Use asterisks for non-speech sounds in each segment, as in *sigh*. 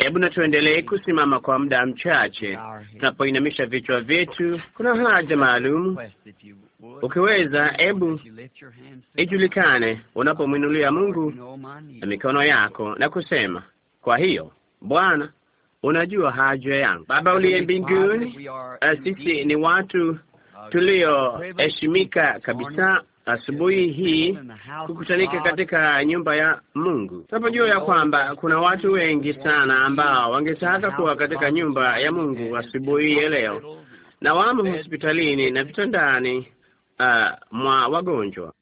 Hebu na tuendelee kusimama kwa muda mchache, tunapoinamisha vichwa vyetu. Kuna haja maalum, ukiweza, hebu ijulikane unapomwinulia Mungu na mikono yako na kusema, kwa hiyo Bwana, unajua haja yangu. Baba uliye mbinguni, sisi ni watu tulioheshimika kabisa asubuhi hii kukutanika katika nyumba ya Mungu. Tunapojua ya kwamba kuna watu wengi sana ambao wangetaka kuwa katika nyumba ya Mungu asubuhi ya leo, na wamo hospitalini na vitandani uh, mwa wagonjwa,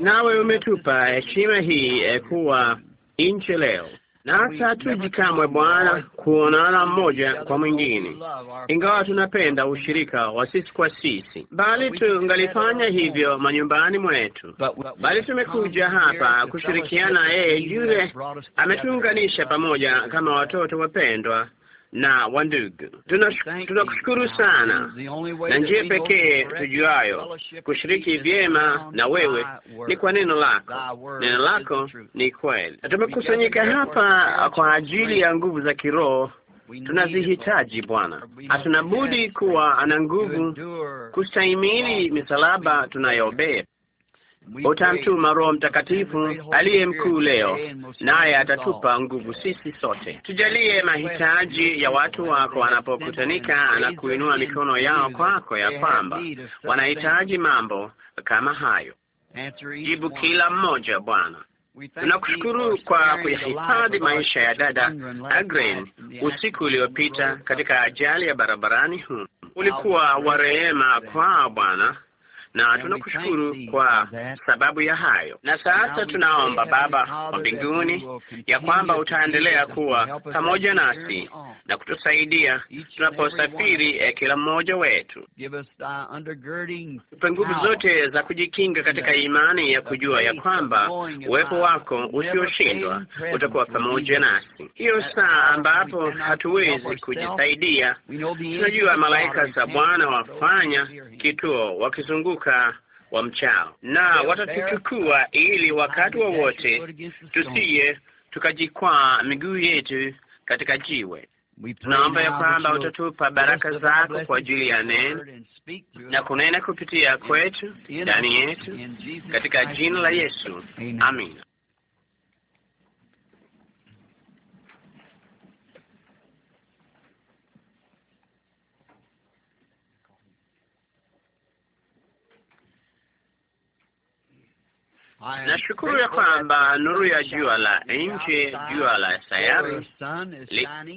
nawe umetupa heshima hii eh, kuwa inche leo nasi hatuji kamwe Bwana kuonana mmoja kwa mwingine, ingawa tunapenda ushirika wa sisi kwa sisi, bali tungalifanya hivyo manyumbani mwetu, bali tumekuja hapa kushirikiana yeye yule ametuunganisha pamoja kama watoto wapendwa na wandugu, tunakushukuru sana, na njia pekee tujuayo kushiriki vyema na wewe ni kwa neno lako. Neno lako ni kweli, tumekusanyika hapa kwa ajili ya nguvu za kiroho tunazihitaji Bwana. Hatuna budi kuwa ana nguvu kustahimili misalaba tunayobeba utamtuma Roho Mtakatifu aliye mkuu leo, naye atatupa nguvu sisi sote. Tujalie mahitaji ya watu wako wanapokutanika na kuinua mikono yao kwako, ya kwamba wanahitaji mambo kama hayo. Jibu kila mmoja, Bwana. Tunakushukuru kwa kuyahifadhi maisha ya dada Agren usiku uliopita katika ajali ya barabarani. Huu ulikuwa wa rehema kwao, Bwana na tunakushukuru kwa sababu ya hayo. Na sasa tunaomba Baba wa mbinguni ya kwamba utaendelea kuwa pamoja nasi na kutusaidia tunaposafiri eh, kila mmoja wetu. Tupe nguvu zote za kujikinga katika imani ya kujua ya kwamba uwepo wako usioshindwa utakuwa pamoja nasi. Hiyo saa ambapo hatuwezi kujisaidia, tunajua malaika za Bwana wafanya kituo wakizunguka kutoka mchao, na watatuchukua ili wakati wowote wa tusiye tukajikwaa miguu yetu katika jiwe. Tunaomba ya kwamba utatupa baraka zako kwa ajili ya neno na kunena kupitia kwetu ndani yetu, katika jina la Yesu, amina. Nashukuru ya kwamba nuru ya jua la nje, jua la sayari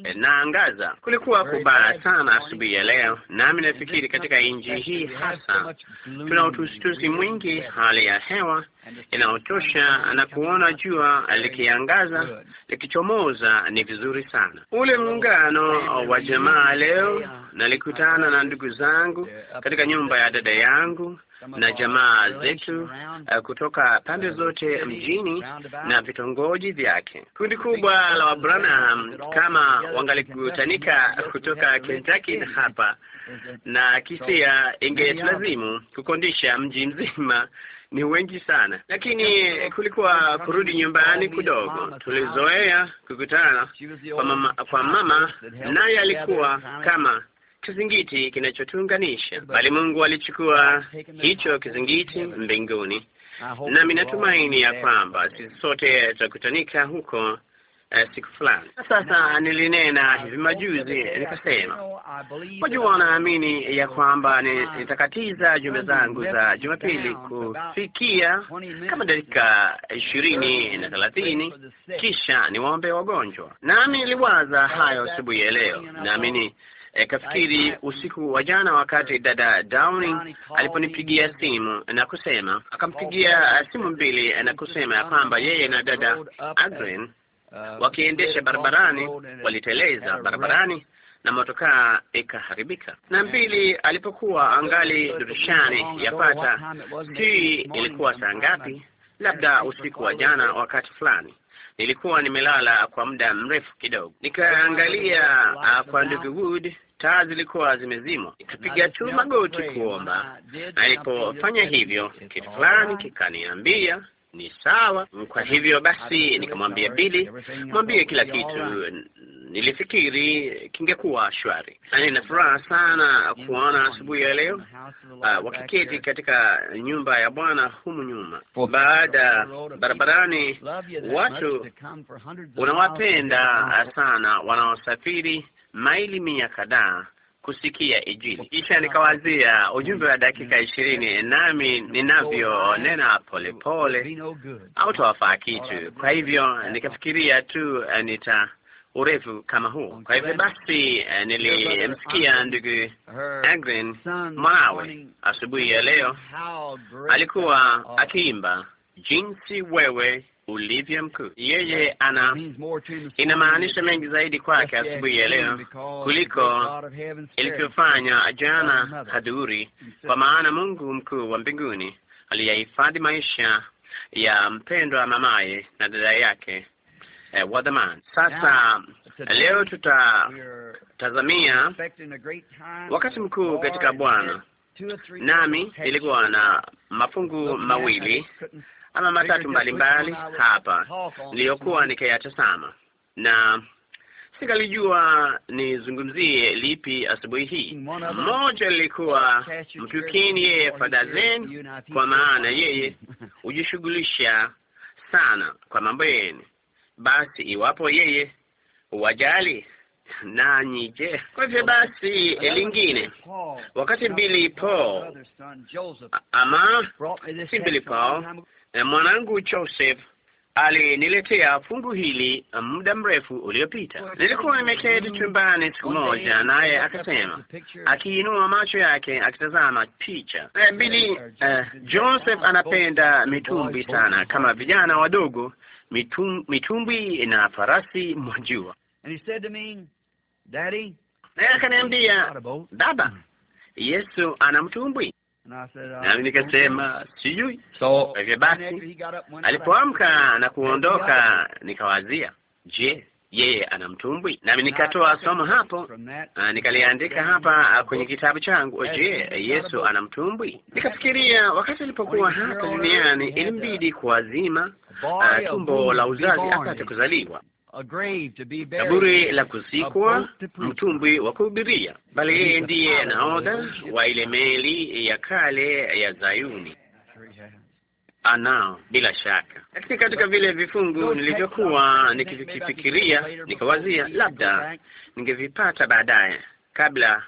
linaangaza. Kulikuwa kubaya sana asubuhi ya leo, nami nafikiri katika nchi hii hasa tuna utusituzi mwingi. Hali ya hewa inaotosha na kuona jua likiangaza likichomoza ni vizuri sana. Ule muungano wa jamaa leo, nalikutana na ndugu zangu katika nyumba ya dada yangu na jamaa zetu eh, kutoka pande uh, zote mjini na vitongoji vyake. Kundi kubwa la Wabranham mm, kama wangalikutanika kutoka Kentucky na hapa na kisia, ingetulazimu kukondisha mji mzima *laughs* ni wengi sana, lakini kulikuwa kurudi nyumbani kidogo. Tulizoea kukutana kwa mama, kwa mama naye alikuwa kama kizingiti kinachotuunganisha, bali Mungu alichukua hicho kizingiti mbinguni, nami natumaini ya kwamba sisi sote tutakutanika huko Uh, siku fulani sasa. Nilinena hivi majuzi nikasema, wajua, naamini ya kwamba nitakatiza jumbe zangu za Jumapili kufikia kama dakika ishirini na thelathini, kisha niwaombe wagonjwa. Nami niliwaza hayo asubuhi ya leo, naamini E, kafikiri usiku wa jana wakati dada Downing aliponipigia simu na kusema, akampigia simu mbili na kusema ya kwamba yeye na dada Adrian wakiendesha barabarani waliteleza barabarani na motokaa ikaharibika. Na mbili, alipokuwa angali dirishani, yapata hii ilikuwa saa ngapi, labda usiku wa jana wakati fulani nilikuwa nimelala kwa muda mrefu kidogo, nikaangalia ah, kwa ndugu Wood, taa zilikuwa zimezimwa, nikapiga tu magoti kuomba. Alipofanya hivyo, kitu fulani kikaniambia ni sawa. Kwa hivyo basi nikamwambia Bili, mwambie kila kitu nilifikiri kingekuwa shwari. Nina furaha sana kuona asubuhi ya leo uh, wakiketi katika nyumba ya Bwana humu nyuma, baada barabarani, watu unawapenda sana wanaosafiri maili mia kadhaa kusikia Injili. Kisha nikawazia ujumbe wa dakika ishirini, nami ninavyonena polepole tawafaa kitu. Kwa hivyo nikafikiria tu eh, nita urefu kama huu. Kwa hivyo basi, eh, nilimsikia ndugu Agrin mwanawe asubuhi ya leo alikuwa akiimba jinsi wewe ulivyo mkuu. Yeye ana inamaanisha mengi zaidi kwake asubuhi ya leo kuliko ilivyofanya jana hadhuri kwa maana Mungu mkuu wa mbinguni aliyahifadhi maisha ya mpendwa mamaye na dada yake eh, wa dhamani. Sasa leo tutatazamia wakati mkuu katika Bwana, nami nilikuwa na mafungu mawili ama matatu mbalimbali hapa niliyokuwa sama na singalijua nizungumzie lipi asubuhi hii. Mmoja lilikuwa mtukini yeye Fadazen, kwa maana yeye hujishughulisha sana kwa mambo yenu. Basi iwapo yeye wajali nanyi, je? Kwa hivyo basi, eh, lingine wakati Billy Paul ama si Billy Paul Eh, mwanangu Joseph aliniletea fungu hili eh, muda mrefu uliopita. Nilikuwa nimeketi mm. chumbani siku moja, naye akasema, akiinua macho yake akitazama picha e, bili uh, Joseph anapenda oh, mitumbwi sana, kama vijana wadogo, mitum, mitumbwi na farasi, mwajua. Naye akaniambia, baba, Yesu ana mtumbwi nami nikasema sijui. So hivyo basi, alipoamka na kuondoka, nikawazia, je, yeye ana mtumbwi? Nami nikatoa somo hapo, nikaliandika hapa kwenye kitabu changu, je, Yesu ana mtumbwi? Nikafikiria wakati alipokuwa hapa duniani, ilimbidi kuwazima uh, tumbo la uzazi apate kuzaliwa kaburi la kuzikwa, mtumbwi wa kuhubiria, bali yeye ndiye nahodha wa ile meli ya kale ya Zayuni. Anao bila shaka, lakini katika vile vifungu nilivyokuwa nikifikiria, nikawazia labda ningevipata baadaye, kabla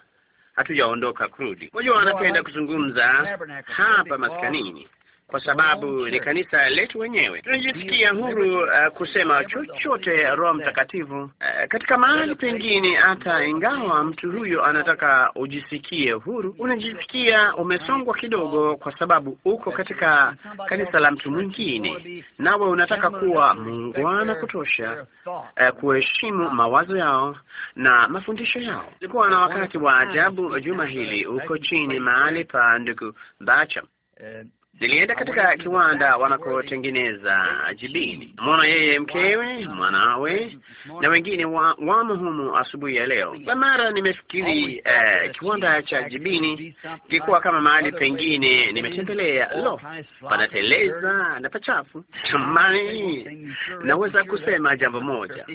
hatujaondoka kurudi. Unajua, anapenda kuzungumza hapa maskanini kwa sababu oh, ni kanisa letu wenyewe. Tunajisikia huru uh, kusema chochote Roho Mtakatifu uh, katika mahali pengine, hata ingawa mtu huyo anataka ujisikie huru, unajisikia umesongwa kidogo, kwa sababu uko katika kanisa la mtu mwingine, nawe unataka kuwa muungwana kutosha uh, kuheshimu mawazo yao na mafundisho yao. Ilikuwa na wakati wa ajabu juma hili uko chini mahali pa ndugu Bacha. Eh, Nilienda katika kiwanda wanakotengeneza jibini, mwana yeye, mkewe, mwanawe na wengine wa, wamo humu asubuhi ya leo. Kwa mara nimefikiri uh, kiwanda cha jibini kikuwa kama mahali pengine nimetembelea. Lo, panateleza na pachafu. Jamani, naweza kusema jambo moja,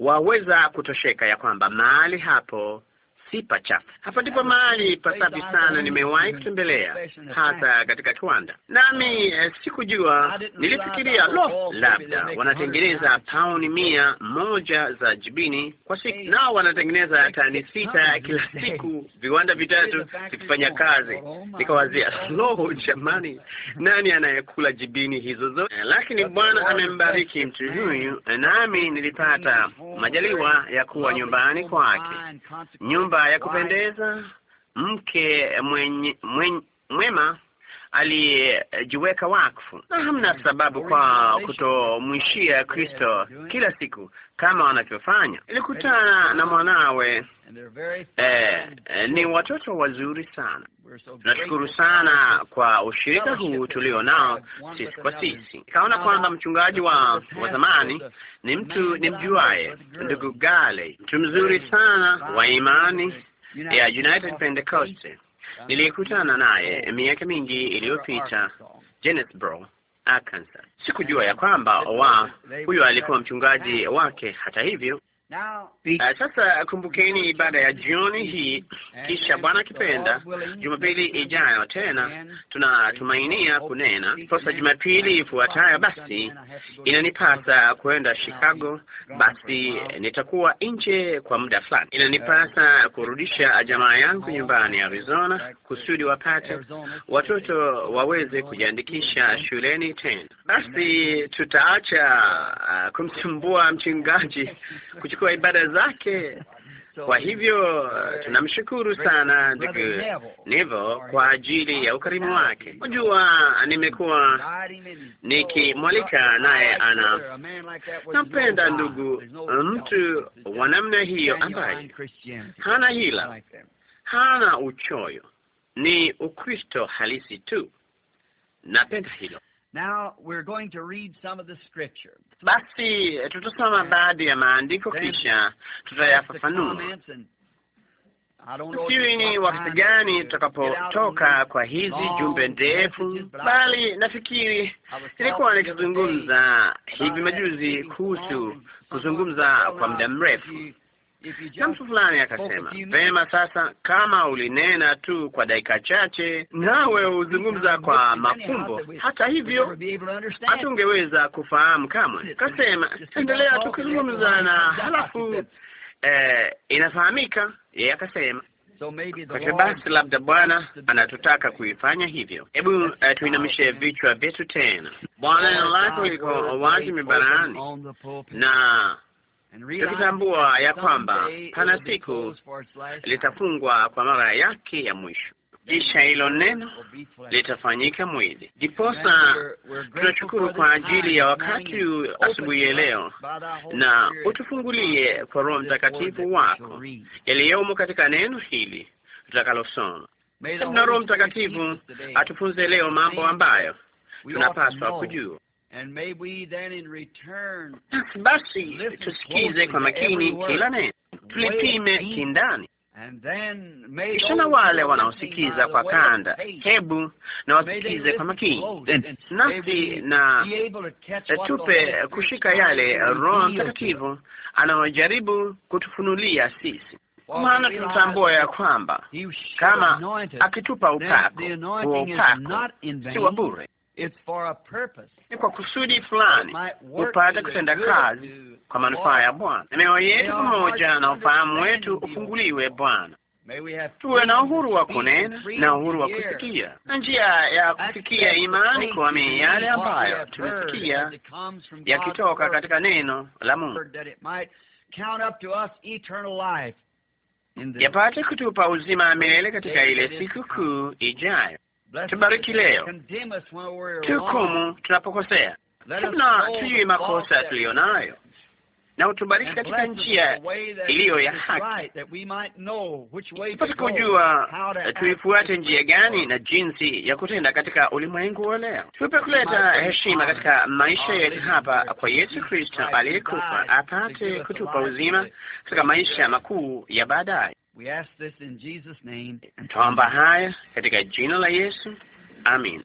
waweza kutosheka ya kwamba mahali hapo si pachafu. Hapa ndipo mahali pasafi sana nimewahi kutembelea, hasa katika kiwanda, nami eh, sikujua. Nilifikiria lo, labda wanatengeneza pauni mia moja za jibini kwa siku, nao wanatengeneza tani sita kila siku, viwanda vitatu vikifanya kazi. Nikawazia, lo, jamani, nani anayekula jibini hizo zote? Lakini Bwana amembariki mtu huyu, nami nilipata majaliwa ya kuwa nyumbani kwake nyumba ya kupendeza, mke mwenye, mwenye, mwema aliyejiweka wakfu, na hamna sababu kwa kutomwishia Kristo kila siku kama wanavyofanya. Nilikutana na mwanawe eh, eh, ni watoto wazuri sana. Tunashukuru sana kwa ushirika huu tulio nao sisi kwa sisi. Kaona kwamba mchungaji wa wa zamani ni mtu ni mjuaye, ndugu Gale, mtu mzuri sana wa imani ya United Pentecost. Nilikutana naye miaka mingi iliyopita Jonesboro, Arkansas. Sikujua ya kwamba wa huyo alikuwa mchungaji wake. Hata hivyo Eh, sasa kumbukeni ibada ya jioni hii, kisha Bwana kipenda, Jumapili ijayo tena tunatumainia kunena sasa Jumapili ifuatayo basi inanipasa kwenda Chicago, basi nitakuwa nje kwa muda fulani. Inanipasa kurudisha jamaa yangu nyumbani Arizona, kusudi wapate watoto waweze kujiandikisha shuleni tena. Basi tutaacha eh, kumsumbua mchungaji kwa ibada zake. Kwa hivyo tunamshukuru sana ndugu nivo kwa ajili ya ukarimu wake. Unajua, nimekuwa nikimwalika naye, ana nampenda ndugu, mtu wa namna hiyo ambaye hana hila, hana uchoyo, ni Ukristo halisi tu. Napenda hilo. Now we're going to read some of the scripture. Basi eh, tutasoma eh. baadhi ya maandiko kisha tutayafafanua. Sijui ni wakati gani tutakapotoka kwa hizi jumbe ndefu, bali nafikiri nilikuwa nikizungumza hivi majuzi kuhusu kuzungumza kwa muda mrefu na mtu fulani akasema, vema, sasa kama ulinena tu kwa dakika chache, nawe huzungumza kwa mafumbo, hata hivyo hatungeweza kufahamu kamwe. Kasema endelea tukizungumza, na halafu eh, inafahamika. Yeye akasema kwa basi, labda Bwana anatutaka kuifanya hivyo. Hebu uh, tuinamishe vichwa vyetu tena. Bwana, neno lako liko wazi mibarani na tukitambua ya kwamba pana siku litafungwa kwa mara yake ya mwisho, kisha hilo neno litafanyika mwili. Ndiposa tunashukuru kwa ajili ya wakati asubuhi ya leo, na utufungulie kwa Roho Mtakatifu wako yaliyomo katika neno hili tutakalosoma. Na Roho Mtakatifu atufunze leo mambo ambayo tunapaswa kujua. Basi tusikize kwa makini kila neno, tulipime kindani, kisha na wale wanaosikiza kwa kanda, hebu na wasikize kwa makini, nasi na tupe kushika yale Roho Mtakatifu anayojaribu kutufunulia sisi maana tunatambua ya kwamba kama akitupa upako, huo upako si wa bure, ni kwa kusudi fulani hupata kutenda kazi kwa manufaa ya Bwana. Mioyo yetu pamoja na ufahamu wetu ufunguliwe, Bwana, tuwe na uhuru wa kunena na uhuru wa kusikia, na njia ya kufikia imani, kuamini yale ambayo tumesikia yakitoka katika neno la Mungu, yapate kutupa uzima milele katika ile siku kuu ijayo tubariki leo, tuhukumu tunapokosea, tuna sijui makosa tuliyo nayo, na utubariki katika njia iliyo ya haki, tupate kujua eh, tuifuate njia gani na jinsi ya kutenda katika ulimwengu wa leo. Tupe kuleta heshima katika maisha yetu hapa kwa Yesu Kristo aliyekufa apate kutupa uzima katika maisha makuu ya baadaye. Twaomba haya katika jina la Yesu, amin.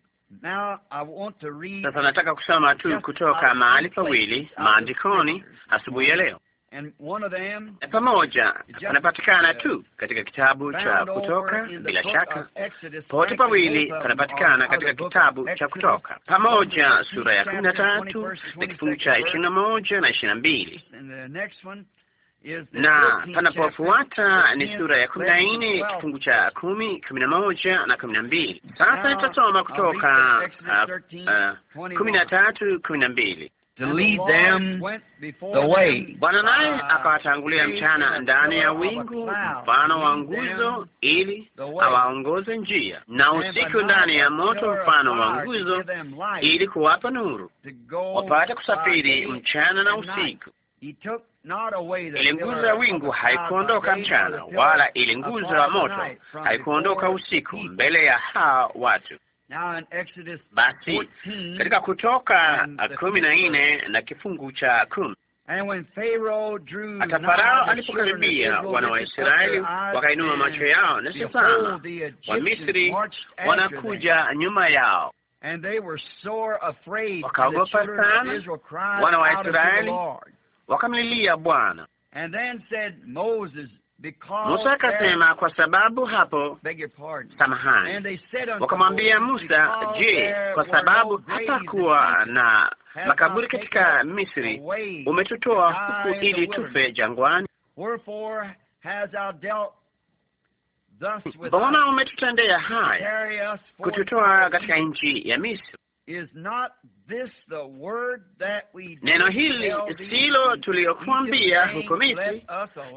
Sasa nataka kusoma tu kutoka mahali pawili maandikoni asubuhi ya leo, na pamoja panapatikana tu katika kitabu cha Kutoka. Bila shaka pote pawili panapatikana katika kitabu cha Kutoka, pamoja sura ya kumi na tatu na kifungu cha ishirini na moja na ishirini na mbili na panapofuata ni sura ya kumi na nne kifungu cha kumi kumi na moja na kumi na mbili Sasa itasoma kutoka uh, uh, kumi na tatu kumi na mbili Bwana naye uh, akawatangulia mchana ndani ya wingu mfano wa nguzo, ili awaongoze njia, na usiku ndani ya moto mfano wa nguzo, ili kuwapa nuru, wapate kusafiri mchana na usiku ile nguzo ya wingu haikuondoka mchana, wala ile nguzo ya moto haikuondoka usiku mbele ya hawa watu. Basi katika Kutoka kumi na nne na kifungu cha kumi hata Farao alipokaribia wana wa Israeli wakainua macho yao na sasa Wamisri wanakuja nyuma yao, wakaogopa sana wana wa Israeli wakamlilia Bwana. Musa akasema kwa sababu hapo, samahani, wakamwambia Musa, je, kwa sababu hapakuwa na makaburi katika Misri, umetutoa huku ili tufe jangwani? Mbona umetutendea haya, kututoa katika nchi ya Misri Neno hili silo tuliokuambia huko Misri,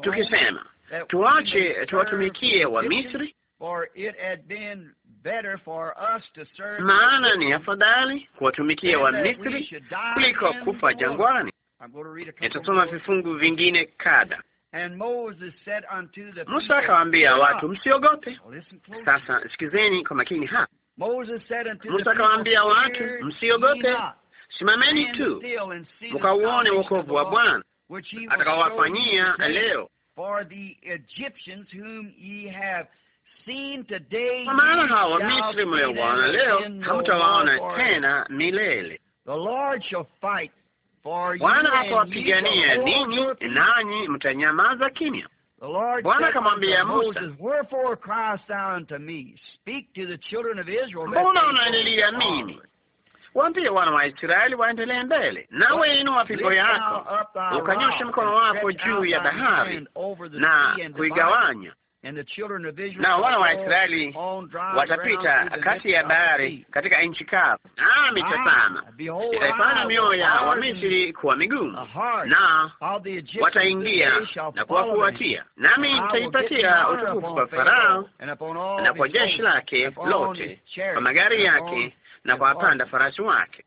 tukisema tuache tuwatumikie wa Misri, maana ni afadhali kuwatumikia wa Misri kuliko kufa jangwani. Nitasoma vifungu vingine kadha. Musa akawaambia watu, msiogope. Sasa sikizeni kwa makini hapa mtakawaambia watu, msiogope, simameni tu mkauone wokovu wa Bwana atakawafanyia leo, kwa maana hao Misri mliowaona leo hamtawaona tena milele. Bwana atawapigania ninyi, nanyi mtanyamaza kimya. Bwana akamwambia Musa, mbona unanililia mimi? Waambie wana wa Israeli waendelee mbele, nawe inua pipo yako ukanyosha mkono wako juu ya bahari na kuigawanya, na wana wa Israeli watapita kati ya bahari katika nchi kavu, nami tazama, nitaifanya mioyo ya Wamisri kuwa migumu, na wataingia na kuwafuatia, nami nitaipatia utukufu kwa Farao na kwa jeshi lake lote, kwa magari yake na kwa wapanda farasi wake,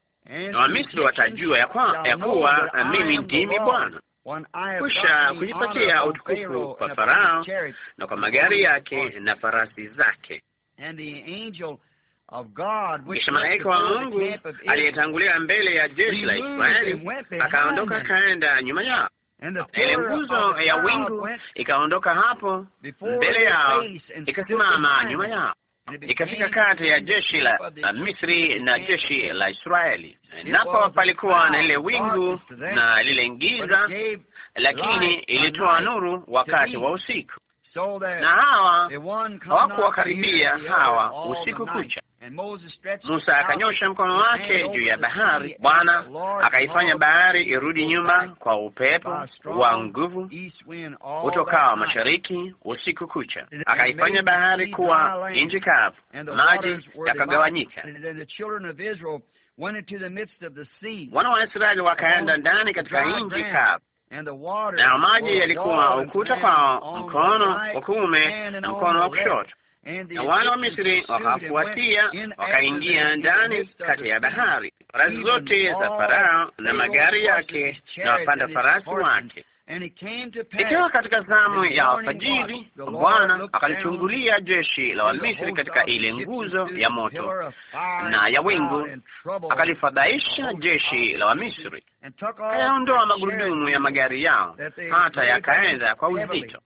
na Wamisri watajua ya kuwa mimi ndimi Bwana kusha kujipatia utukufu kwa Farao na kwa magari yake na farasi zake. Kisha malaika wa Mungu aliyetangulia mbele ya jeshi la Israeli akaondoka akaenda nyuma yao, ile nguzo ya wingu ikaondoka hapo mbele yao ikasimama nyuma yao ikafika kati ya jeshi la, la Misri na jeshi la Israeli, napo palikuwa na lile wingu na lile ngiza lakini ilitoa nuru wakati wa usiku, na hawa hawakuwakaribia hawa usiku kucha, Musa akanyosha mkono wake juu ya bahari, Bwana akaifanya bahari irudi nyuma kwa upepo wa nguvu utokao mashariki usiku kucha, akaifanya bahari kuwa nchi kavu, maji yakagawanyika. Wana wa Israeli wakaenda ndani katika nchi kavu, na maji yalikuwa ukuta kwa mkono wa kuume na mkono wa kushoto na wana wa Misri wakafuatia, wakaingia ndani kati ya bahari, farasi zote za Farao na magari yake na wapanda farasi wake. Ikiwa katika zamu ya alfajiri, Bwana akalichungulia jeshi la Wamisri katika ile nguzo ya moto na ya wingu, akalifadhaisha jeshi la Wamisri, akayaondoa magurudumu ya magari yao hata yakaenda kwa uzito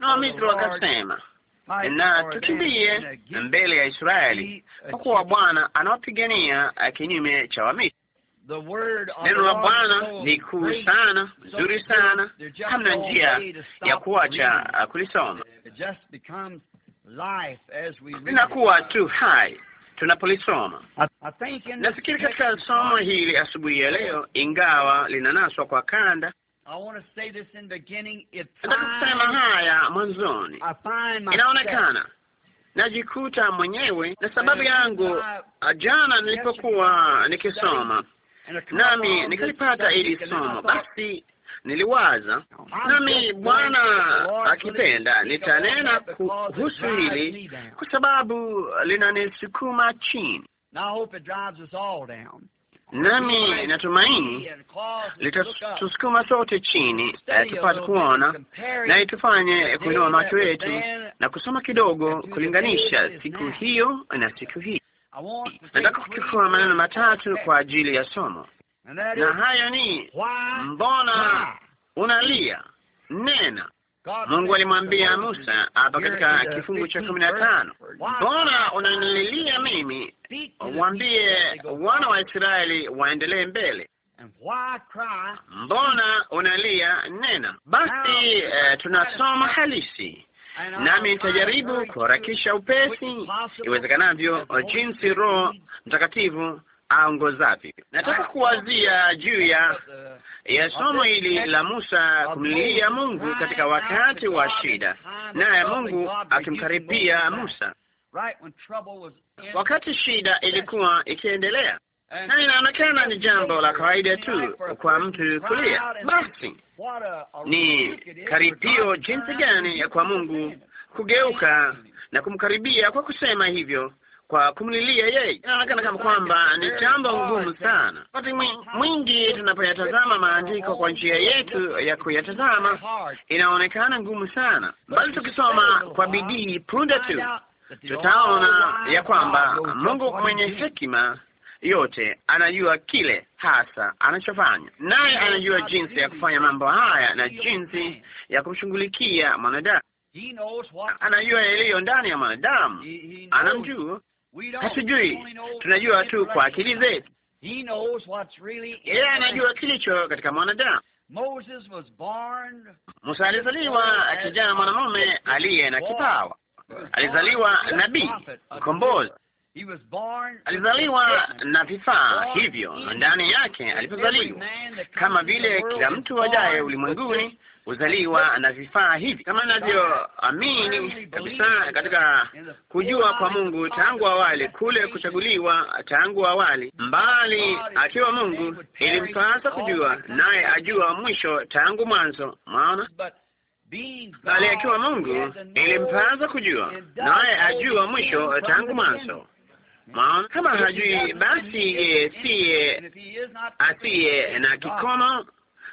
Naam Misri wakasema, na tukimbie mbele ya Israeli, kwa kuwa Bwana anawapigania kinyume cha Wamisri. Neno la Bwana ni kuu sana, nzuri sana, hamna njia ya kuacha kulisoma, linakuwa tu hai tunapolisoma. Nafikiri katika somo hili asubuhi ya leo, ingawa linanaswa kwa kanda, nataka kusema haya mwanzoni. Inaonekana najikuta mwenyewe na sababu yangu. Ah, jana nilipokuwa nikisoma, nami nikalipata ili somo, basi niliwaza nami, Bwana akipenda, nitanena kuhusu hili kwa sababu linanisukuma chini, nami natumaini litatusukuma sote chini, eh, tupate kuona na itufanye kuinua macho yetu na kusoma kidogo, kulinganisha siku hiyo na siku hii. Nataka kuchukua maneno matatu kwa ajili ya somo na hayo ni mbona unalia? Nena. Mungu alimwambia Musa hapa katika kifungu cha kumi na tano, mbona unanililia mimi? mwambie wana wa Israeli waendelee mbele. Mbona unalia? Nena. Basi Eh, tunasoma halisi nami nitajaribu kuharakisha upesi iwezekanavyo jinsi Roho Mtakatifu aongozavi. Ah, Nataka kuwazia juu ya ya somo hili la Musa kumlilia Mungu katika wakati wa shida, naye Mungu akimkaribia Musa wakati shida ilikuwa ikiendelea, na inaonekana ni jambo la kawaida tu kwa mtu kulia. Basi ni karibio jinsi gani kwa Mungu kugeuka na kumkaribia kwa kusema hivyo kwa kumlilia yeye. Inaonekana ah, kama kwamba ni jambo ngumu sana. Wakati mwingi tunapoyatazama maandiko kwa njia yetu ya kuyatazama, inaonekana ngumu sana, bali tukisoma kwa bidii punde tu tutaona ya kwamba Mungu mwenye hekima yote anajua kile hasa anachofanya, naye anajua jinsi ya kufanya mambo haya na jinsi ya kumshughulikia mwanadamu. Anajua yaliyo ndani ya mwanadamu, anamjua Hatujui, tunajua tu kwa akili zetu. Yeye anajua kilicho katika mwanadamu. Musa alizaliwa kijana mwanamume aliye na kipawa, alizaliwa nabii, mkombozi, alizaliwa na vifaa hivyo ndani yake alipozaliwa, kama vile kila mtu ajaye ulimwenguni uzaliwa na vifaa hivi, kama ninavyoamini kabisa katika kujua kwa Mungu tangu awali, kule kuchaguliwa tangu awali, mbali akiwa Mungu ilimpasa kujua, naye ajua mwisho tangu mwanzo. Maana bali akiwa Mungu ilimpasa kujua, naye ajua mwisho tangu mwanzo. Maana kama hajui, basi yeye siye asiye na kikomo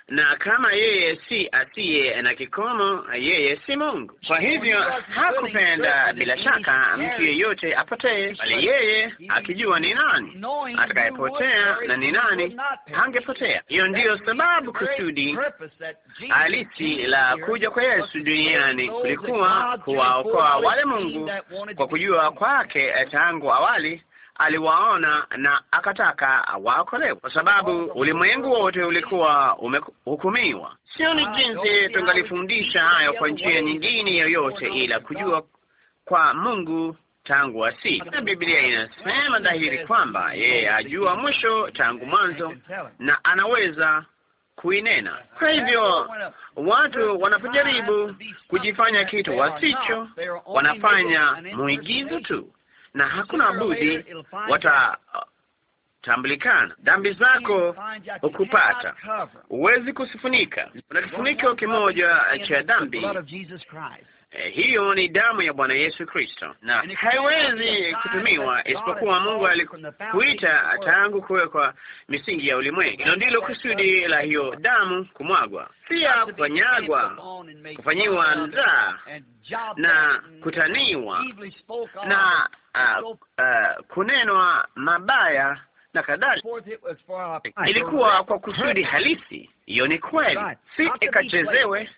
na kama yeye si asiye na kikomo, yeye si Mungu. Kwa hivyo hakupenda bila shaka mtu yeyote apotee, bali yeye akijua ni nani atakayepotea na ni nani hangepotea. Hiyo ndiyo sababu kusudi halisi la kuja kwa Yesu duniani kulikuwa kuwaokoa wale Mungu kwa kujua kwake tangu awali aliwaona na akataka awaokolewe, kwa sababu ulimwengu wote ulikuwa umehukumiwa. Sioni jinsi tungalifundisha hayo kwa njia nyingine yoyote ila kujua kwa Mungu tangu asili. Biblia inasema dhahiri kwamba yeye ajua mwisho tangu mwanzo na anaweza kuinena. Kwa hivyo watu wanapojaribu kujifanya kitu wasicho, wanafanya muigizo tu na hakuna budi watatambulikana. Dhambi zako hukupata, huwezi kusifunika. Kuna kifuniko kimoja cha dhambi Eh, hiyo ni damu ya Bwana Yesu Kristo, na haiwezi kutumiwa isipokuwa Mungu alikuita tangu kuwekwa misingi ya ulimwengu. Hilo ndilo kusudi la hiyo damu kumwagwa, pia kufanyagwa, kufanyiwa ndaa na kutaniwa na uh, uh, kunenwa mabaya na kadhalika. Ilikuwa kwa kusudi halisi. Hiyo ni kweli, si ikachezewe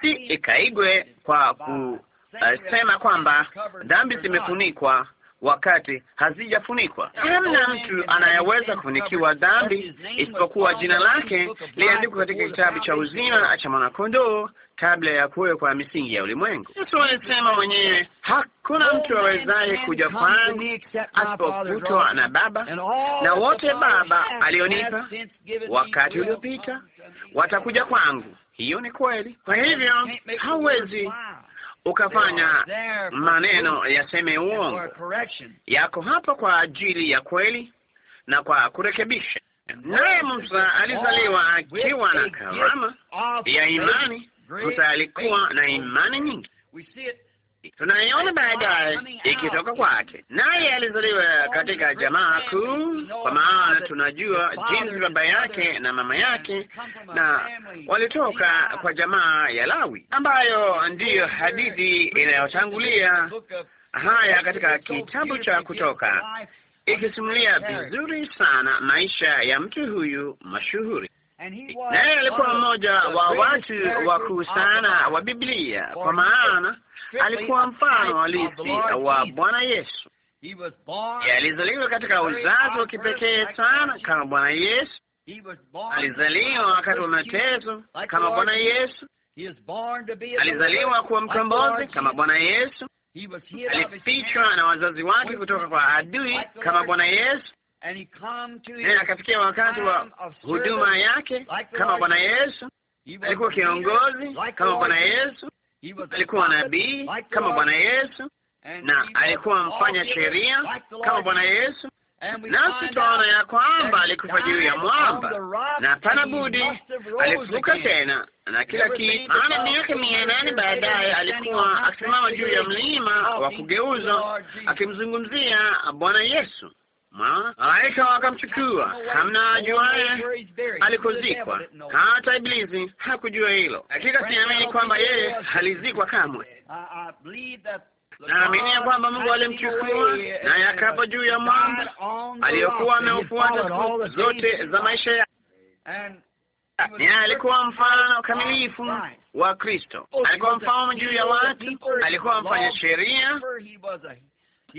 si ikaigwe kwa kusema eh, kwamba dhambi zimefunikwa wakati hazijafunikwa. Hamna mtu anayeweza kufunikiwa dhambi isipokuwa jina lake liandikwa katika kitabu cha uzima cha mwanakondoo kabla ya kwa misingi ya ulimwengu. Yesu alisema mwenyewe, hakuna mtu awezaye kuja kwangu asipokutwa na Baba, na wote Baba alionipa wakati uliopita watakuja kwangu, hiyo ni kweli. Kwa hivyo hauwezi ukafanya maneno yaseme uongo. Yako hapo kwa ajili ya kweli na kwa kurekebisha. Naye Musa alizaliwa akiwa na karama ya imani. Musa alikuwa na imani nyingi tunaiona baadaye ikitoka kwake. Naye alizaliwa katika jamaa kuu, kwa maana tunajua jinsi baba yake na mama yake na walitoka kwa jamaa ya Lawi, ambayo ndiyo hadithi inayotangulia haya katika kitabu cha Kutoka, ikisimulia vizuri sana maisha ya mtu huyu mashuhuri naye alikuwa mmoja wa watu wakuu sana wa Biblia, kwa maana alikuwa mfano halisi wa Bwana Yesu. Alizaliwa katika uzazi wa kipekee sana kama Bwana Yesu. Alizaliwa wakati wa mateso kama Bwana Yesu. Alizaliwa kuwa mkombozi kama Bwana Yesu. Alifichwa na wazazi wake kutoka kwa adui kama Bwana Yesu, naye akafikia wakati wa huduma yake kama Bwana Yesu. Alikuwa kiongozi kama Bwana Yesu alikuwa nabii kama Bwana Yesu na alikuwa mfanya sheria kama Bwana Yesu, nasi twaona ya kwamba alikufa juu ya mwamba, na pana budi alifufuka tena na kila kitu. Maana miaka mia nane baadaye alikuwa akisimama juu ya mlima wa kugeuzwa akimzungumzia Bwana Yesu. Malaika wakamchukua, hamna ajuaye eh? alikozikwa, hata Iblisi hakujua hilo. Hakika siamini kwamba yeye alizikwa kamwe. Naamini ya kwamba Mungu alimchukua naye akapa juu ya mwamba aliyokuwa ameufuata siku zote za maisha yake. Naye alikuwa mfano kamilifu wa Kristo, alikuwa mfano juu ya watu, alikuwa mfanya sheria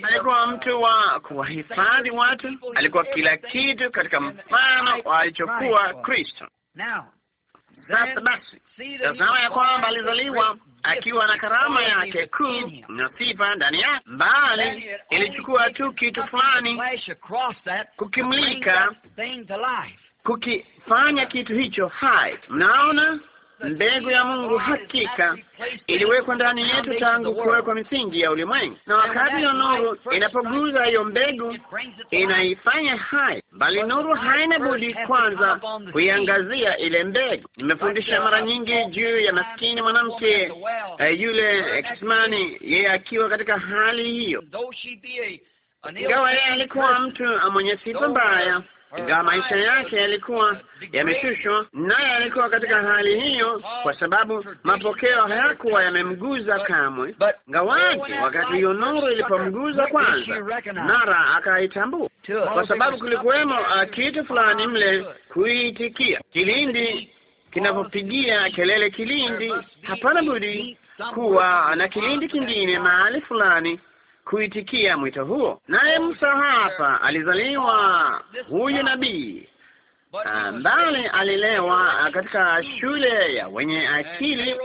alikuwa mtu wa kuwahifadhi watu, alikuwa kila kitu katika mfano wa alichokuwa Kristo. Sasa basi, tazama ya kwamba alizaliwa akiwa na karama yake kuu na sifa ndani yake, bali ilichukua tu kitu fulani kukimlika, kukifanya kitu hicho hai. Mnaona Mbegu ya Mungu hakika iliwekwa ndani yetu tangu kuwekwa misingi ya ulimwengu, na wakati ya nuru inapoguza hiyo mbegu inaifanya hai, bali nuru haina budi kwanza kuiangazia ile mbegu. Nimefundisha mara nyingi juu ya maskini mwanamke uh, yule kisimani, yeye akiwa katika hali hiyo, ingawa yeye alikuwa mtu mwenye sifa mbaya ingawa maisha yake yalikuwa yameshushwa, naye alikuwa katika hali hiyo, kwa sababu mapokeo hayakuwa yamemguza kamwe. Ngawaje wakati hiyo nuru ilipomguza kwanza, mara akaitambua, kwa sababu kulikuwemo uh, kitu fulani mle kuitikia. Kilindi kinapopigia kelele kilindi, hapana budi kuwa na kilindi kingine mahali fulani kuitikia mwito huo. Naye Musa hapa alizaliwa huyu nabii ah, mbali alilewa katika shule ya wenye akili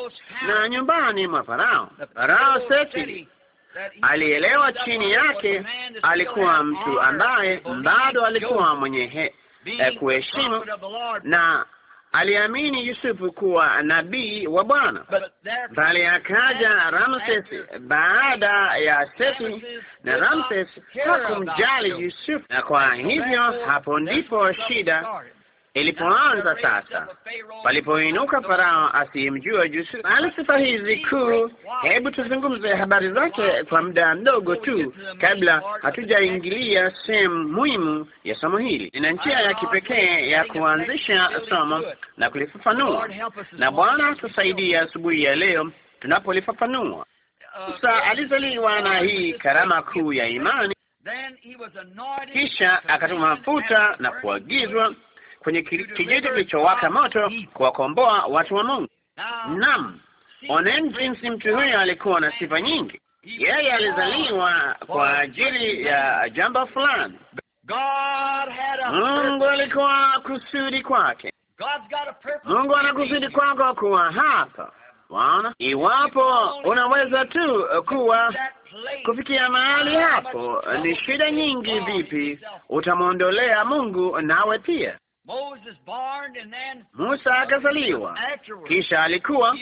na nyumbani mwa Farao. Farao Seti alielewa chini yake alikuwa mtu ambaye bado alikuwa mwenye eh, kuheshimu na aliamini Yusufu kuwa nabii wa Bwana, bali akaja Ramses baada ya Seti, na Ramses hakumjali Yusufu, na kwa hivyo hapo ndipo shida ilipoanza sasa, palipoinuka Farao asiyemjua Yusufu. Bali sifa hizi kuu, hebu tuzungumze habari zake kwa muda mdogo tu, kabla hatujaingilia sehemu muhimu ya somo hili. Nina njia ya kipekee ya kuanzisha somo na kulifafanua, na Bwana tusaidia asubuhi ya leo tunapolifafanua. Musa alizaliwa na hii karama kuu ya imani, kisha akatuma mafuta na kuagizwa kwenye kijiji kilichowaka moto kuwakomboa watu wa Mungu. Naam, oneni jinsi mtu huyo alikuwa na sifa nyingi. Yeye alizaliwa kwa ajili ya jambo fulani. Mungu alikuwa kusudi kwake. Mungu ana kusudi kwako kuwa hapa. Waona, iwapo unaweza tu kuwa kufikia mahali hapo, ni shida nyingi vipi utamwondolea Mungu nawe pia. Musa akazaliwa, kisha alikuwa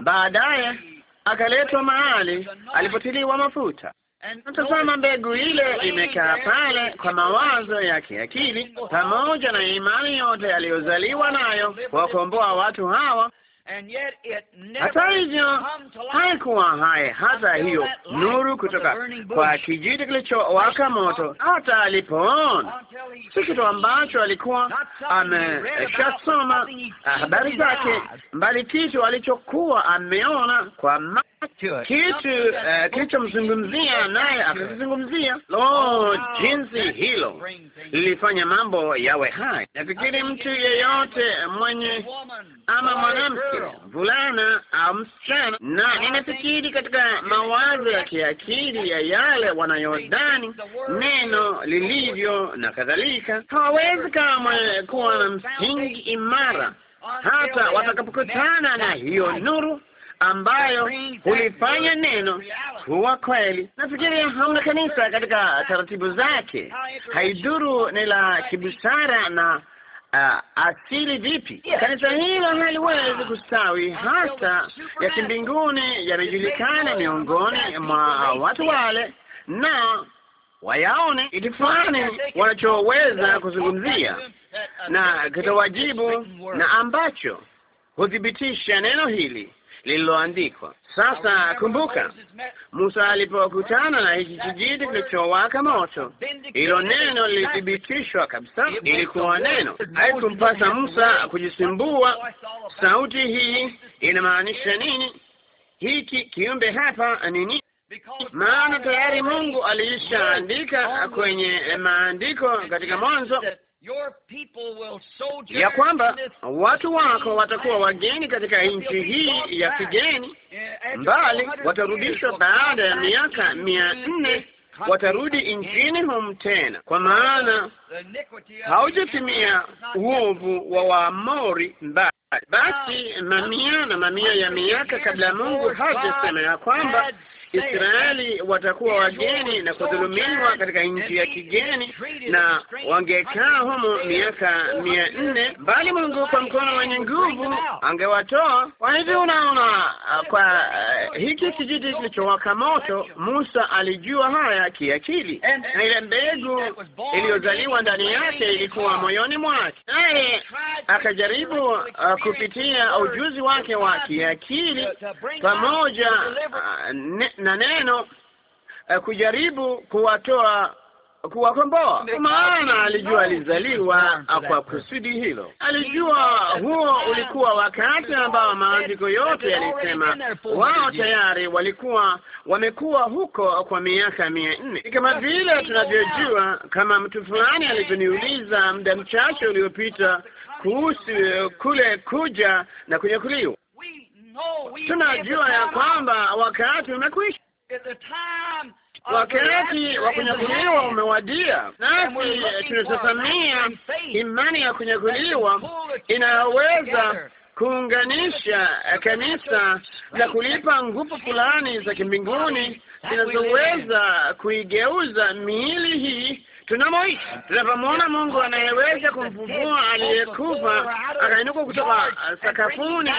baadaye akaletwa mahali alipotiliwa mafuta. Tazama, mbegu ile imekaa pale kwa mawazo ya kiakili pamoja na imani yote aliyozaliwa nayo kuwakomboa watu hawa hata hivyo haikuwa hai hata hiyo nuru kutoka kwa kijiti kilichowaka moto, hata alipoona, si kitu ambacho alikuwa ameshasoma habari zake, bali kitu alichokuwa ameona kwa kitu uh, kilichomzungumzia naye akakizungumzia. Lo, oh, jinsi hilo lilifanya mambo yawe hai. Nafikiri mtu yeyote mwenye ama mwanamke mvulana au msichana, na ninafikiri katika mawazo ya kiakili ya yale wanayodhani neno lilivyo na kadhalika, hawawezi kamwe kuwa na msingi imara hata watakapokutana na hiyo nuru ambayo hulifanya neno kuwa kweli. Nafikiria hamna kanisa katika taratibu zake, haidhuru ni la kibusara na uh, asili vipi, kanisa hilo haliwezi kustawi, hasa ya kimbinguni yamejulikana miongoni mwa watu wale na wayaone itifani wanachoweza kuzungumzia na kitawajibu na ambacho huthibitisha neno hili lililoandikwa. Sasa kumbuka, Musa alipokutana na hiki kijiti kilichowaka moto, hilo neno lilithibitishwa kabisa, ilikuwa neno. Haikumpasa Musa kujisimbua. Sauti hii inamaanisha nini? Hiki kiumbe hapa ni nini? Maana tayari Mungu aliishaandika kwenye maandiko katika Mwanzo ya kwamba watu wako watakuwa wageni katika nchi hii ya eh, kigeni, mbali watarudishwa baada ya miaka mia nne watarudi nchini humu tena, kwa maana haujatimia uovu wa Waamori mbali. Basi mamia na mamia ya miaka kabla Mungu hajasema ya kwamba Israeli watakuwa wageni na kudhulumiwa katika nchi ya kigeni, na wangekaa humo miaka mia nne, bali Mungu kwa mkono wenye nguvu angewatoa. Kwa hivyo unaona, uh, kwa uh, hiki kijiji kilichowaka moto, Musa alijua haya kiakili, na ile mbegu iliyozaliwa ndani yake ilikuwa moyoni mwake, naye akajaribu uh, kupitia ujuzi wake wa kiakili pamoja uh, na neno eh, kujaribu kuwatoa kuwakomboa maana alijua alizaliwa kwa kusudi hilo. Alijua huo ulikuwa wakati ambao maandiko yote yalisema wao tayari walikuwa wamekuwa huko kwa miaka mia nne. kama vile tunavyojua, kama mtu fulani alivyoniuliza muda mchache uliopita kuhusu eh, kule kuja na kunyakuliwa tunajua ya kwamba wakati umekwisha, wakati wa kunyakuliwa umewadia, nasi tunatazamia imani ya kunyakuliwa inayoweza kuunganisha eh, kanisa na kulipa nguvu fulani za kimbinguni zinazoweza kuigeuza miili hii tunamoishi, tunapomwona Mungu anayeweza kumfufua aliyekufa akainuka kutoka uh, sakafuni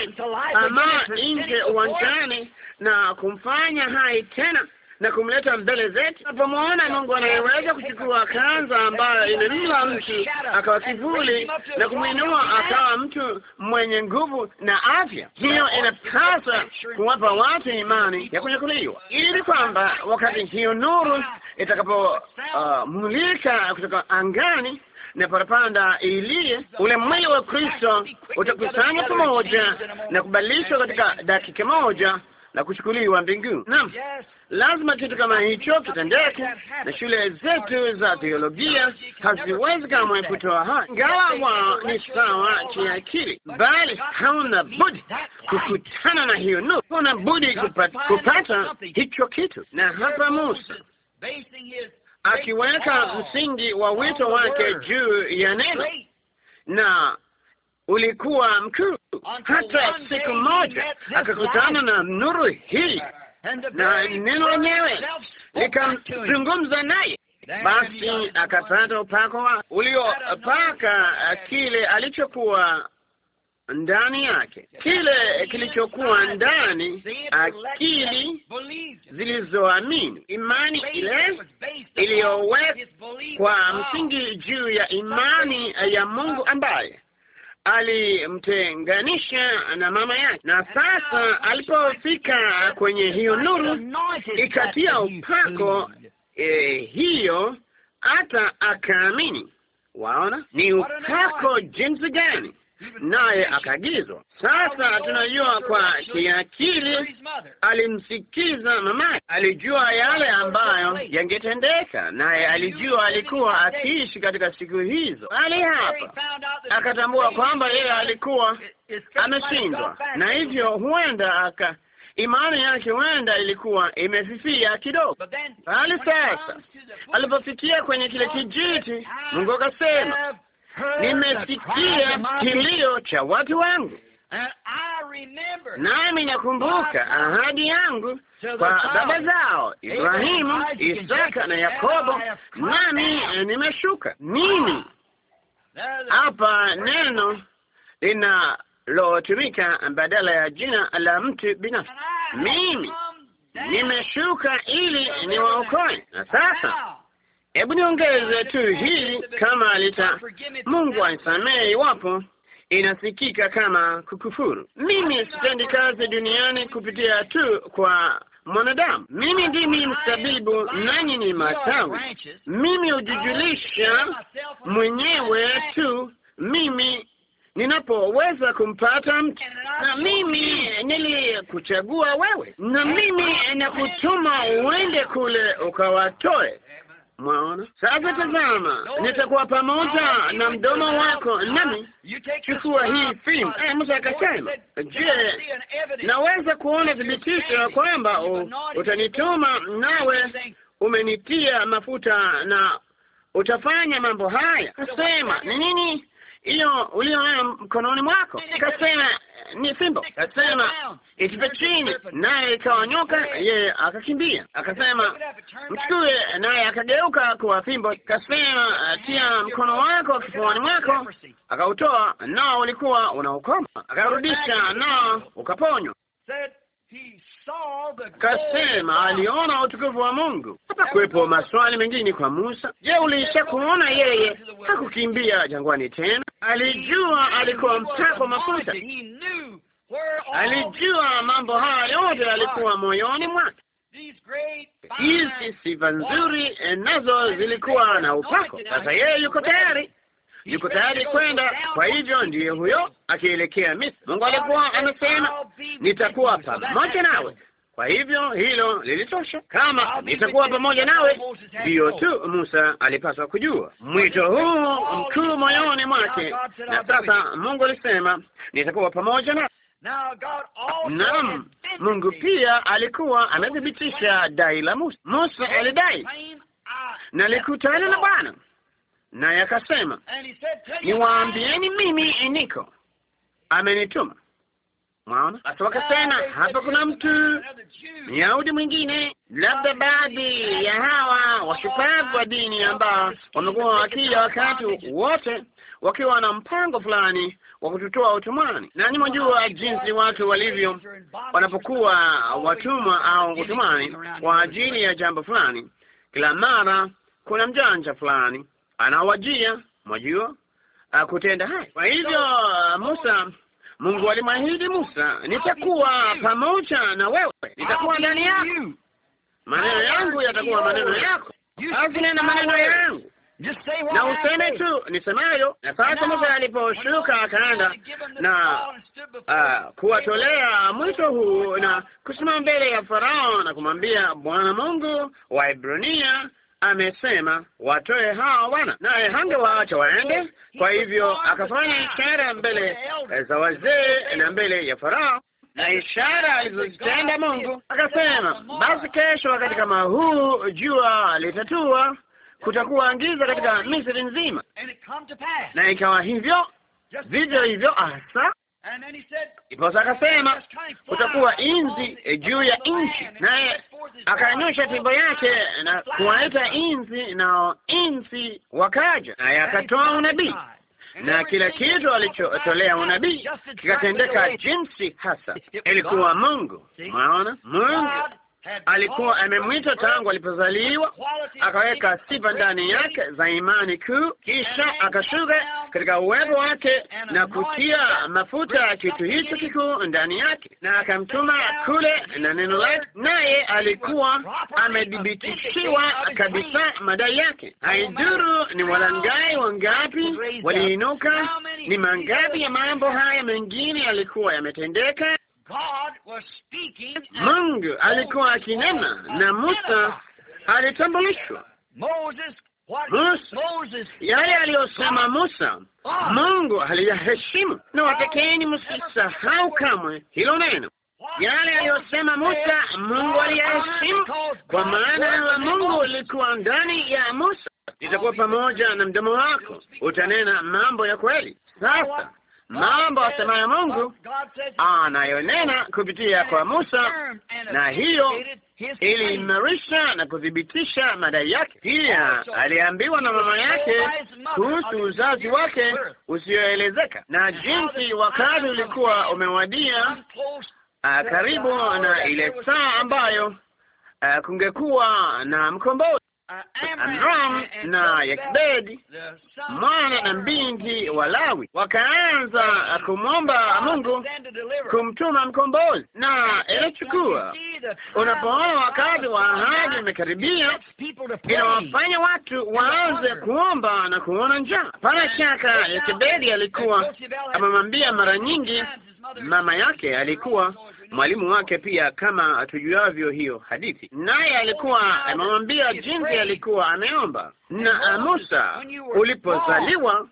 ama nje uwanjani na kumfanya hai tena na kumleta mbele zetu. Tunapomwona Mungu anayeweza kuchukua kanza ambayo imemla mtu akawa kivuli na kumwinua akawa mtu mwenye nguvu na afya, hiyo inapaswa kuwapa watu imani ya kunyakuliwa, ili kwamba wakati hiyo nuru itakapomulika uh, kutoka angani na parapanda iliye, ule mwili wa Kristo utakusanywa pamoja na kubadilishwa katika dakika moja na kuchukuliwa mbinguni. Naam, lazima kitu kama hicho kitendeke, na shule zetu za teolojia haziwezi kamwe kutoa haya, ingawa wao ni sawa kiakili, bali hauna budi kukutana na hiyo nuru, hauna budi kupata, kupata hicho kitu. Na hapa Musa akiweka msingi wa wito wake juu ya neno, na ulikuwa mkuu. Hata siku moja akakutana na nuru hii na neno lenyewe likamzungumza naye, basi akapata upako uliopaka kile alichokuwa ndani yake kile kilichokuwa ndani, akili zilizoamini, imani ile iliyowekwa msingi juu ya imani ya Mungu ambaye alimtenganisha na mama yake, na sasa alipofika kwenye hiyo nuru ikatia upako eh, hiyo hata akaamini. Waona ni upako jinsi gani? naye akaagizwa. Sasa tunajua kwa kiakili, alimsikiza mamaye, alijua yale ambayo yangetendeka, naye alijua alikuwa akiishi katika siku hizo. bali hapa akatambua kwamba yeye alikuwa ameshindwa, na hivyo huenda aka imani yake huenda ilikuwa imefifia kidogo, bali sasa alipofikia kwenye kile kijiti, Mungu akasema nimesikia kilio cha watu wangu, nami nakumbuka ahadi yangu kwa baba zao Ibrahimu, Isaka na Yakobo, nami eh, nimeshuka. Mimi hapa neno linalotumika badala ya jina la mtu binafsi, mimi nimeshuka ili niwaokoe. Na sasa Hebu niongeze tu hili kama alita Mungu anisamehe iwapo inasikika kama kukufuru. Mimi sitendi kazi duniani kupitia tu kwa mwanadamu. Mimi ndimi msabibu, nanyi ni matawi. Mimi hujujulisha mwenyewe tu mimi ninapoweza kumpata mtu. Na mimi nilikuchagua wewe, na mimi nakutuma uende kule ukawatoe Mwaona sasa, tazama, nitakuwa pamoja na mdomo wako, nami chukua hii fimbo. Ah, Musa akasema, je, naweza kuona thibitisho ya kwamba utanituma nawe umenitia mafuta na utafanya mambo haya? Kasema, ni nini iliyo ulionayo mkononi mwako. ikasema ni fimbo, kasema itupe chini, naye ikawanyuka, yeye akakimbia. Akasema mchukue, naye akageuka kuwa fimbo. Kasema tia mkono wako kifuani mwako, akautoa nao ulikuwa unaukoma, akarudisha nao ukaponywa kasema aliona utukufu wa Mungu. Hapakuwepo maswali mengine kwa Musa. Je, uliisha kuona yeye hakukimbia jangwani tena? Alijua alikuwa mtako mafuta, alijua mambo haya yote yalikuwa moyoni mwake. Hizi sifa nzuri eh, nazo zilikuwa na upako. Sasa yeye yuko tayari yuko tayari kwenda. Kwa hivyo ndiye huyo akielekea Misri. Mungu alikuwa amesema nitakuwa pamoja nawe. Kwa hivyo hilo lilitosha. Kama nitakuwa pamoja nawe, ndiyo tu Musa alipaswa kujua mwito huu mkuu moyoni mwake. Na sasa Mungu alisema nitakuwa pamoja nawe. Naam, Mungu pia alikuwa amethibitisha dai la Musa. Musa alidai nalikutana na Bwana naye akasema, niwaambieni mimi niko amenituma. Mwaona, basi wakasema, ah, hapa kuna mtu Myahudi mwingine, labda baadhi ya hawa washupavu wa dini ambao wamekuwa wakija wakati wote wakiwa na mpango fulani wa kututoa utumwani. Na nimejua jinsi watu walivyo wanapokuwa watumwa au utumwani kwa ajili ya jambo fulani. Kila mara kuna mjanja fulani anawajia, mwajua ah, kutenda haya. Kwa hivyo ah, Musa, Mungu alimwahidi Musa, nitakuwa pamoja na wewe, nitakuwa ndani yako, maneno yangu yatakuwa maneno yako, basi nena maneno yangu na useme tu nisemayo. Na sasa Musa aliposhuka akaenda na uh, kuwatolea mwito huu na kusimama mbele ya Farao na kumwambia Bwana Mungu wa Ibrania amesema watoe hawa wana, naye hangewaacha waende. Kwa hivyo akafanya ishara mbele za wazee na mbele ya Farao na ishara alizozitenda Mungu, akasema basi, kesho wakati kama huu jua litatua, kutakuwa angiza katika Misri nzima. Na ikawa hivyo vivyo hivyo hasa. Iposa akasema kutakuwa inzi juu ya nchi, naye akainusha fimbo yake na kuwaita inzi, na inzi wakaja, naye akatoa unabii na kila kitu alichotolea unabii kikatendeka jinsi hasa ilikuwa Mungu. Maona Mungu alikuwa amemwita tangu alipozaliwa, akaweka sifa ndani yake za imani kuu, kisha akashuka katika uwepo wake na kutia mafuta ya kitu hicho kikuu ndani yake, na akamtuma kule na neno lake, naye alikuwa amedhibitishiwa kabisa madai yake. Haiduru ni walangai wangapi waliinuka, ni mangapi ya mambo haya mengine yalikuwa yametendeka. Mungu alikuwa akinena na Musa alitambulishwa. Musa yale aliyosema Musa, Mungu aliyaheshimu. Na watekeni, msisahau kamwe hilo neno, yale aliyosema Musa, Mungu aliyaheshimu, kwa maana ya Mungu alikuwa ndani ya Musa. Itakuwa pamoja na mdomo wako utanena mambo ya kweli. Sasa mambo asemayo Mungu anayonena kupitia kwa Musa, na hiyo iliimarisha na kuthibitisha madai yake. Pia aliambiwa na mama yake kuhusu uzazi wake usioelezeka na jinsi wakati ulikuwa umewadia, uh, karibu na ile saa ambayo uh, kungekuwa na mkombozi. Uh, Amram na Yokebedi mwana na mbingi wa Lawi wakaanza kumwomba Mungu kumtuma mkombozi, na inachukua unapoona wakati wa ahadi umekaribia, inawafanya watu waanze kuomba na kuona njaa. Pana shaka Yokebedi alikuwa amemwambia mara nyingi mama yake alikuwa mwalimu wake pia, kama atujuavyo hiyo hadithi, naye alikuwa amemwambia jinsi alikuwa ameomba. Na Musa, ulipozaliwa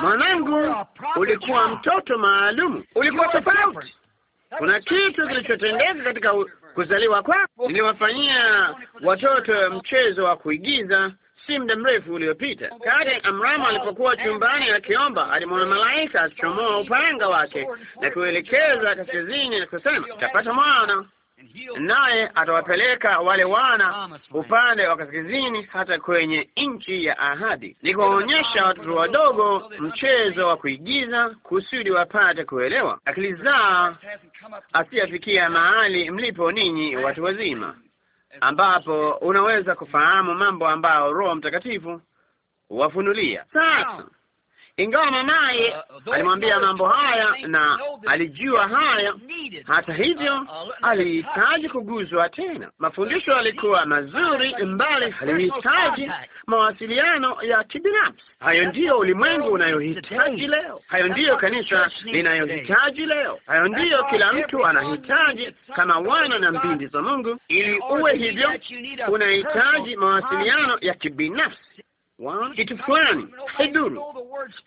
mwanangu, ulikuwa mtoto maalumu, ulikuwa tofauti. Kuna kitu kilichotendeka katika kuzaliwa kwako. Niliwafanyia watoto mchezo wa kuigiza si muda mrefu uliopita, kati Amramu alipokuwa chumbani akiomba, alimwona malaika akichomoa upanga wake na kuelekeza kaskazini na kusema, tapata mwana naye atawapeleka wale wana upande wa kaskazini hata kwenye nchi ya ahadi. Ni kuwaonyesha watoto wadogo mchezo wa kuigiza kusudi wapate kuelewa, akili zao asiyafikia mahali mlipo ninyi watu wazima ambapo unaweza kufahamu mambo ambayo Roho Mtakatifu wafunulia Sasa ingawa mamaye uh, uh, alimwambia mambo haya na alijua haya, hata uh, hivyo alihitaji kuguzwa tena. Mafundisho yalikuwa mazuri, mbali alihitaji mawasiliano ya kibinafsi. Hayo ndiyo ulimwengu unayohitaji leo, hayo ndiyo kanisa linayohitaji leo, hayo ndiyo kila mtu anahitaji kama wana na mbindi za Mungu. Ili uwe hivyo, unahitaji mawasiliano ya kibinafsi kitu fulani, haiduru.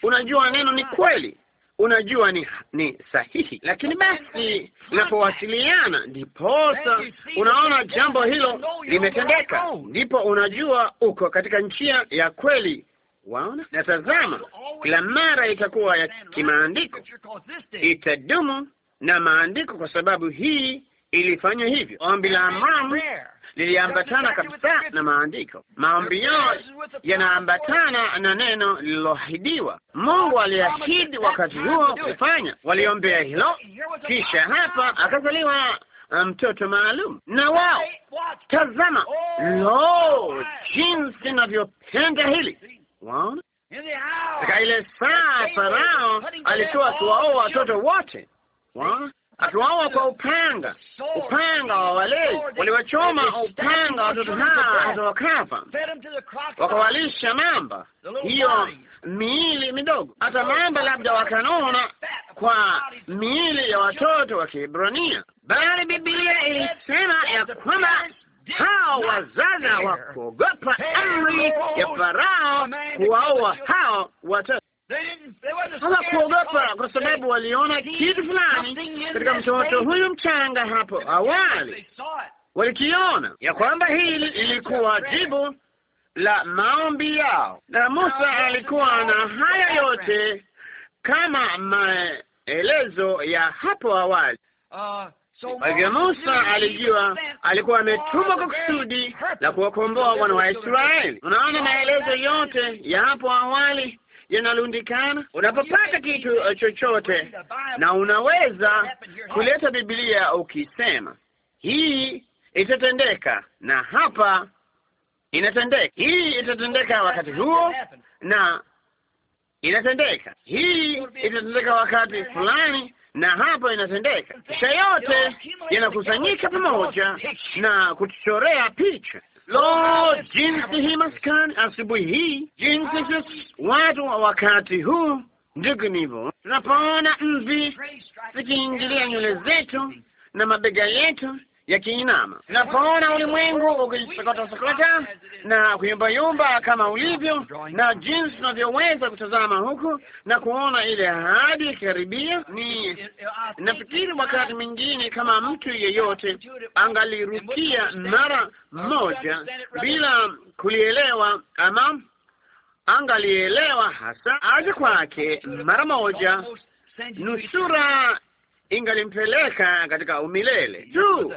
Unajua neno ni kweli, unajua ni ni sahihi, lakini basi unapowasiliana, ndiposa unaona jambo hilo limetendeka, ndipo unajua uko katika njia ya kweli. Waona, natazama kila mara itakuwa ya kimaandiko, itadumu na maandiko, kwa sababu hii ilifanya hivyo. Ombi la Amram liliambatana kabisa na maandiko. Maombi yao yanaambatana na neno lililoahidiwa. Mungu aliahidi wakati huo kufanya, waliombea hilo, kisha hapa akazaliwa um, mtoto maalum na wao. Tazama, oh, lo, jinsi inavyopenda hili! Waona, katika ile saa Farao alikuwa akiwaoa watoto wote, waona akiwaua kwa upanga, upanga wa wale waliwachoma, upanga watoto hawa wakafa, wakawalisha mamba, hiyo miili midogo, hata mamba labda wakanona kwa miili ya watoto wa Kiebrania, bali Biblia ilisema ya kwamba hao wazazi hawakuogopa amri ya Farao kuwaua hao watoto hawakuogopa uh, kwa sababu waliona kitu fulani katika mtoto huyu mchanga hapo awali. Walikiona ya kwamba hili ilikuwa jibu la maombi yao, na Musa alikuwa na haya yote kama maelezo ya hapo awali. Uh, kwa hivyo Musa alijua alikuwa ametumwa kwa kusudi la kuwakomboa wana wa Israeli. Unaona maelezo yote ya hapo awali yanarundikana Unapopata kitu uh, chochote, na unaweza kuleta Biblia ukisema hii itatendeka, na hapa inatendeka, hii itatendeka wakati huo, na inatendeka, hii itatendeka wakati fulani na hapa inatendeka. Kisha yote yanakusanyika pamoja na kutuchorea picha. Lo, jinsi hii maskani asubuhi hii, jinsi watu wa wakati huu, ndugu, nivo tunapoona mvi zikiingilia nywele zetu na mabega yetu yakiinama. Tunapoona ulimwengu ukisokotasokota sokota na kuyumbayumba kama ulivyo, na jinsi tunavyoweza kutazama huku na kuona ile ahadi ikikaribia, ni nafikiri wakati mwingine kama mtu yeyote angalirukia mara moja bila kulielewa ama angalielewa hasa, aje kwake mara moja, nusura ingalimpeleka katika umilele tu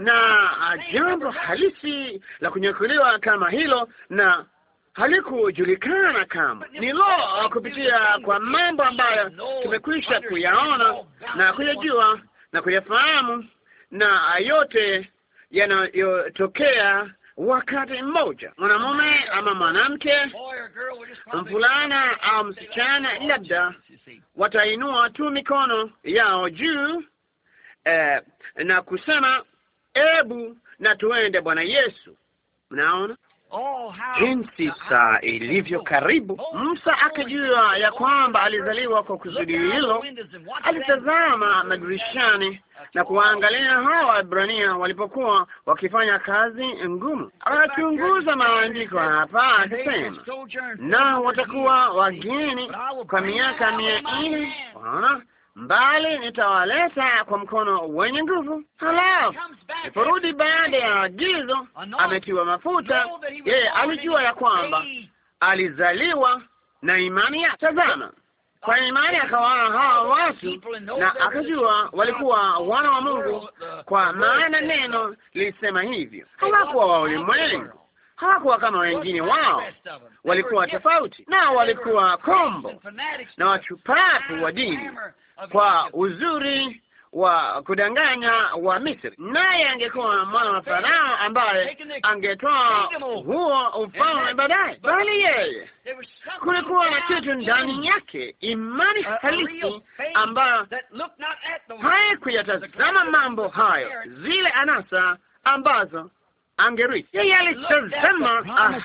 na ah, jambo halisi la kunyakuliwa kama hilo na halikujulikana kama ni lo, ah, kupitia kwa mambo ambayo tumekwisha kuyaona na kuyajua na kuyafahamu, na ah, yote yanayotokea wakati mmoja, mwanamume ama mwanamke, mfulana au msichana, labda watainua tu mikono yao juu eh, na kusema Ebu na tuende, Bwana Yesu. Mnaona oh, jinsi saa ilivyo karibu. Oh, Musa akijua ya kwamba alizaliwa kwa kusudi hilo. Alitazama madirishani uh, na kuwaangalia hawa Waebrania walipokuwa wakifanya kazi ngumu. Akachunguza maandiko hapa akisema, na watakuwa wageni kwa miaka mia nne mbali nitawaleta kwa mkono wenye nguvu. Halafu iporudi baada ya agizo, ametiwa mafuta. Yeye alijua ya kwamba alizaliwa na imani yake. Tazama, kwa imani akawaona hawa watu na akajua walikuwa wana wa Mungu, kwa maana neno lilisema hivyo. Hawakuwa wa ulimwengu, hawakuwa kama wengine wao, walikuwa tofauti nao, walikuwa kombo na wachupapu wa dini kwa uzuri wa kudanganya wa Misri, naye angekuwa mwana wa Farao ambaye angetoa huo ufalme baadaye, bali yeye kulikuwa na kitu ndani yake, imani halisi ambayo haikuyatazama mambo hayo, zile anasa ambazo angerithi. Yeye alitazama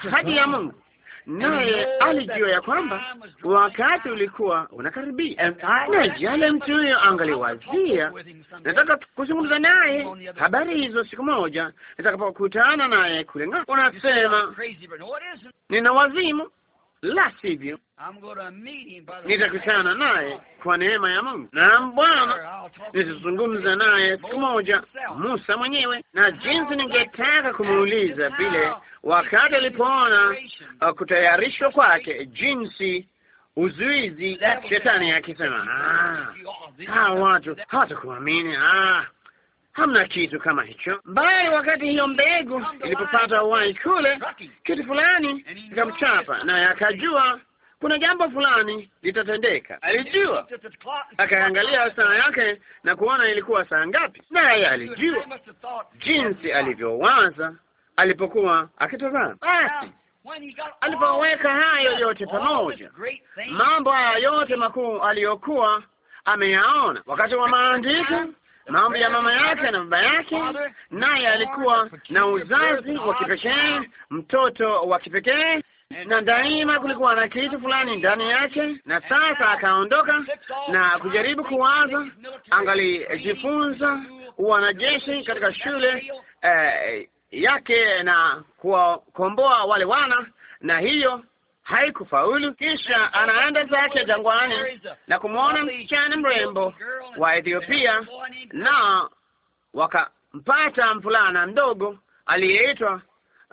ahadi ya Mungu naye alijua ya kwamba wakati ulikuwa unakaribia, na jale mtu huyo angaliwazia. Nataka kuzungumza naye habari hizo siku moja nitakapokutana naye kule. Unasema nina wazimu la sivyo nitakutana naye kwa neema ya Mungu. Naam Bwana, nitazungumza naye siku moja, Musa mwenyewe, na jinsi ningetaka kumuuliza vile wakati alipoona uh, kutayarishwa kwake, jinsi uzuizi shetani akisema, ah, hawa watu hawatakuamini ah hamna kitu kama hicho, bali wakati hiyo mbegu ilipopata uhai kule, kitu fulani ikamchapa, naye akajua kuna jambo fulani litatendeka. Alijua, akaangalia saa yake na kuona ilikuwa saa ngapi, naye alijua jinsi alivyowaza alipokuwa akitazama. Basi alipoweka hayo yote pamoja, mambo haya yote makuu aliyokuwa ameyaona wakati wa maandiko mambo ya mama yake na baba yake, naye alikuwa na uzazi wa kipekee, mtoto wa kipekee, na daima kulikuwa na kitu fulani ndani yake. Na sasa akaondoka na kujaribu kuwaza, angalijifunza wanajeshi katika shule eh, yake na kuwakomboa wale wana, na hiyo haikufaulu. Kisha anaenda zake jangwani na kumwona msichana mrembo wa Ethiopia, na wakampata mvulana mdogo aliyeitwa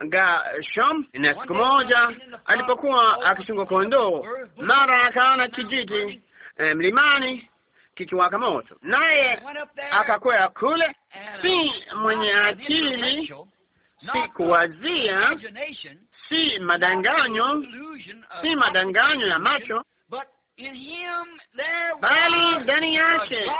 Gashom. Na siku moja alipokuwa akichunga kondoo, mara akaona kijiti eh, mlimani kikiwaka moto, naye akakwea kule. Si mwenye akili, si kuwazia si madanganyo, si madanganyo ya macho, bali ndani yake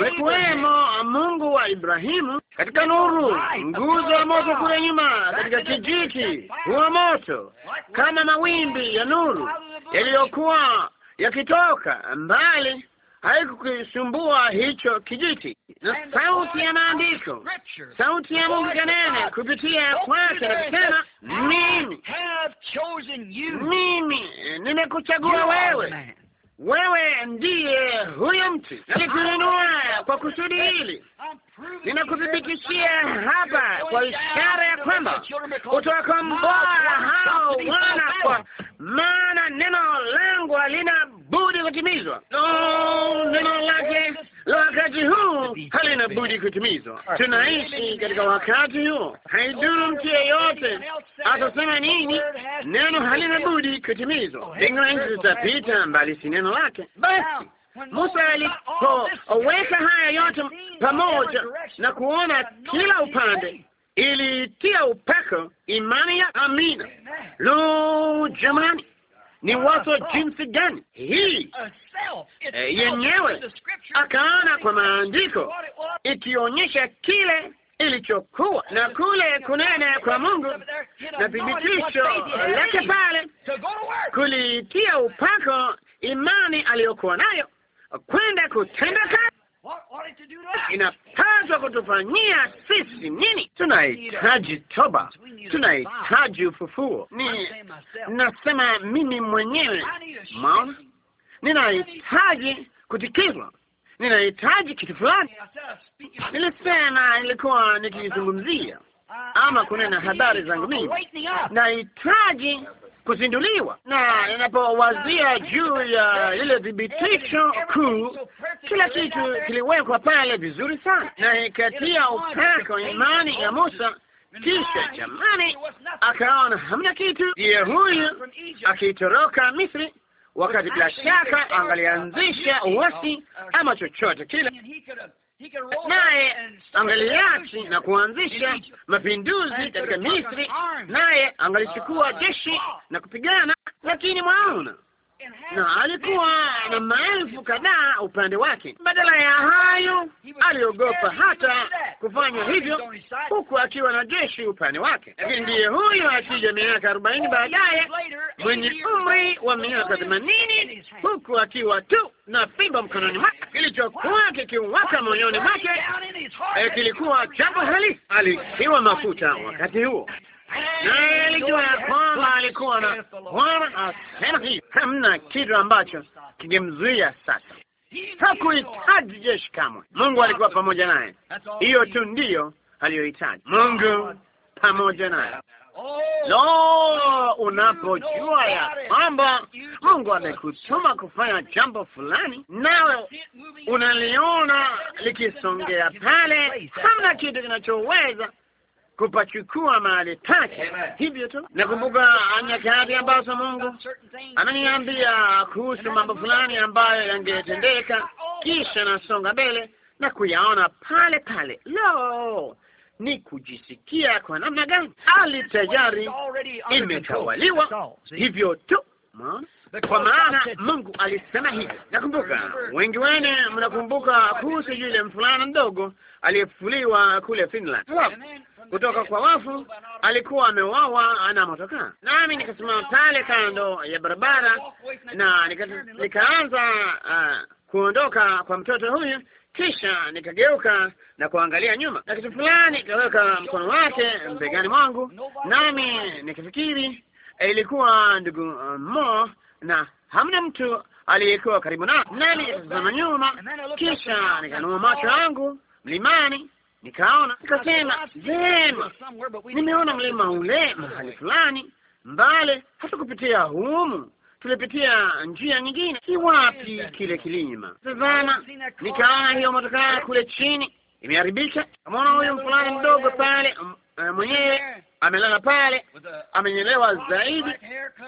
wekuwemo Mungu wa Ibrahimu katika nuru, nguzo ya moto kule nyuma, katika kijiti huo moto, kama mawimbi ya nuru yaliyokuwa yakitoka mbali haikukisumbua hicho kijiti, na sauti ya maandiko, sauti ya Mungu kanene kupitia kwake na kusema, mimi mimi nimekuchagua wewe wewe ndiye huyo mtu, nilikuinua kwa kusudi hili. Ninakuthibitishia hapa kwa ishara ya kwamba utawakomboa hao wana, kwa maana neno langu halina budi kutimizwa. No, neno lake wakati huu halina budi kutimizwa. Tunaishi katika wakati huo, haiduru mtu yeyote atasema nini, neno halina budi kutimizwa. Ingawa nchi zitapita mbali, si neno lake. Basi Musa alipoweka haya yote pamoja na kuona kila upande ilitia upako imani ya Amina. Lo, jamani! ni wazo jinsi gani hii eh, yenyewe akaona kwa maandiko ikionyesha kile ilichokuwa na kule kunene kwa Mungu na thibitisho lake pale, kuliitia upako imani aliyokuwa nayo kwenda kutenda kazi inapaswa kutufanyia sisi nini? Tunahitaji toba, tunahitaji ufufuo. Ni nasema mimi mwenyewe, maona ninahitaji kutikizwa, ninahitaji kitu fulani. Nilisema ilikuwa nikizungumzia ama kunena habari zangu mimi, nahitaji kuzinduliwa, na ninapowazia juu ya lile thibitisho kuu, kila kitu kiliwekwa pale vizuri sana, na ikatia upako imani ya Musa. Kisha jamani, akaona hamna kitu. Ndiye huyu akitoroka Misri, wakati bila shaka angalianzisha uasi ama chochote kile naye angaliachi na kuanzisha mapinduzi katika Misri, naye angalichukua uh, jeshi uh, uh. na kupigana, lakini mwaona na alikuwa na maelfu kadhaa upande wake. Badala ya hayo, aliogopa hata kufanya hivyo, huku akiwa na jeshi upande wake. Lakini ndiye huyo akija miaka arobaini baadaye, mwenye umri wa miaka themanini, huku akiwa tu na fimbo mkononi mwake. Kilichokuwa kikiwaka moyoni mwake eh, kilikuwa jambo halisi. Alitiwa mafuta wakati huo naye alijua ya kwamba alikuwa na Bwana asema ah, hivi, hamna kitu ambacho kingemzuia sasa. Hakuhitaji jeshi kamwe, Mungu alikuwa pamoja naye. Hiyo tu ndiyo aliyohitaji, Mungu pamoja naye. Lo, unapojua ya kwamba Mungu amekutuma kufanya jambo fulani, nawe unaliona likisongea pale, hamna kitu kinachoweza kupachukua mahali pake, hivyo tu. Nakumbuka nyakati ambazo Mungu ananiambia kuhusu mambo fulani ambayo yangetendeka, kisha nasonga mbele na kuyaona pale pale. Lo, ni kujisikia kwa namna gani! Hali tayari imetawaliwa, hivyo tu, kwa maana Mungu alisema hivi. Nakumbuka wengi wenu mnakumbuka kuhusu yule mfulana mdogo aliyefufuliwa kule Finland kutoka kwa wafu, alikuwa amewawa na motokaa, nami nikasimama pale kando ya barabara na nikaanza uh, kuondoka kwa mtoto huyu, kisha nikageuka na kuangalia nyuma, na kitu fulani ikaweka mkono wake mbegani mwangu, nami nikafikiri ilikuwa ndugu uh, Mo na hamna mtu aliyekuwa karibu na nami nikatazama nyuma, kisha nikanua macho yangu mlimani, nikaona, nikasema, jema, nimeona mlima ule mahali fulani mbale, hata kupitia humu tulipitia njia nyingine. Si wapi kile kilima? Tazama, nikaona hiyo motokaa kule chini imeharibika. Kamaona huyo mfulani mdogo pale eh, mwenyewe amelala pale, amenyelewa zaidi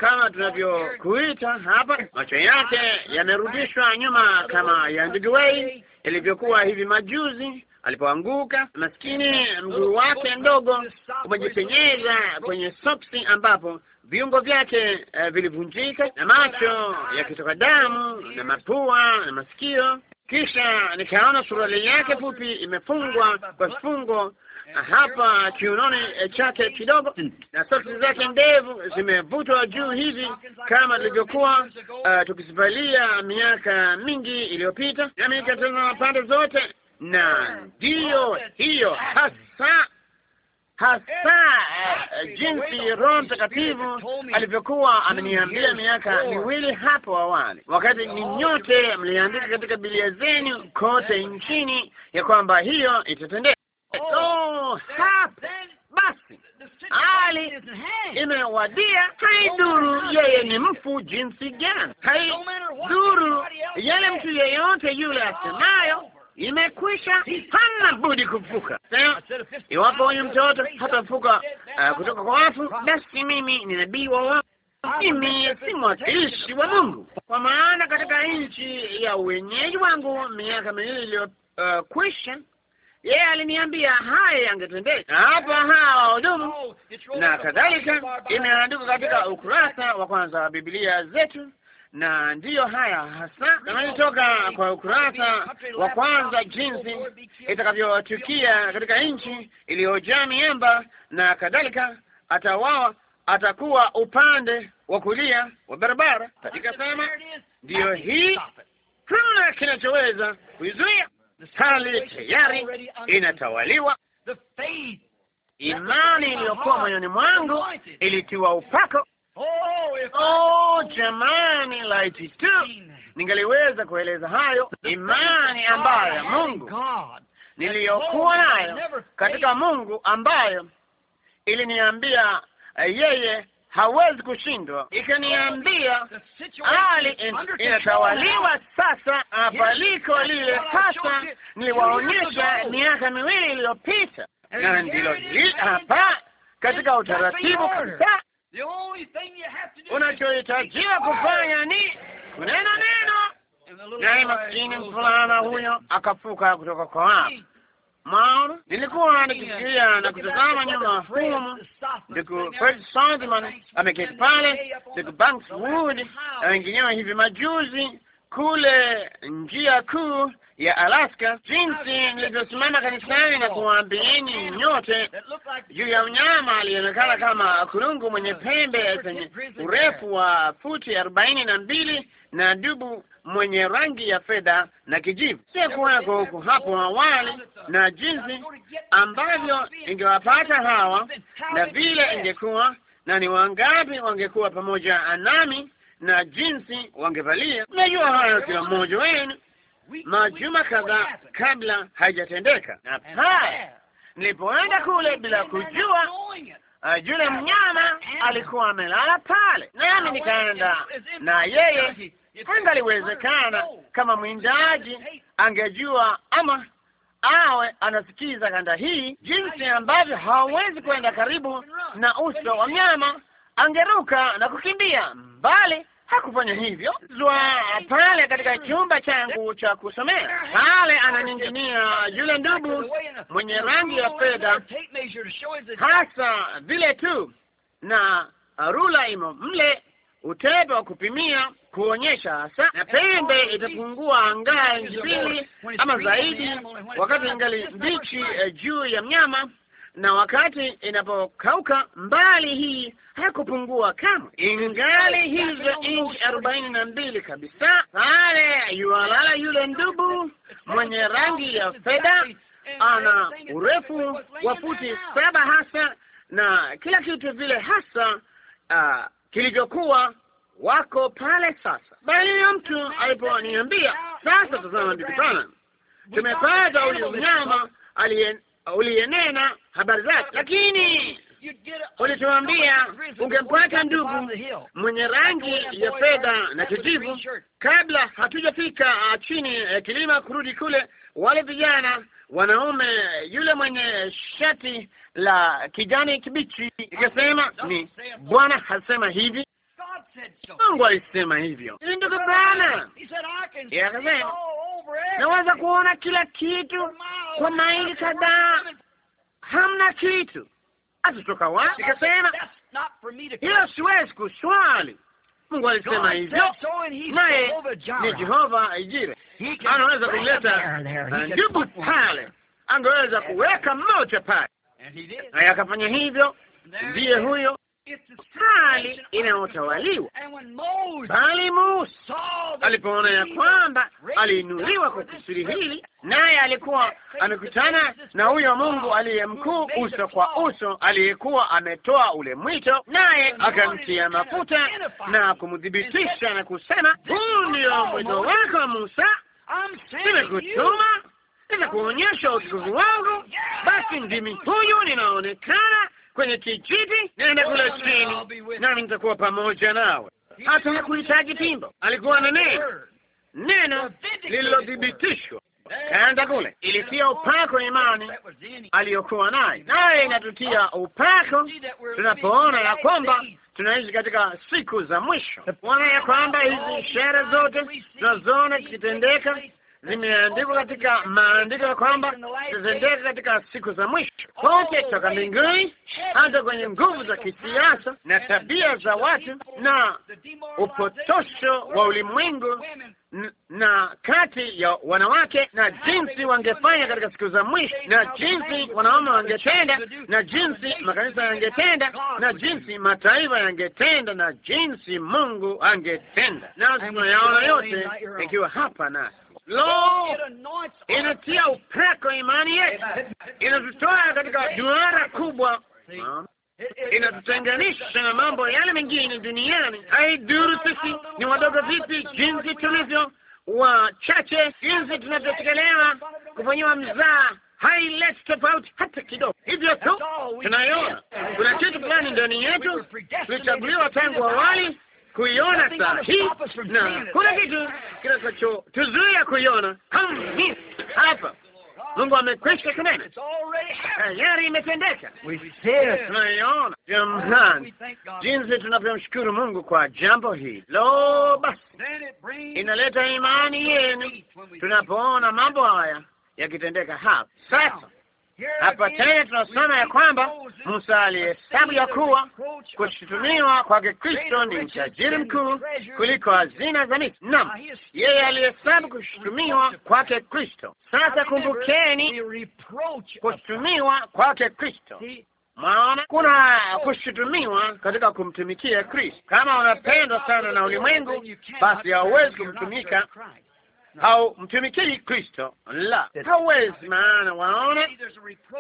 kama tunavyokuita hapa. Macho yake yamerudishwa nyuma kama ya ndugu Wei ilivyokuwa hivi majuzi alipoanguka. Maskini, mguu wake ndogo umejipenyeza kwenye soksi ambapo viungo vyake uh, vilivunjika na macho yakitoka damu na mapua na masikio. Kisha nikaona suruali yake fupi imefungwa kwa kifungo hapa kiunoni eh, chake kidogo, na soksi zake ndevu zimevutwa juu hivi kama tulivyokuwa uh, eh, tukizivalia miaka mingi iliyopita, nami nikatazama pande zote, na ndiyo hiyo hasa hasa uh, jinsi Roho Mtakatifu alivyokuwa ameniambia miaka miwili hapo awali, wakati ni nyote mliandika katika Biblia zenu kote nchini ya kwamba hiyo itatendeka. Oh, hapa basi hali imewadia. Haidhuru yeye ni mfu jinsi gani, haidhuru yale mtu yeyote yule asemayo, imekwisha. Hana budi kuvuka. Iwapo huyu mtoto hatavuka uh, eh, kutoka kwa wafu, basi mimi ni nabii wa mimi si mwakilishi wa Mungu, kwa maana katika nchi ya uwenyeji wangu miaka miwili iliyokwisha eh, uh, yeye yeah, aliniambia haya yangetendeka hapa hao wahudumu oh, na kadhalika. Imeandikwa katika ukurasa wa kwanza wa Biblia zetu, na ndiyo haya hasa yanayotoka kwa ukurasa wa kwanza, jinsi itakavyotukia katika nchi iliyojaa miamba na kadhalika. Atawawa atakuwa upande wa kulia wa barabara katika sema, ndiyo hii, hakuna kinachoweza kuizuia mstari tayari inatawaliwa. Imani iliyokuwa moyoni mwangu ilitiwa upako. Oh, oh jamani, laiti tu ningaliweza kueleza hayo, imani ambayo Mungu niliyokuwa nayo katika Mungu, ambayo iliniambia eh, yeye hawezi kushindwa, ikaniambia hali inatawaliwa sasa apaliko lile sasa niliwaonyesha miaka miwili iliyopita, na ndilo hili hapa katika utaratibu kabisa. Unachohitajiwa kufanya ni kunena neno, naye maskini mvulana huyo akafuka kutoka kwa hapa maana nilikuwa nikifikiria na kutazama nyuma humu, ndugu Fred Sandman ameketi pale, ndugu Banks Wood na wengineo hivi majuzi kule njia kuu ya Alaska, jinsi nilivyosimama kanisani na kuwaambieni nyote juu ya mnyama alionekana kama kurungu mwenye pembe zenye urefu wa futi arobaini na mbili na dubu mwenye rangi ya fedha na kijivu, sio kuweko huko hapo awali, na jinsi ambavyo ingewapata hawa na vile ingekuwa na ni wangapi wangekuwa pamoja nami na jinsi wangevalia. Unajua hayo kila mmoja wenu, majuma kadhaa kabla haijatendeka. Na pale nilipoenda kule bila kujua, ah, yule mnyama alikuwa amelala pale, nami nikaenda na yeye. Ingaliwezekana kama mwindaji angejua ama awe anasikiza kanda hii, jinsi ambavyo hawawezi kwenda karibu na uso wa mnyama, angeruka na kukimbia mbali hakufanya hivyo zwa pale katika chumba changu cha kusomea pale, ananing'inia yule ndugu mwenye rangi ya fedha, hasa vile tu na rula imo mle, utepe wa kupimia kuonyesha hasa, na pembe itapungua angaa inchi mbili ama zaidi, wakati ingali mbichi eh, juu ya mnyama na wakati inapokauka mbali hii hakupungua kama, ingali hizo inchi arobaini na mbili kabisa. Pale yualala yule ndubu mwenye rangi ya fedha, ana urefu wa futi saba hasa na kila kitu vile hasa uh, ah, kilichokuwa wako pale sasa. Bali huyo mtu aliponiambia, sasa tazama, ndikipana tumepata huyu mnyama uliyenena habari zake, lakini ulituambia ungempata ndugu mwenye rangi ya fedha na kijivu kabla hatujafika ah, chini ya eh, kilima kurudi kule, wale vijana wanaume, yule mwenye shati la kijani kibichi. Ikasema ni Bwana hasema hivi, Mungu alisema hivyo. Ili ndugu Bwana akasema naweza kuona kila kitu kwa maili kadhaa hamna kitu atatoka wapi? Akasema hiyo siwezi kuswali. Mungu alisema hivyo, naye ni Jehova Ijire, anaweza kuleta jibu pale, angeweza kuweka mmoja pale, naye akafanya hivyo. Ndiye huyo hali inayotawaliwa. Bali Musa alipoona ya kwamba aliinuliwa kwa kusudi hili, naye alikuwa amekutana na huyo Mungu aliye mkuu uso kwa uso, aliyekuwa ametoa ule mwito, naye akamtia mafuta na kumthibitisha na kusema, huu ndio mwito wako Musa, nimekutuma kuonyesha utukufu wangu. Basi ndimi huyu ninaonekana kwenye kijiji, nenda kule chini, nami nitakuwa pamoja nawe. Hata hakuhitaji pimbo, alikuwa na neno, neno lililothibitishwa kaenda kule ilitia upako imani aliyokuwa naye, naye inatutia uh, upako tunapoona ya kwamba tunaishi katika siku za mwisho, kuona ya kwamba hizi ishara zote tunazoona zikitendeka zimeandikwa katika maandiko ya kwamba zitendeka katika siku za mwisho, kote toka mbinguni hata kwenye nguvu za kisiasa na tabia za watu na upotosho wa ulimwengu na kati ya wanawake na jinsi wangefanya katika siku za mwisho, na jinsi wanaume wangetenda, na jinsi makanisa yangetenda, na jinsi mataifa yangetenda, na jinsi Mungu angetenda, lazima yaona yote ikiwa hapa nasi Lo, inatia upeko imani yetu, inatutoa katika duara kubwa, inatutenganisha na mambo yale mengine duniani. Haidhuru sisi ni wadogo vipi, jinsi tulivyo wachache, jinsi tunavyotekelewa, kufanyiwa mzaa haileti tofauti hata kidogo. Hivyo tu tunaiona kuna kitu fulani ndani yetu, tulichaguliwa tangu awali kuiona saa hii, na kuna kitu kinachotuzuia kuiona kama hapa. Mungu amekwisha kunena, tayari imetendeka. Tunaiona jamani, jinsi tunavyomshukuru Mungu kwa jambo hili. Lo, basi inaleta imani yenu tunapoona mambo haya yakitendeka hapa sasa. Hapa tena tunasoma ya kwamba Musa alihesabu ya kuwa kushutumiwa kwa kristo ni utajiri mkuu kuliko hazina za miti. Naam, yeye alihesabu kushutumiwa kwake Kristo. Sasa kumbukeni, kushutumiwa kwake Kristo maana kuna kushutumiwa katika kumtumikia Kristo. Kama unapendwa sana na ulimwengu, basi hauwezi kumtumika mtumikii Kristo, la hawezi Maana waona,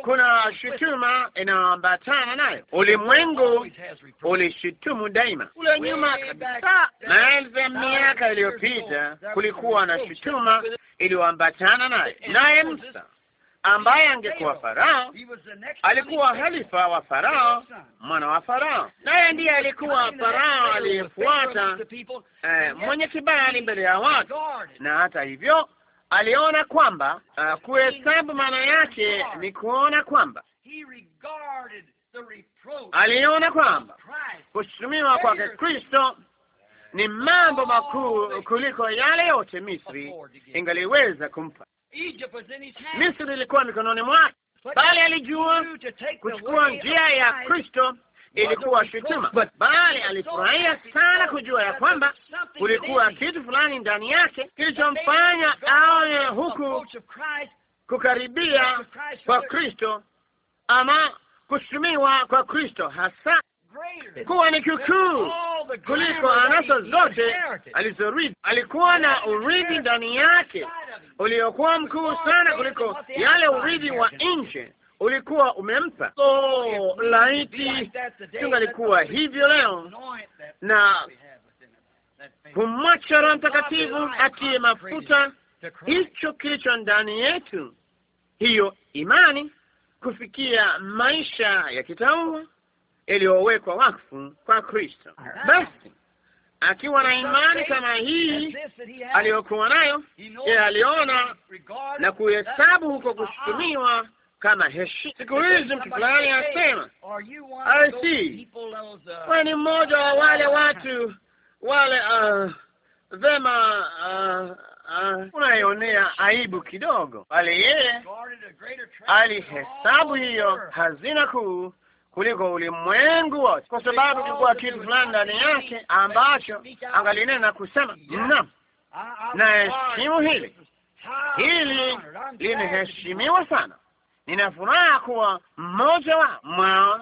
kuna shutuma inaambatana nayo. Ulimwengu ulishutumu daima. Kule nyuma kabisa, maelfu ya miaka iliyopita, kulikuwa na shutuma iliyoambatana nayo, naye Musa ambaye angekuwa Farao alikuwa halifa wa Farao, mwana wa Farao, naye ndiye alikuwa Farao aliyefuata, eh, mwenye kibali mbele ya watu. Na hata hivyo aliona kwamba, uh, kuhesabu maana yake ni kuona kwamba aliona kwamba kushutumiwa kwake Kristo ni mambo makuu kuliko yale yote Misri ingaliweza kumpa. Misri ilikuwa mikononi mwake, bali alijua kuchukua njia ya Kristo ilikuwa shutuma, bali alifurahia sana kujua ya kwamba kulikuwa kitu fulani ndani yake kilichomfanya aone huku kukaribia kwa Kristo ama kushutumiwa kwa Kristo hasa kuwa ni kukuu kuliko anasa zote alizorithi. Alikuwa na urithi ndani yake uliokuwa mkuu sana kuliko yale urithi wa nje ulikuwa umempa. So laiti tungalikuwa hivyo leo na kumwacha Roho Mtakatifu atie mafuta hicho kilicho ndani yetu, hiyo imani kufikia maisha ya kitaua iliyowekwa wakfu kwa Kristo. Basi akiwa na imani kama hii aliyokuwa nayo, yeye aliona na kuhesabu huko kushutumiwa kama heshima. Siku hizi mtu fulani anasema asi, wewe ni mmoja wa wale watu wale, uh, vema uh, Uh, unaionea aibu kidogo, bali yeye alihesabu hiyo hazina kuu kuliko ulimwengu wote, kwa sababu kulikuwa kitu fulani ndani yake ambacho angalinena kusema naam, heshimu hili hili limeheshimiwa sana. Ninafuraha kuwa mmoja wa mwa,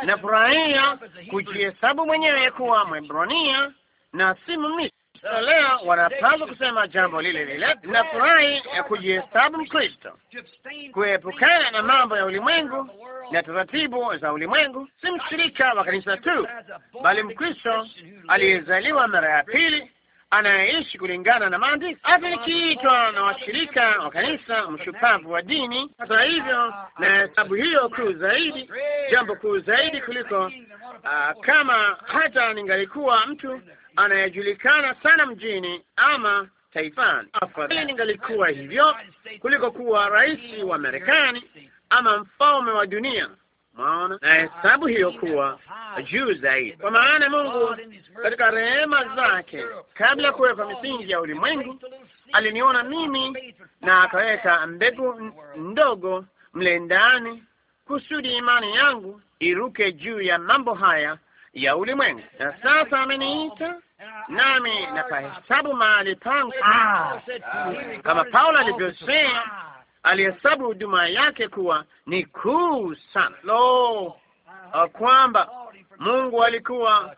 ninafurahia kujihesabu mwenyewe kuwa Mwebrania na si Mmisri. Sasa leo wanapaswa kusema jambo lile lile. Nafurahi ya kujihesabu Mkristo, kuepukana na mambo ya ulimwengu na taratibu za ulimwengu. Si mshirika wa kanisa tu, bali Mkristo aliyezaliwa mara ya pili anayeishi kulingana na maandiko. Hata nikiitwa na washirika wa kanisa mshupavu wa dini, hata hivyo, na hesabu hiyo kuu zaidi, jambo kuu zaidi kuliko uh, kama hata ningalikuwa mtu anayejulikana sana mjini ama taifani. Afadhali ningalikuwa hivyo kuliko kuwa rais wa Marekani ama mfalme wa dunia. Maona na hesabu hiyo kuwa juu zaidi, kwa maana Mungu katika rehema zake, kabla ya kuweka misingi ya ulimwengu, aliniona mimi na akaweka mbegu ndogo mle ndani, kusudi imani yangu iruke juu ya mambo haya ya ulimwengu. Na sasa ameniita nami napahesabu mahali pangu ah. Kama Paulo alivyosema, alihesabu huduma yake kuwa ni kuu sana. Lo, kwamba Mungu alikuwa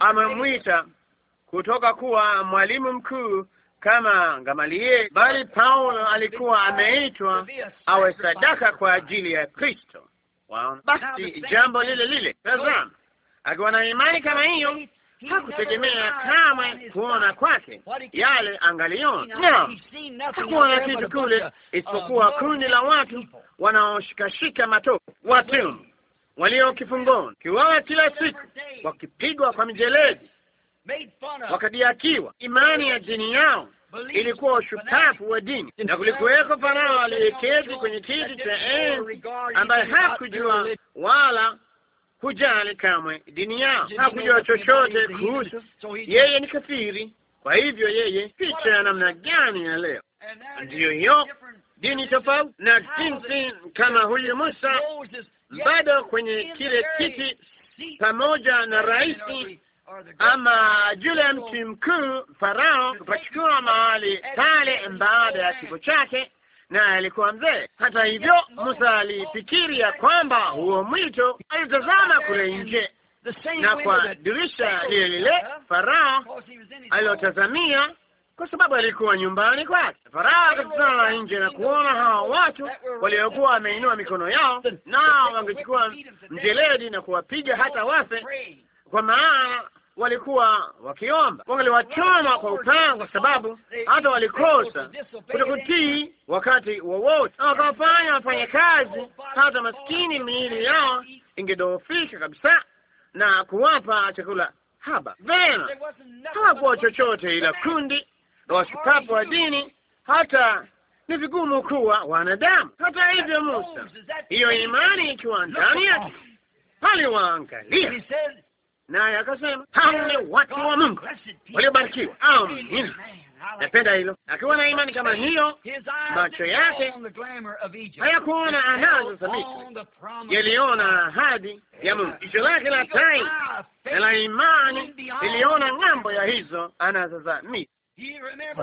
amemwita kutoka kuwa mwalimu mkuu kama gamalie bali Paulo alikuwa ameitwa awe sadaka kwa ajili ya Kristo. Basi jambo lile lile, tazama, akiwa na imani kama hiyo hakutegemea kamwe kuona kwake yale angaliona. Hakuona kitu kule isipokuwa kundi la watu wanaoshikashika matoko watumwa walio kifungoni, kiwawa kila siku, wakipigwa kwa mijeledi, wakadiakiwa. Imani ya dini yao ilikuwa ushupavu wa dini, na kulikuweko Farao aliyeketi kwenye kiti cha enzi ambaye hakujua wala hujali kamwe dini yao, hakujua chochote kuhusu yeye, ni kafiri. Kwa hivyo yeye, picha ya namna gani ya leo ndiyo hiyo, dini tofauti na jinsi kama huyu Musa bado kwenye kile kiti pamoja na rais ama yule mtu mkuu Farao, kupachukua mahali pale baada ya kifo chake naye alikuwa mzee. Hata hivyo, Musa alifikiri ya kwamba huo mwito, alitazama kule nje na kwa dirisha lile lile Farao alilotazamia kwa sababu alikuwa nyumbani kwake. Farao akatazama nje na kuona hao watu waliokuwa wameinua mikono yao, nao wangechukua mjeledi na kuwapiga hata wafe, kwa maana walikuwa wakiomba, wangaliwachoma kwa upanga, kwa sababu hata walikosa kutokutii wakati wowote, na wakawafanya wafanye kazi hata maskini miili yao ingedhoofika kabisa, na kuwapa chakula haba. Vema, hawakuwa chochote ila kundi na washukapo wa dini, hata ni vigumu kuwa wanadamu. Hata hivyo, Musa, hiyo imani ikiwa ndani yake, aliwaangalia naye akasema, hao watu wa Mungu waliobarikiwa. Amina, napenda hilo. Akiwa na imani kama hiyo, macho yake hayakuona anazo za Misri, yaliona ahadi ya Mungu. Jicho lake la tai na la imani liliona ng'ambo ya hizo anazo za Misri.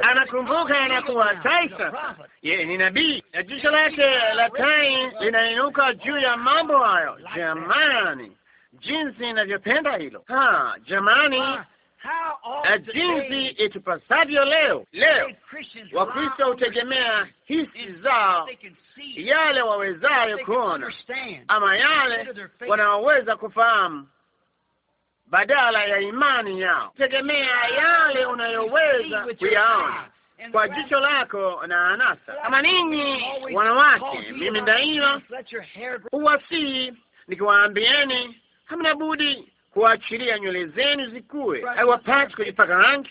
Anakumbuka anakuwa tai sasa, yeye ni nabii, na jicho lake la tai linainuka juu ya mambo hayo. Jamani! jinsi inavyopenda hilo. Ha, jamani ah, na jinsi itupasavyo leo. Leo Wakristo hutegemea hisi zao, yale wawezayo kuona ama yale wanaoweza kufahamu, badala ya imani yao. Tegemea ah, yale unayoweza kuyaona kwa jicho lako na anasa. Kama ninyi wanawake, mimi daima huwasii nikiwaambieni hamna budi kuachilia nywele zenu zikue, haiwapati kujipaka rangi.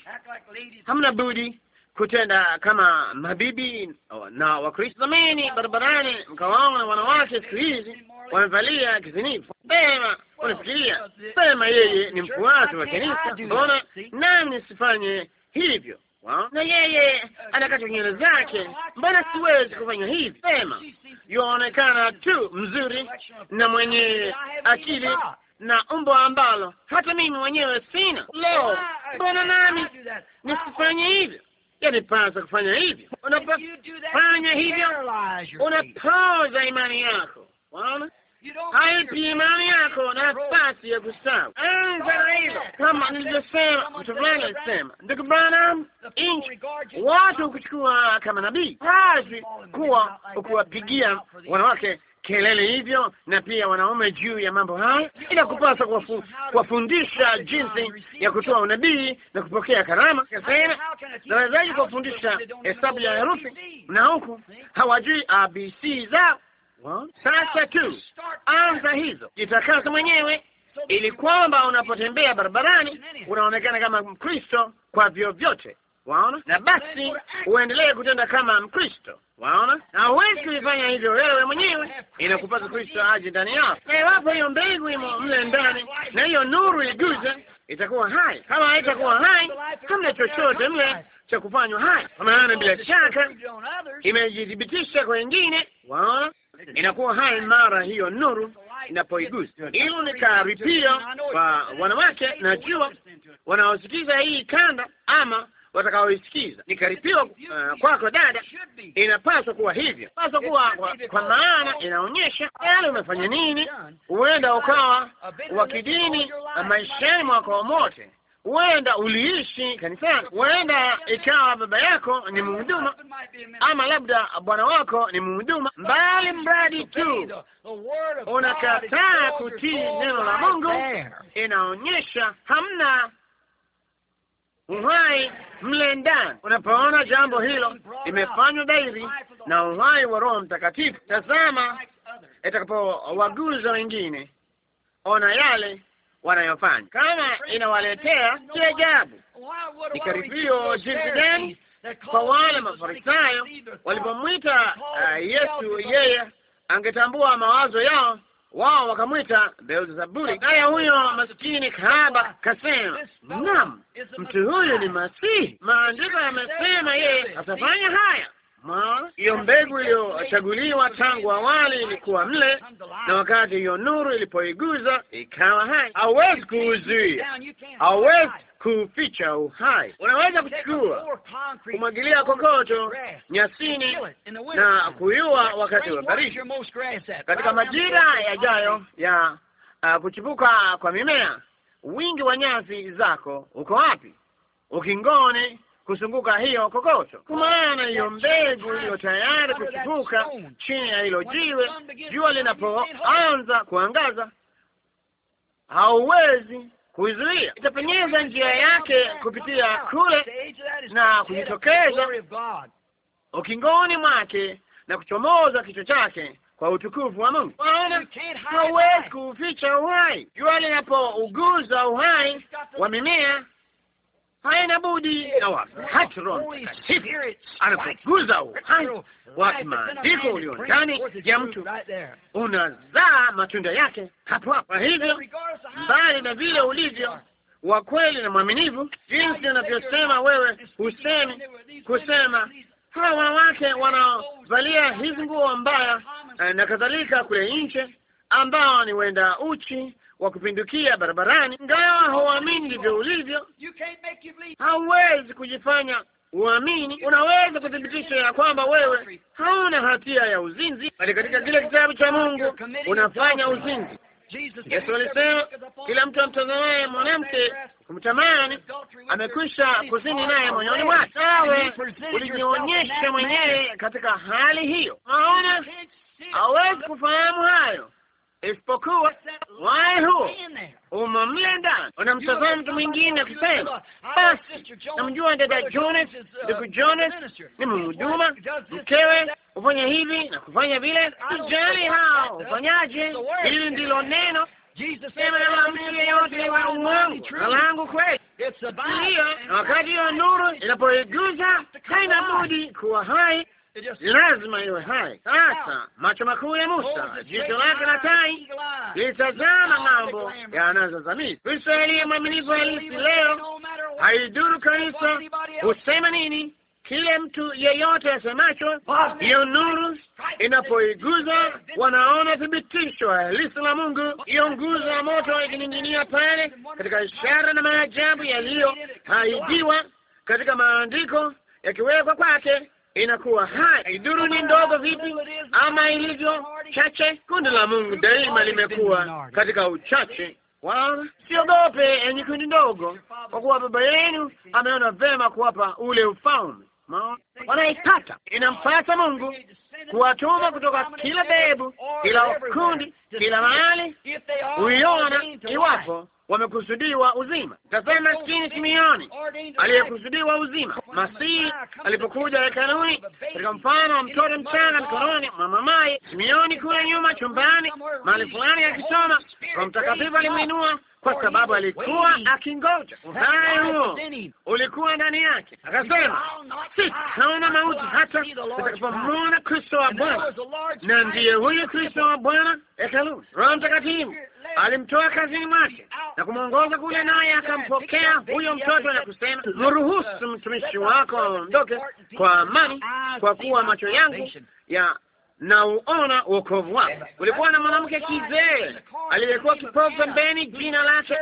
Hamna budi kutenda kama mabibi oh, na Wakristo Zameni barabarani, mkawaona wanawake siku hizi wamevalia kizinifu. Pema unafikiria pema, yeye ni mfuasi wa kanisa, mbona nami sifanye hivyo? Wow. Na yeye anakata nywele zake, mbona siwezi kufanya hivi? Pema, yuonekana tu mzuri na mwenye akili na umbo ambalo hata mimi mwenyewe sina. Lo, mbona nami nisifanye hivyo? Yanipasa kufanya hivyo. Unapofanya hivyo, unapoza imani yako. Waona, haipi imani yako nafasi ya kustawi. Anza na hilo, kama nilivyosema, mtu fulani alisema, ndugu Branham, nchi watu kuchukua kama nabii, hazi kuwa ukiwapigia wanawake kelele hivyo, na pia wanaume juu ya mambo haya, ila kupasa kuwafundisha jinsi ya kutoa unabii na kupokea karama. Kasema, nawezaji kuwafundisha hesabu ya herufi na huku hawajui abc zao. Sasa tu anza hizo, jitakasa mwenyewe ili kwamba unapotembea barabarani unaonekana kama Mkristo kwa vyovyote waona, na basi uendelee kutenda kama Mkristo, waona, na huwezi kuifanya hivyo wewe mwenyewe, inakupasa Kristo aje ndani yako. Na iwapo hiyo mbegu imo mle ndani na hiyo nuru iguze, itakuwa hai. Kama haitakuwa hai, hamna chochote mle cha kufanywa hai, kwa maana bila shaka imejithibitisha kwa wengine, waona, inakuwa hai mara hiyo nuru inapoiguza. Hilo ni karipio kwa wanawake, najua wanaosikiza hii kanda ama watakaoisikiza. Nikaripiwa uh, kwako dada, inapaswa kuwa hivyo, paswa kuwa kwa, kwa maana inaonyesha yale umefanya nini. Huenda ukawa wa kidini uh, maishani mwako mote, huenda uliishi kanisani, huenda ikawa baba yako ni muhuduma ama labda bwana wako ni muhuduma mbali mradi tu unakataa kutii neno la Mungu, inaonyesha hamna uhai mle ndani. Unapoona jambo hilo limefanywa dairi na uhai wa Roho Mtakatifu, tazama itakapowaguza wengine, ona yale wanayofanya, kama inawaletea kiajabu. Ni karibio jinsi gani kwa wale Mafarisayo walipomwita uh, Yesu, yeye angetambua mawazo yao wao wakamwita Beelzebuli. Naye huyo masikini kahaba kasema, naam, mtu huyu ni Masihi, maandiko yamesema yeye atafanya haya. Hiyo mbegu iliyochaguliwa tangu awali ilikuwa mle, na wakati hiyo nuru ilipoiguza ikawa hai. Hauwezi kuuzuia, hauwezi kuficha uhai. Unaweza kuchukua kumwagilia kokoto nyasini na kuiua wakati wa baridi. Katika majira yajayo ya uh, kuchipuka kwa mimea, wingi wa nyasi zako uko wapi? Ukingoni kuzunguka hiyo kokoto, kwa maana hiyo mbegu iliyo tayari kuchipuka chini ya hilo jiwe, jua linapoanza kuangaza hauwezi kuizuia, itapenyeza njia yake kupitia kule na kujitokeza ukingoni mwake na kuchomoza kichwa chake kwa utukufu wa Mungu. Waona, hauwezi kuuficha uhai. Jua linapouguza uhai wa mimea haina budi na wakati Roho Mtakatifu anapoguza uhai wa kimaandiko ulio ndani ya mtu, unazaa matunda yake hapo hapa. Hivyo mbali na vile ulivyo wa kweli na mwaminivu, jinsi anavyosema wewe, husemi kusema hawa wanawake wanaovalia hizi nguo mbaya eh, na kadhalika kule nje, ambao ni wenda uchi wa kupindukia barabarani, ingawa hauamini ndivyo ulivyo. Hauwezi kujifanya uamini. Unaweza kuthibitisha ya kwamba wewe hauna hatia ya uzinzi, bali katika kile kitabu cha Mungu unafanya uzinzi. Yesu alisema kila mtu amtazamaye mwanamke kumtamani amekwisha kuzini naye moyoni mwake. Nawe ulijionyesha mwenyewe katika hali hiyo. Unaona, hawezi kufahamu hayo isipokuwa wai huo umo mle ndani. Unamtazama mtu mwingine akisema, basi namjua dada jonas ndugu jonas ni mhuduma, mkewe hufanya hivi na kufanya vile, ijali hao ufanyaje. Hili ndilo neno sema la mtu yeyote wa uwangu na langu kweli hiyo, na wakati hiyo nuru inapoiguza haina budi kuwa hai lazima iwe hai. Sasa macho makuu ya Musa, jicho lake la tai litazama ng'ambo yanazozamia. Kristo aliye mwaminifu halisi leo, haidhuru kanisa husema nini, kile mtu yeyote asemacho, hiyo nuru inapoiguza wanaona thibitisho halisi la Mungu. Hiyo nguzo ya moto ikining'inia pale, katika ishara na maajabu yaliyoahidiwa katika maandiko yakiwekwa kwake inakuwa hai, iduru ni ndogo vipi ama ilivyo chache. Kundi la Mungu daima limekuwa katika uchache wala siogope, enye kundi ndogo, kwa kuwa baba yenu ameona vema kuwapa ule ufalme. Wanaipata, inampasa Mungu kuwatuma kutoka kila bebu, kila kundi, kila mahali. uiona iwapo wamekusudiwa uzima. Tazama chini Simeoni aliyekusudiwa uzima, Masihi alipokuja hekaluni katika mfano wa mtoto mchanga mkononi mwa mamaye. Simeoni kule nyuma chumbani mahali fulani akisoma, kwa Mtakatifu alimwinua kwa sababu alikuwa akingoja uhai huo, ulikuwa ndani yake. Akasema, sitaona mauti hata nitakapomwona Kristo wa Bwana, na ndiye huyu Kristo wa Bwana hekaluni. Roho Mtakatifu alimtoa kazini mwake na kumwongoza kule, naye akampokea huyo mtoto na kusema, mruhusu mtumishi wako aondoke kwa amani, kwa kuwa macho yangu ya nauona wokovu wako. Kulikuwa na mwanamke kizee aliyekuwa kipofu pembeni, jina lake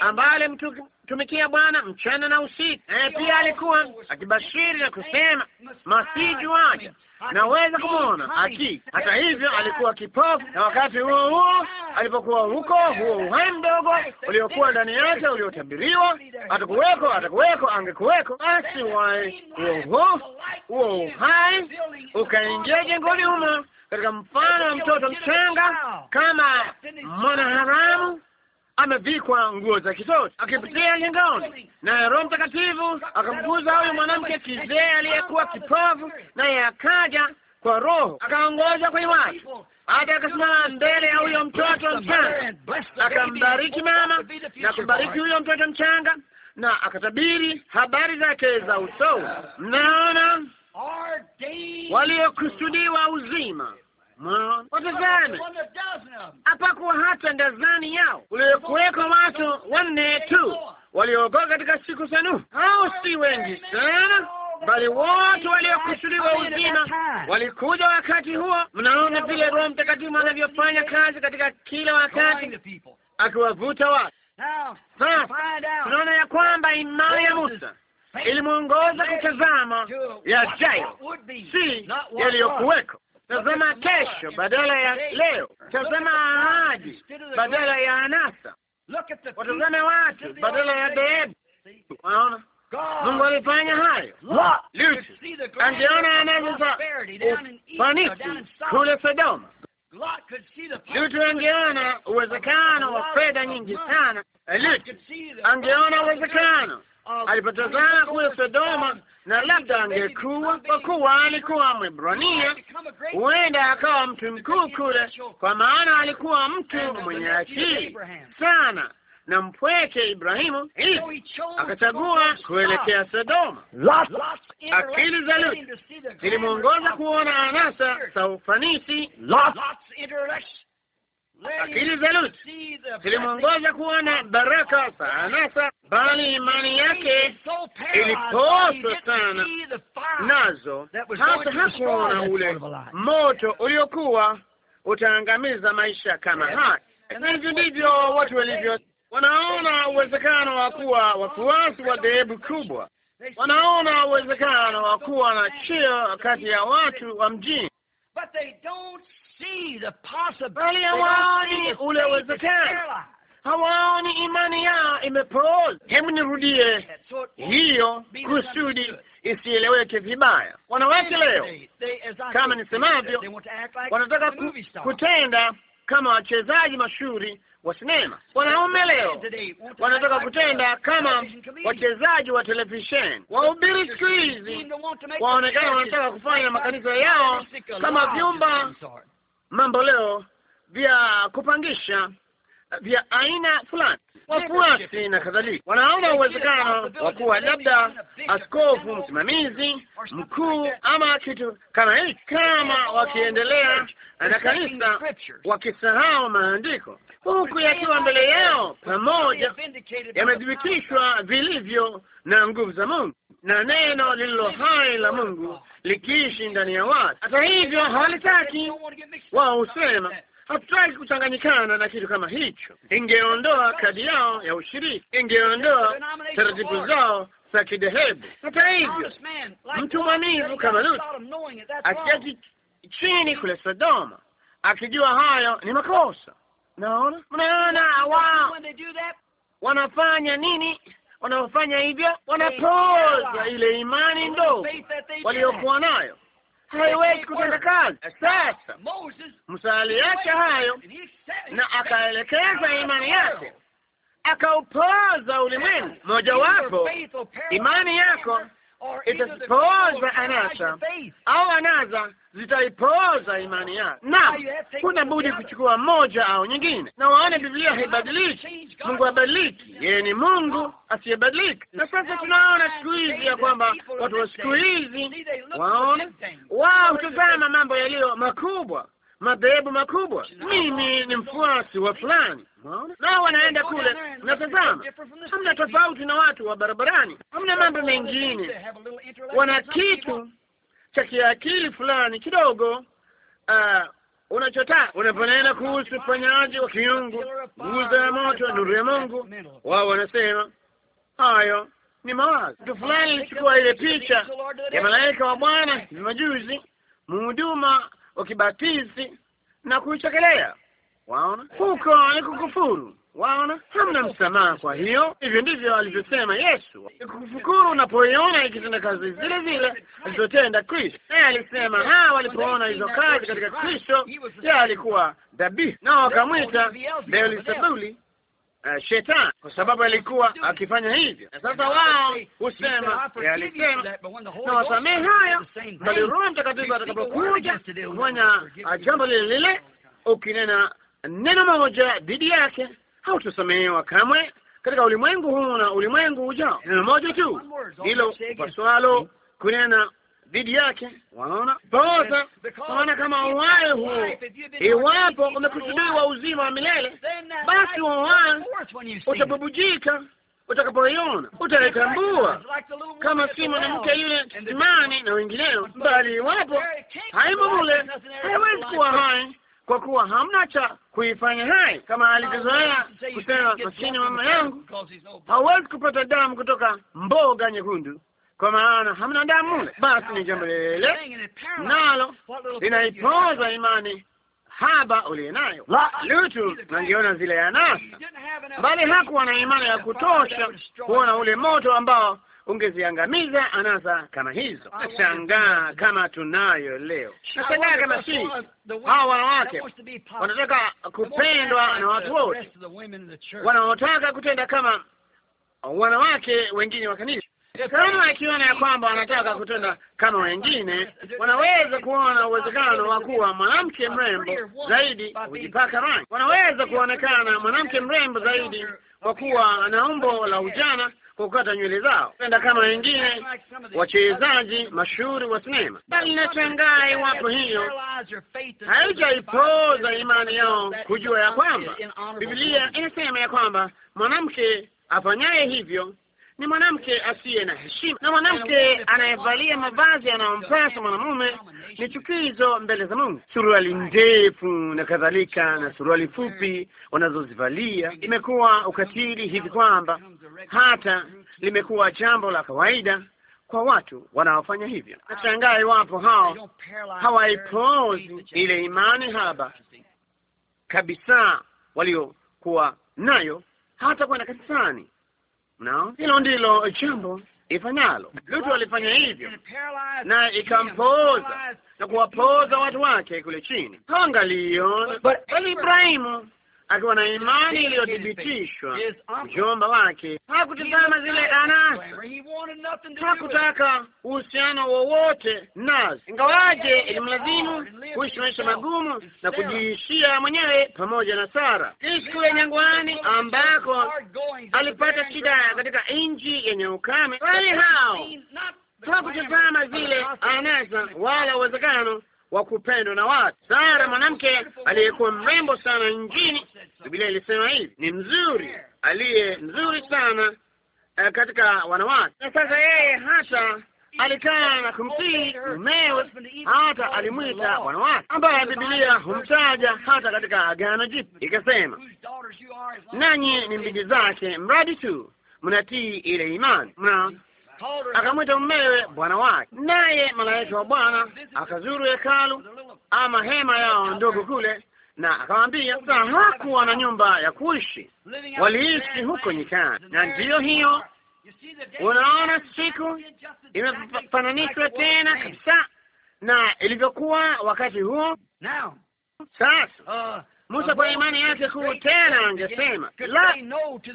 ambaye alimtuka kumtumikia Bwana mchana na usiku. Naye pia alikuwa akibashiri na kusema, masiju waja naweza kumwona aki. Hata hivyo alikuwa kipofu, na wakati huo huo alipokuwa huko, huo uhai mdogo uliokuwa ndani yake uliotabiriwa, atakuweko, atakuweko, angekuweko. Basi wai huo huo uhai ukaingia jengoni humo katika mfano wa mtoto mchanga kama mwanaharamu amevikwa nguo za kitoto akipitia lingoni, naye Roho Mtakatifu akamguza huyu mwanamke kizee aliyekuwa kipofu, naye akaja kwa Roho akaongoza kwenye watu hata akasimama mbele ya huyo mtoto mchanga, akambariki mama na kumbariki huyo mtoto mchanga, na akatabiri habari zake za usoni. Mnaona, waliokusudiwa uzima mwao. Watazame, hapakuwa hata dazani yao, kulikuweko watu wanne tu waliokoka katika siku za Nuhu. Hao si wengi sana bali wote waliokusudiwa uzima walikuja wakati huo. Mnaona vile Roho Mtakatifu anavyofanya kazi katika kila wakati, akiwavuta watu. Sasa tunaona ya kwamba imani ya Musa ilimwongoza kutazama yajayo, si yaliyokuweko. Tazama kesho badala ya leo. Tazama ahadi badala ya anasa. Watazame watu badala ya dhehebu. Unaona, Mungu alifanya hayo. Lutu angeona anasa za ufanisi kule Sodoma. Lutu angeona uwezekano wa fedha nyingi sana. Lutu angeona uwezekano alipotazama kule Sodoma, na labda angekuwa, kwa kuwa alikuwa Mwebrania, huenda akawa mtu mkuu kule, kwa maana alikuwa mtu mwenye akili sana na mpweke Ibrahimu, hivi akachagua kuelekea Sodoma. Akili za luti zilimwongoza kuona anasa za ufanisi Akili za Lut zilimwongoza kuona baraka za anasa, bali imani yake iliposwa sana nazo, hasa hakuona ule moto uliokuwa utaangamiza maisha kama haya. Hivyo ndivyo watu walivyo, wanaona uwezekano wa kuwa wafuasi wa dhehebu kubwa, wanaona uwezekano wa kuwa na cheo kati ya watu wa mjini bali hawaoni ule uwezekano, hawaoni imani yao imepooza. Hebu nirudie hiyo kusudi isieleweke vibaya. Wanawake leo, kama nisemavyo, wanataka kutenda kama wachezaji mashuhuri wa sinema. Wanaume leo wanataka kutenda kama wachezaji wa televisheni. Wahubiri siku hizi waonekana wanataka kufanya makanisa yao kama vyumba mambo leo vya kupangisha vya aina fulani, wafuasi na kadhalika, wanaona uwezekano wa kuwa labda askofu msimamizi mkuu ama kitu kama hiki, kama wakiendelea na kanisa wakisahau maandiko, huku yakiwa mbele yao pamoja, yamethibitishwa vilivyo na nguvu za Mungu na neno lililo hai la Mungu likiishi ndani ya watu. Hata hivyo hawalitaki wao, husema hatutaki kuchanganyikana na kitu kama hicho. Ingeondoa kadi yao ya ushiriki, ingeondoa taratibu zao za kidhehebu. Hata hivyo mtu mwaminifu kama Lutu akiketi chini kule Sodoma akijua hayo ni makosa. Naona, mnaona wao wanafanya nini? wanaofanya hivyo wanapoza ile imani ndogo waliokuwa nayo, haiwezi kutenda kazi. Sasa Musa aliacha hayo na akaelekeza imani yake, akaupoza ulimwengu. Mojawapo, imani yako itazipooza anasa au anasa zitaipooza imani yake na kuna budi kuchukua moja au nyingine. Na waone Biblia haibadiliki, Mungu habadiliki, yeye ni Mungu asiyebadilika. Na sasa tunaona siku hizi ya kwamba watu wa siku hizi waona wao hutazama mambo yaliyo makubwa madhehebu makubwa. Mimi ni mfuasi wa fulani, nao wanaenda kule. Natazama, hamna tofauti na watu wa barabarani, hamna mambo mengine. Wana kitu cha kiakili fulani kidogo, uh, unachotaka unaponena kuhusu ufanyaji wa kiungu, nguzo ya moto, nuru ya Mungu, wao wanasema hayo ni mawazo. Mtu fulani alichukua ile picha ya malaika wa Bwana ni majuzi, mhuduma ukibatizi na kuichekelea. Waona, huko ni kukufuru. Waona, hamna msamaha. Kwa hiyo hivyo ndivyo alivyosema Yesu, kukufukuru unapoiona ikitenda kazi zile zile alizotenda Kristo. Naye alisema hawa walipoona hizo kazi katika Kristo, yeye alikuwa dhabihu, nao wakamwita Beelzebuli uh, shetani kwa sababu alikuwa akifanya hivyo, na sasa wao husema eh, alisema na wasamehe hayo, bali Roho Mtakatifu atakapokuja kufanya jambo lile lile, ukinena neno moja dhidi yake hautosamehewa kamwe katika ulimwengu huu na ulimwengu ujao. Neno moja tu ndilo upaswalo kunena dhidi yake. Waona poza waona kama uhai huo, iwapo umekusudiwa uzima wa milele, uh, basi uhai utabubujika utakapoiona utaitambua, kama si mwanamke yule imani na wengineo, bali iwapo haimo mule, haiwezi kuwa hai kwa kuwa hamna cha kuifanya hai, kama alivyozoea kusema maskini mama yangu, hawezi kupata damu kutoka mboga nyekundu kwa maana hamna damu mle. Basi ni jambo lile nalo linaipoza imani haba uliye nayo. Lutu nangeona zile anasa bali hakuwa na imani ya kutosha kuona ule moto ambao ungeziangamiza anasa kama hizo. Nashangaa kama tunayo leo, nashangaa kama si hawa wanawake wanataka kupendwa na watu wote wanaotaka kutenda kama wanawake wengine wa kanisa kama akiona ya kwamba wanataka kutenda kama wengine, wanaweza kuona uwezekano wa kuwa mwanamke mrembo zaidi kujipaka rangi. Wanaweza kuonekana mwanamke mrembo zaidi kwa kuwa na umbo la ujana, kwa kukata nywele zao, penda kama wengine wachezaji mashuhuri wa sinema. Bali nashangaa iwapo hiyo haijaipoza imani yao kujua ya kwamba Biblia inasema ya kwamba mwanamke afanyaye hivyo ni mwanamke asiye na heshima, na mwanamke anayevalia mavazi yanayompasa mwanamume ni chukizo mbele za Mungu. Suruali ndefu na kadhalika na suruali fupi wanazozivalia imekuwa ukatili hivi kwamba hata limekuwa jambo la kawaida kwa watu wanaofanya hivyo. Nashangaa iwapo hao hawaipozi ile imani haba kabisa waliokuwa nayo hata kwenda kanisani. Mnao hilo ndilo jambo ifanyalo. Lutu alifanya hivyo, na ikampooza na kuwapooza watu wake kule chini. Angalio, bali Ibrahimu akiwa na imani iliyothibitishwa. Mjomba wake hakutizama zile anasa, hakutaka uhusiano wowote nazo, ingawaje ilimlazimu kuishi maisha magumu na kujiishia mwenyewe pamoja na Sara. Siku ya nyangwani, ambako alipata shida katika nchi yenye ukame, wali hao hakutizama zile anasa wala uwezekano wa kupendwa na watu. Sara, mwanamke aliyekuwa mrembo sana njini Biblia ilisema hivi, ni mzuri aliye mzuri sana uh, katika wanawake. Na sasa yeye hata alikaa na kumtii mumewe, hata alimwita wanawake, ambaye Biblia humtaja hata katika Agano Jipya, ikasema nanyi ni mbiji zake, mradi tu mnatii ile imani mna akamwita mmewe bwana wake, naye malaika wa Bwana akazuru hekalu ama hema yao ndogo kule, na akamwambia sasa, hakuwa na nyumba ya kuishi, waliishi huko nyikani. Na ndiyo hiyo, unaona, siku imefananishwa tena kabisa na ilivyokuwa wakati huo sasa Musa kwa imani yake kuu tena angesema la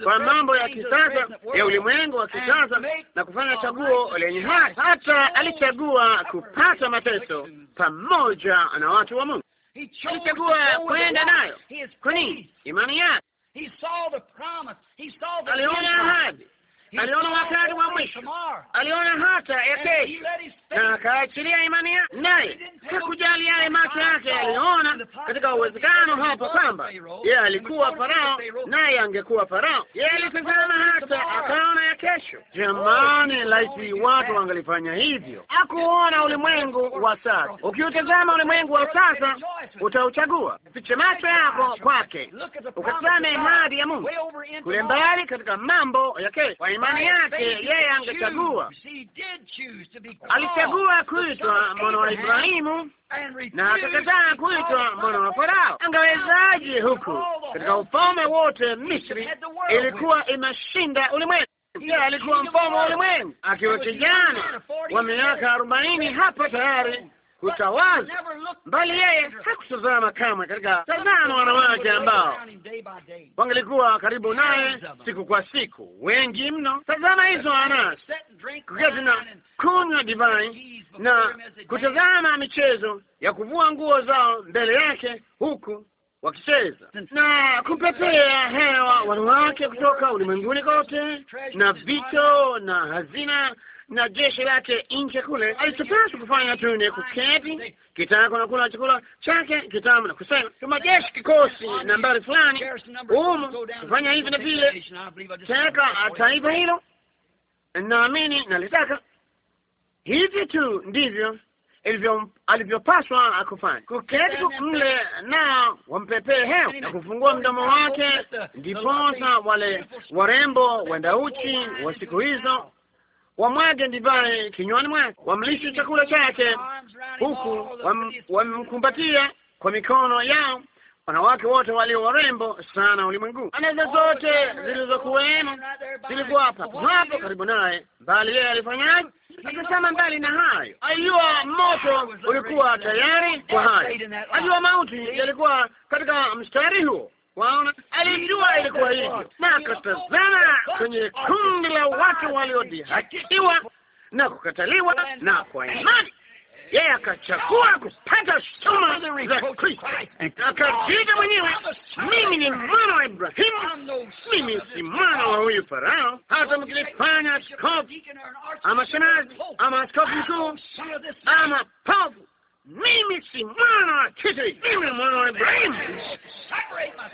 kwa mambo ya kisasa ya ulimwengu wa kisasa na kufanya chaguo lenye haki. Hata alichagua kupata mateso pamoja na watu wa Mungu, alichagua kwenda nayo. Kwa nini? Imani yake. Aliona ahadi, aliona wakati wa mwisho, aliona hata ya kesho, na akaachilia imani yake, naye yale yale macho yake yaliona katika uwezekano hapo kwamba yeye alikuwa Farao naye angekuwa Farao. Yeye alitazama hata akaona ya kesho. Jamani, laiti watu wangalifanya hivyo. Hakuona ulimwengu wa sasa. Ukiutazama ulimwengu wa sasa utauchagua. Fiche macho yako kwake, ukatazame ahadi ya Mungu kule mbali katika mambo kesho. Kwa imani yake yeye angechagua, alichagua kuitwa mwana wa Ibrahimu na akakataa kuitwa mwana wa Farao. Angawezaje huku katika ufalme wote? Misri ilikuwa imeshinda ulimwengu. Yeye alikuwa mfalme wa ulimwengu akiwa kijana wa miaka arobaini hapa tayari utawaza, mbali yeye hakutazama kamwe katika tazama wanawake ambao wangelikuwa karibu naye siku kwa siku, wengi mno. Tazama hizo anasi kuketi na kunywa divai na kutazama michezo ya kuvua nguo zao mbele yake huku wakicheza na kupepea hewa wanawake kutoka ulimwenguni kote na vito na hazina na jeshi lake nje kule. Alichopaswa kufanya tu ni kuketi kitako na kula chakula chake kitamu na kusema kama jeshi kikosi nambari fulani humu kufanya hivi na vile. Taka taifa hilo, naamini nalitaka hivi tu, ndivyo alivyopaswa kufanya, kuketi mle na wampepee hewa na kufungua mdomo wake, ndiposa wale warembo wenda uchi wa siku hizo wamwage divai kinywani mwake, wamlishe chakula chake, huku wamkumbatia kwa mikono yao wanawake wote walio warembo sana ulimwenguni. Anaweza zote zilizokuwemo zilikuwa hapo hapo karibu naye, bali yeye alifanyaje? Akasema mbali na hayo, ajua moto ulikuwa tayari kwa hayo, ajua mauti yalikuwa katika mstari huo, Waona, alijua ilikuwa hivyo, na akatazama kwenye kundi la watu waliodhihakiwa na kukataliwa na kwa imani yeye akachagua kupata shutuma za Kristo, akajiita mwenyewe, mimi ni mwana wa Ibrahimu, mimi si mwana wa huyu Farao. Hata mkilifanya askofu ama shenazi ama askofu mkuu ama povu mimi si mwana wa kiti, mimi mwana wa Ibrahimu,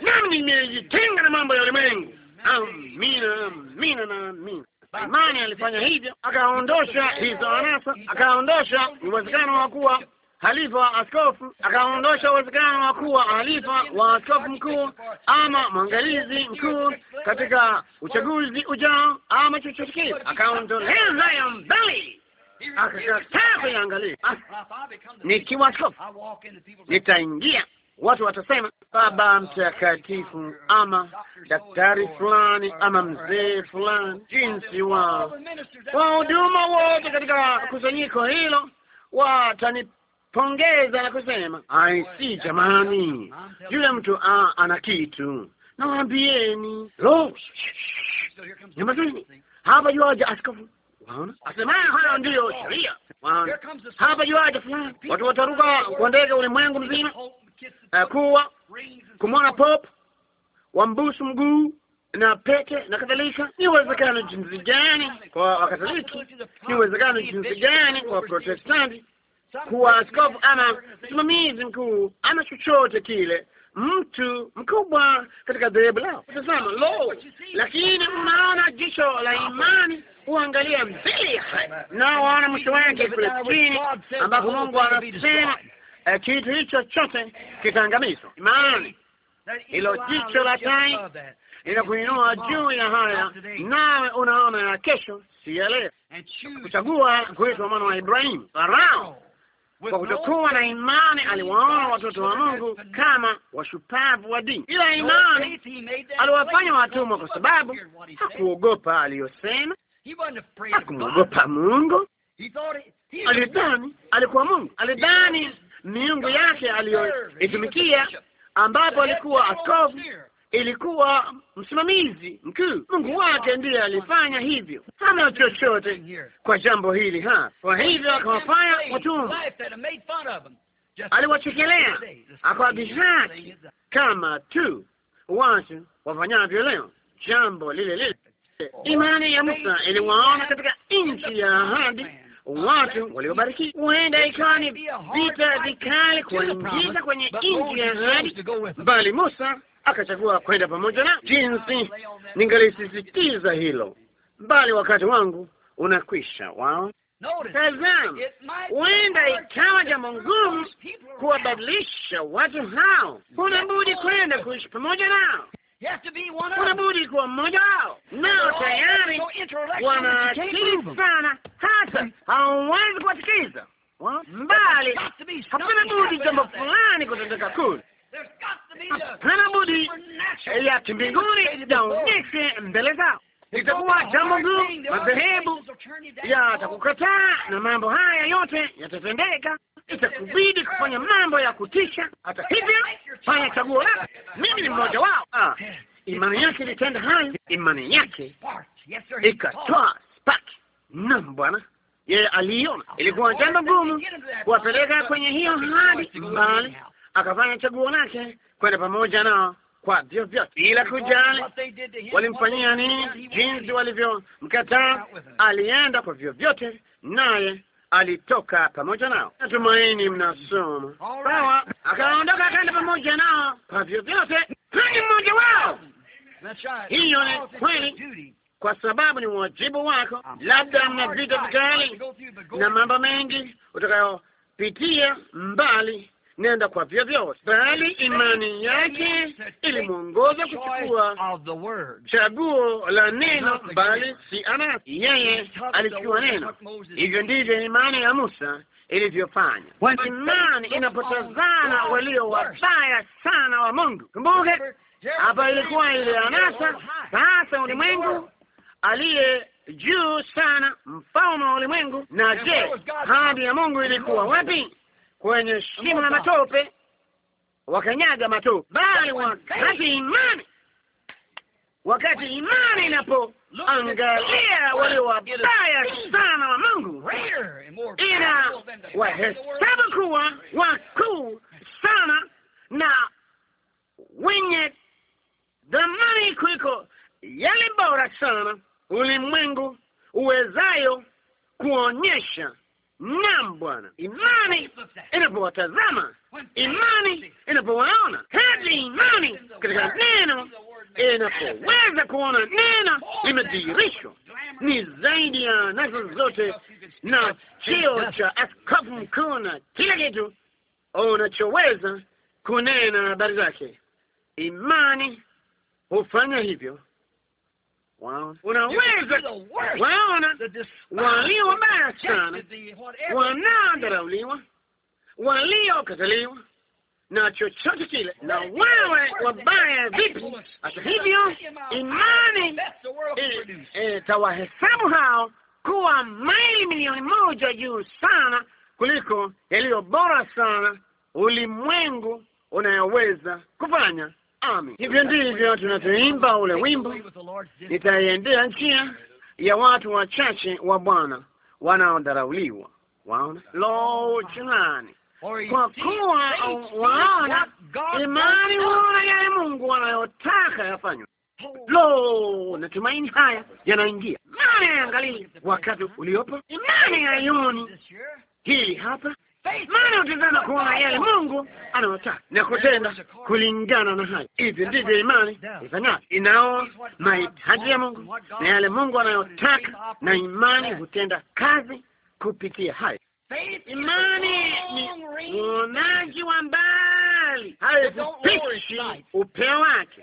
nami nimejitenga na mambo ya ulimwengu. Amina, amina na amina. Imani alifanya hivyo, akaondosha hizo anasa, akaondosha uwezekano wa kuwa halifa wa askofu, akaondosha uwezekano wa kuwa halifa wa askofu mkuu ama mwangalizi mkuu katika uchaguzi ujao ama chochote kile, akaondoleza ya mbali akasema, kuiangalia, nikiwa askofu nitaingia, watu watasema baba mtakatifu ama daktari fulani ama mzee fulani, jinsi wa wahuduma wote katika kusanyiko hilo watanipongeza na kusema ai, si jamani, yule mtu a, ana kitu. Nawaambieni lo, nyamazeni hapa juu askofu Waona, asema ah, hayo ndiyo sheria. Waona, hapa juaje fulani, watu wataruka kwa ndege ulimwengu mzima, eh, kuwa kumwona pop wambusu mguu na pete na kadhalika. Ni uwezekano jinsi gani kwa Wakatoliki, ni uwezekano jinsi gani kwa Protestanti kuwa askofu ama msimamizi mkuu ama chochote kile mtu mkubwa katika dhehebu lao. Tazama, lo, lakini mnaona jicho la imani huangalia mbele, na waona mwisho wake kule chini, ambapo Mungu anasema eh, kitu hicho chote kitaangamizwa. Imani hilo jicho la tai inakuinua juu ya haya, nawe unaona ya kesho, si ya leo. Kuchagua kuitwa mwana wa Ibrahimu, Farao kwa kutokuwa na imani aliwaona watoto wa Mungu kama washupavu wa dini, ila imani aliwafanya watumwa, kwa sababu hakuogopa aliyosema, hakumwogopa Mungu. Alidhani alikuwa Mungu, alidhani miungu yake aliyoitumikia, ambapo alikuwa askofu ilikuwa msimamizi mkuu. Mungu wake ndiye alifanya hivyo, hana chochote kwa jambo hili ha. Kwa hivyo akawafanya watumwa, aliwachekelea, akawadhihaki kama tu watu wafanyavyo leo, jambo lile lile. Imani ya Musa iliwaona katika nchi ya ahadi watu waliobariki. Huenda ikawa ni vita vikali kuwaingiza kwenye nchi ya ahadi, bali Musa akachagua kwenda pamoja na jinsi ningalisisitiza hilo, bali wakati wangu unakwisha wao. Tazama, huenda ikawa jambo ngumu kuwabadilisha watu hao. Kuna budi kwenda kuishi pamoja nao, kuna budi kuwa mmoja wao, nao tayari wanaakili sana, hata hauwezi kuwatikiza mbali. Hakuna budi jambo fulani kutendeka kule hapana budi ya kimbinguni daonyeshe mbele zao. itakuwa jambo ngumu, madhehebu yatakukataa na mambo haya yote yatatendeka. Itakubidi kufanya mambo ya kutisha. Hata hivyo, fanya chaguo lako. Mimi ni mmoja wao. Ah, imani yake ilitenda hayo, imani yake ikatoa spaki. Naam Bwana, yeye aliona Ilikuwa jambo gumu kuwapeleka kwenye hiyo hadi mbali akafanya chaguo lake kwenda pamoja nao kwa vyovyote, bila kujali walimfanyia nini, jinsi walivyomkataa, alienda kwa vyovyote, naye alitoka pamoja nao. Natumaini mnasoma sawa. Akaondoka akaenda pamoja nao kwa vyovyote, ni mmoja wao. Hiyo ni kweli, kwa sababu ni wajibu wako. Labda mna vita vikali na mambo mengi utakayopitia mbali nenda kwa vyovyote, bali imani yake ilimwongoza kuchukua chaguo la neno, bali si anasi. Yeye alichukua neno. Hivyo ndivyo imani ya Musa ilivyofanya. Imani inapotazana walio wabaya sana wa Mungu, kumbuke hapa ilikuwa ile anasa. Sasa ulimwengu aliye juu sana, mfalme wa ulimwengu. Na je, hadi ya Mungu ilikuwa wapi? kwenye shimo la matope, wakanyaga matope, bali wakati imani, wakati imani inapoangalia wale wabaya sana wa Mungu, ina wahesabu kuwa wakuu sana na wenye dhamani kuliko yale bora sana ulimwengu uwezayo kuonyesha Naam Bwana, imani inapowatazama, imani inapowaona, hadi imani katika neno inapoweza kuona neno limedirishwa, ni zaidi ya nazo zote na cheo cha askofu mkuu na kila kitu unachoweza kunena habari zake. Imani hufanya hivyo. Unaweza waona walio wabaya sana, wanaodharauliwa, waliokataliwa na chochote kile, na wewe wabaya vipi? Hata hivyo, imani itawahesabu hao kuwa maili milioni moja juu sana kuliko yaliyo bora sana ulimwengu unayoweza kufanya Amen. Hivyo ndivyo tunavyoimba ule wimbo, nitaiendea njia ya watu wachache wa Bwana wanaodharauliwa. Waona, lo jirani, kwa kuwa waona imani wana yale Mungu wanayotaka yafanywe. Lo, natumaini haya yanaingia. Maana angalia wakati uliopo, imani ya hili hapa maana utazama kuona yale Mungu anayotaka na kutenda kulingana na hayo. Hivi ndivyo imani ifanya, inao mahitaji ya Mungu na yale Mungu anayotaka, na imani hutenda kazi kupitia hayo. Imani ni uonaji wa mbali, haikupishi upeo wake,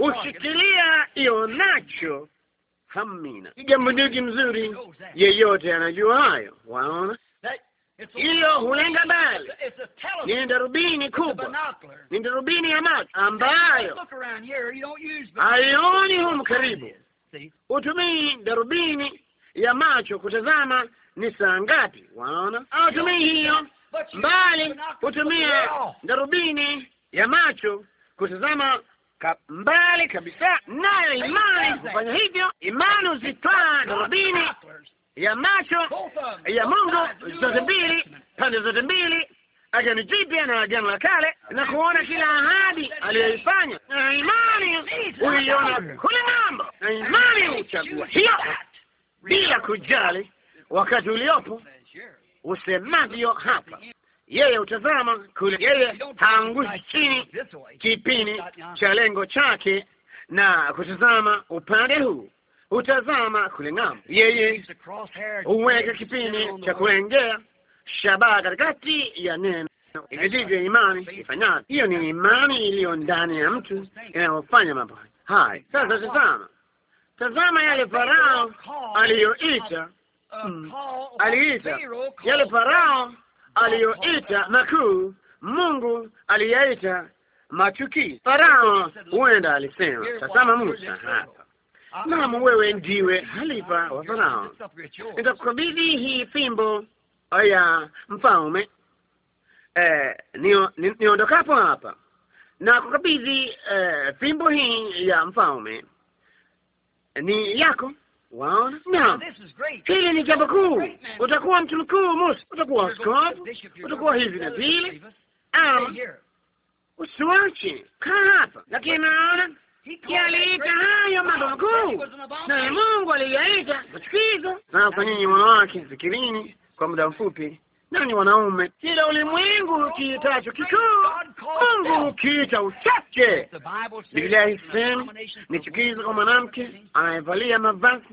ushikilia ionacho. Hamina, piga nyingi mzuri, yeyote anajua hayo, waona hilo hulenga mbali, ni darubini kubwa, ni darubini ya macho ambayo haioni humu karibu. Hutumii darubini ya macho kutazama ni saa ngapi, waona? Hawatumii hiyo mbali, hutumia darubini ya macho kutazama Ka mbali kabisa, nayo imani hufanya hivyo. Imani huzitwaa *laughs* darubini ya macho ya Mungu zote mbili, pande zote mbili, Agano Jipya na Agano la Kale, na kuona kila ahadi aliyoifanya, na imani uiona kule mambo, na imani uchagua hiyo bila kujali wakati uliopo usemavyo hapa. Yeye utazama kule, yeye haangushi chini kipini cha lengo chake na kutazama upande huu hutazama kule ng'ambo, yeye huweka kipini cha kuengea shabaha katikati ya neno. Hivyo ndivyo imani ifanyavyo. Hiyo ni imani iliyo ndani ya mtu inayofanya mambo haya. Sasa tazama, tazama yale Farao aliyoita hmm, aliita yale Farao aliyoita makuu, Mungu aliyaita machuki. Farao huenda alisema, tazama Musa hapa Naam, wewe ndiwe halifa wa Farao, nitakukabidhi hii fimbo ya mfalme eh, niondokapo ni hapa na kukabidhi eh, fimbo hii ya mfalme ni yako. Waona, naam, hili ni jambo kuu. Utakuwa mtu mkuu, Musa, utakuwa askofu, utakuwa hivi na vile, usiwache, kaa hapa, lakini naona yaliita hayo mambo makuu, naye Mungu aliyaita machukizo. Sasa nyinyi wanawake, fikirini kwa muda mfupi, nani wanaume, kila ulimwengu kiitacho kikuu, Mungu hukiita uchache. Biblia hisema ni chukizo kwa mwanamke anayevalia mavazi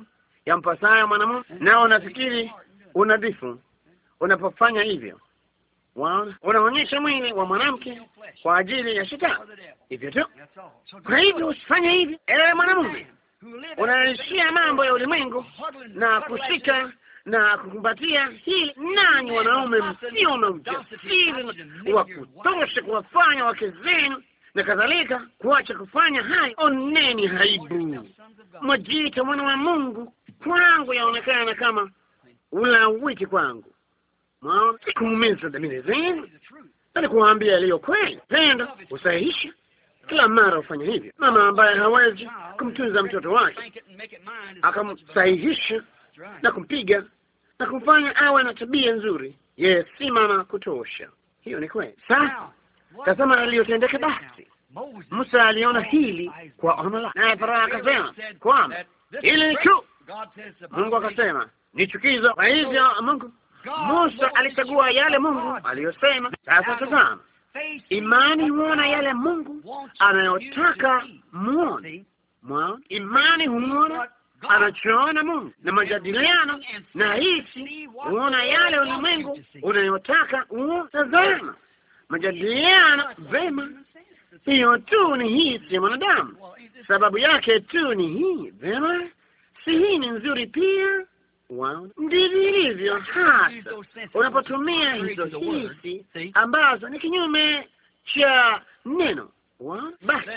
ya mpasayo mwanamume, nao nafikiri unadhifu unapofanya hivyo waona, unaonyesha mwili wa mwanamke kwa ajili ya shetani, hivyo tu. Kwa hivyo usifanye hivi, ewe mwanamume, unaishia mambo ya ulimwengu na kushika na kukumbatia hili. nani wanaume msio na ujasiri wa kutosha kuwafanya wake zenu na kadhalika, kuacha kufanya hayo, oneni haibu. majita mwana wa Mungu, kwangu yaonekana kama ulawiti kwangu kuumiza dhamiri zenu na nikuambia yaliyo kweli. Penda usahihisha, kila mara hufanya hivyo. Mama ambaye hawezi kumtunza mtoto wake akamsahihisha na kumpiga na kumfanya awe na tabia nzuri, ye si mama kutosha. Hiyo ni kweli. Sasa tazama aliyotendeka. Basi Musa aliona hili kwa ono lake, naye Farao akasema kwamba hili ni chuu. Mungu akasema ni chukizo. Kwa hivyo Mungu Musa alichagua yale Mungu aliyosema. Sasa tazama, imani huona yale Mungu anayotaka muone, mwa imani huona anachoona Mungu na majadiliano na hisi huona yale ulimwengu unayotaka uotazama majadiliano vema. Hiyo tu ni hisi ya mwanadamu, sababu yake tu ni hii. Vema, si hii ni nzuri pia? Wow. Ndivyo ilivyo hasa unapotumia hizo hisi ambazo ni kinyume cha neno wow. Basi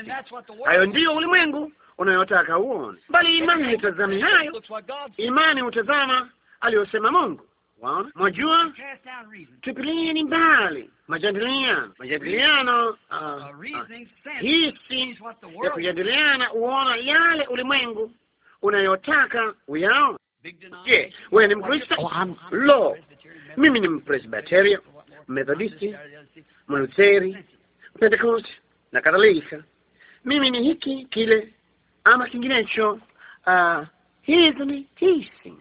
hayo ndiyo ulimwengu unayotaka uone, bali imani haitazami hayo. Imani hutazama aliyosema Mungu. Waona, mwajua, tupilieni mbali majadiliano, majadiliano uh, uh, hisi ya kujadiliana, uona yale ulimwengu unayotaka uyaone. Je, wewe ni Mkristo? Oh, lo, mimi ni Mpresbiteria, Methodisti, Mlutheri, Pentecost na kadhalika. Mimi ni hiki kile ama kinginecho. Uh, hizi ni hisi.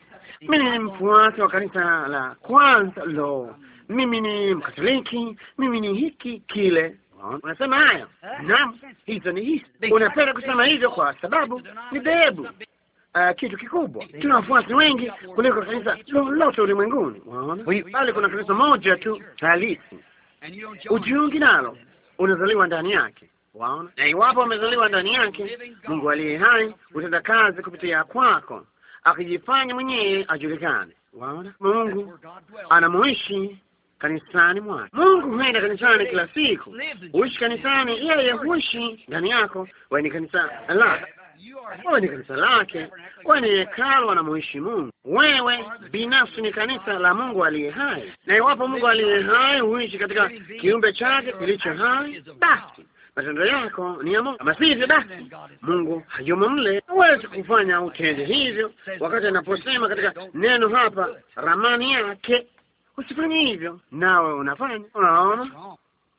Mimi ni mfuasi wa kanisa la kwanza. Lo, mimi ni Mkatoliki, mimi ni hiki kile. Unasema hayo? Eh? Naam, hizo ni hizi. Unapenda kusema hivyo kwa sababu ni dhehebu, uh, kitu kikubwa. Tuna wafuasi wengi kuliko kanisa lolote ulimwenguni, bali kuna kanisa moja tu halisi, ujiungi nalo, unazaliwa ndani yake. Waona, na iwapo wamezaliwa ndani yake, Mungu aliye hai hutenda kazi kupitia kwako, akijifanya mwenyewe ajulikane. Waona, Mungu anamuishi kanisani mwake. Mungu huenda kanisani kila siku, huishi kanisani, yeye huishi ndani yako, wewe ni kanisa la wewe ni kanisa lake, wewe ni hekalu wanamuishi Mungu. Wewe binafsi ni kanisa la Mungu aliye hai, na iwapo Mungu aliye hai huishi katika kiumbe chake kilicho hai, basi matendo yako ni ya Mungu. Kama sivyo, basi Mungu hayumo mle. Hawezi kufanya utende hivyo, wakati anaposema katika neno hapa ramani yake usifanye hivyo, nawe unafanya. Unaona,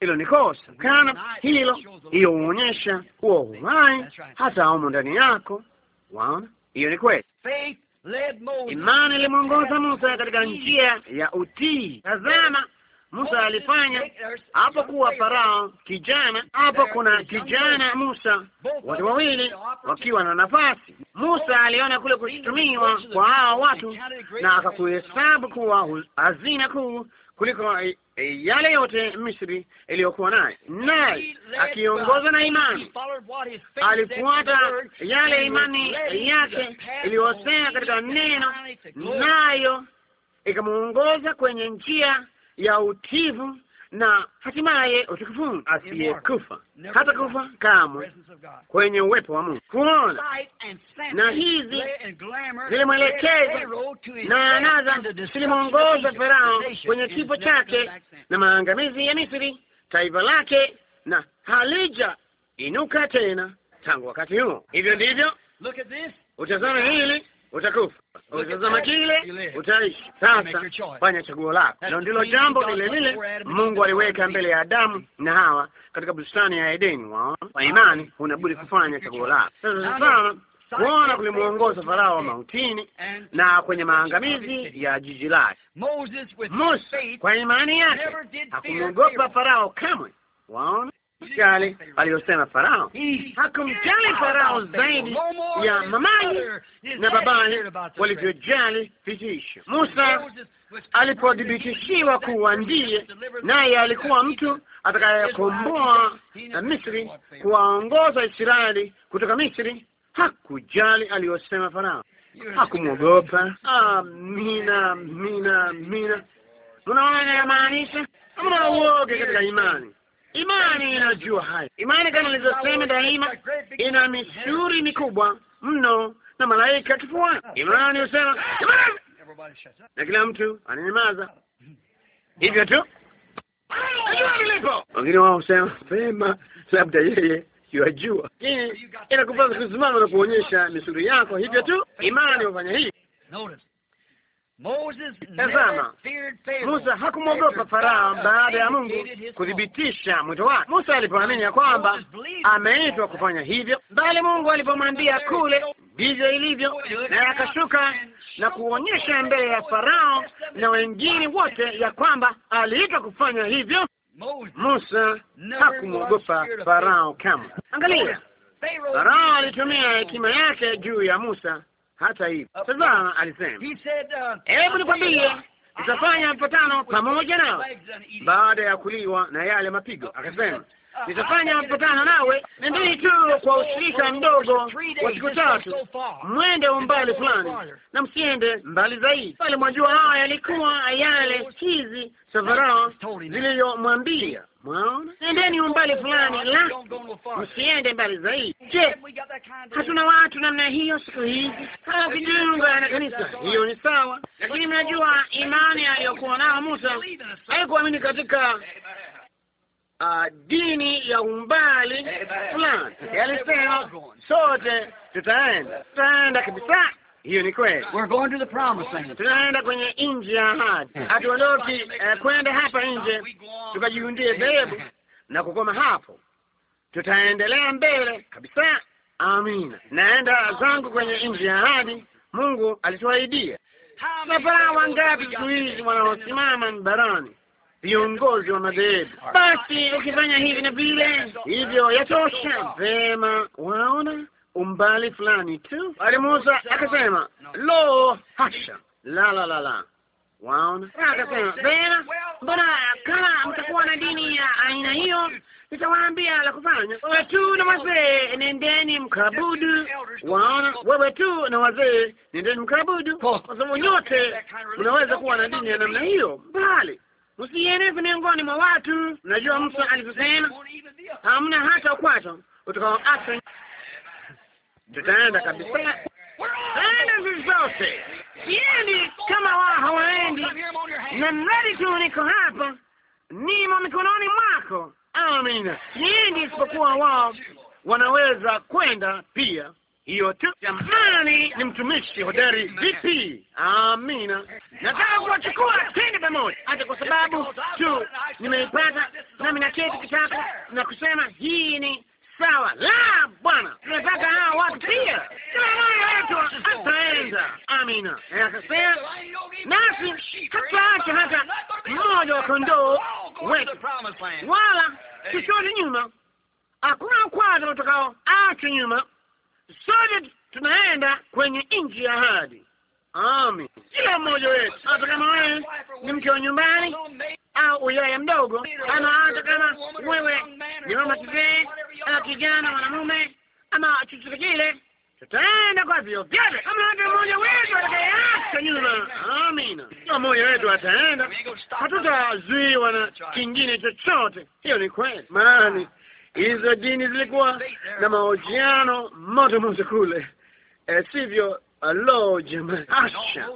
hilo ni kosa kana hilo, hiyo huonyesha huo uhai hata humo ndani yako. Waona, hiyo ni kweli. Imani ilimwongoza Musa katika njia ya utii. Tazama, Musa alifanya hapo kuwa Farao kijana. Hapo kuna kijana Musa, watu wawili wakiwa na nafasi. Musa aliona kule kushutumiwa kwa hawa watu na akakuhesabu kuwa hazina kuu kuliko yale yote Misri iliyokuwa naye, naye akiongozwa na imani alifuata yale imani yake iliyosema katika neno, nayo ikamuongoza kwenye njia ya utivu na hatimaye utukufu asiyekufa hata kufa kamwe kwenye uwepo wa Mungu. Kuona na hizi zilimwelekeza na anaza zilimwongoza Farao kwenye kifo chake na maangamizi ya Misri, taifa lake, na halija inuka tena tangu wakati huo. Hivyo ndivyo utazama hili utakufa, utazama kile utaishi. Sasa fanya chaguo lako. Na ndilo jambo lile lile Mungu aliweka mbele ya Adamu na Hawa katika bustani ya Edeni. Waona, kwa imani unabudi kufanya chaguo lako. Sasa sana kuona kulimwongoza Farao wa mautini na kwenye maangamizi ya jiji lake. Musa kwa imani yake hakumwogopa Farao kamwe. Waona yale aliyosema Farao. Hakumjali Farao zaidi ya mamaye na babaye walivyojali vitisho. Musa alipodhibitishiwa kuwa ndiye, naye alikuwa mtu atakayekomboa na Misri, kuwaongoza Israeli kutoka Misri, hakujali aliyosema Farao, hakumwogopa. Amina, amina, amina. Mnaona inayomaanisha, mna uoga katika imani Imani inajua hayo. Imani kama nilivyosema daima, ina misuri mikubwa mno na malaika kifuani. Imani husema na kila mtu ananyamaza hivyo tu, najua nilipo. Wengine wao husema sema, labda yeye yuajua. Inakupasa kusimama na kuonyesha misuri yako hivyo tu. Imani hufanya hivi. Tazama, Musa hakumwogopa Farao baada ya Mungu kuthibitisha mwito wake. Musa alipoamini ya kwamba ameitwa kufanya hivyo, bali Mungu alipomwambia kule, ndivyo ilivyo, naye akashuka na kuonyesha mbele ya Farao na wengine wote ya kwamba aliitwa kufanya hivyo. Musa hakumwogopa Farao kamwe. Angalia, Farao alitumia hekima yake juu ya Musa hata hivyo sasa, alisema uh, hebu nikwambie, nitafanya mpatano pamoja nawe baada ya kuliwa na yale mapigo. Akasema uh-huh. nitafanya mpatano nawe uh-huh. nendii tu kwa ushirika mdogo wa siku tatu, mwende umbali fulani na msiende mbali zaidi. Pale mwajua, haya yalikuwa yale hizi safarao ziliyomwambia Mwaona, nendeni umbali fulani, la msiende mbali zaidi. Je, hatuna watu namna hiyo siku hizi? Hawakujiunga na kanisa, hiyo ni sawa, lakini mnajua imani aliyokuwa nao Musa haikuamini katika Uh, dini ya umbali fulani, yalisema sote tutaenda, tutaenda kabisa hiyo ni kweli, tunaenda kwenye nchi ya ahadi, *laughs* hatuondoki eh, kwenda hapa nje tukajiundie dhehebu na kukoma hapo. Tutaendelea mbele kabisa. Amina, naenda zangu kwenye nchi ya ahadi. Mungu alituahidia. Mapaa wangapi siku hizi wanaosimama barani viongozi wa madhehebu. Basi ukifanya hivi na vile hivyo, yatosha. Vema, unaona umbali fulani tu. musa akasema, lo, hasha, la la la la. Waona, akasema bena, mbona kama mtakuwa na dini ya aina hiyo, nitawaambia la kufanya. Wewe tu na wazee nendeni mkabudu. Waona, wewe tu na wazee nendeni mkabudu, kwa sababu nyote mnaweza kuwa na dini ya namna hiyo, bali msieneze miongoni mwa watu. Najua Musa alivyosema, hamna hata ukwato utakaoacha tutaenda kabisa ana zozote siendi kama wao hawaendi, na mradi tu niko hapa, nimo mikononi mwako. Amina, siendi isipokuwa wao wanaweza kwenda pia. Hiyo tu jamani, ni mtumishi hodari vipi? Amina, nataka kuwachukua twende pamoja, hata kwa sababu tu nimeipata nami na kitako na kusema hii ni sawa. La, Bwana, tunataka hao watu pia, kila mmoja wetu ataenda. Amina. Akasema nasi hataacha hata mmoja wa kondoo wetu, wala chochote nyuma. Hakuna ukwazo utakao acha nyuma, sote tunaenda kwenye nchi ya ahadi. Amen. Kila mmoja wetu, hata kama wewe ni mke wa nyumbani au uyaya mdogo, ama hata kama wewe ni mama kizee au kijana mwanamume ama chochote kile, tutaenda kwa vyo Kama hata mmoja wetu atakayeacha nyuma, amina, kila mmoja wetu ataenda, hatutazuiwa na kingine chochote. Hiyo ni kweli, maana hizo dini zilikuwa na mahojiano moto moto kule, eh, sivyo? Lo, jamani, acha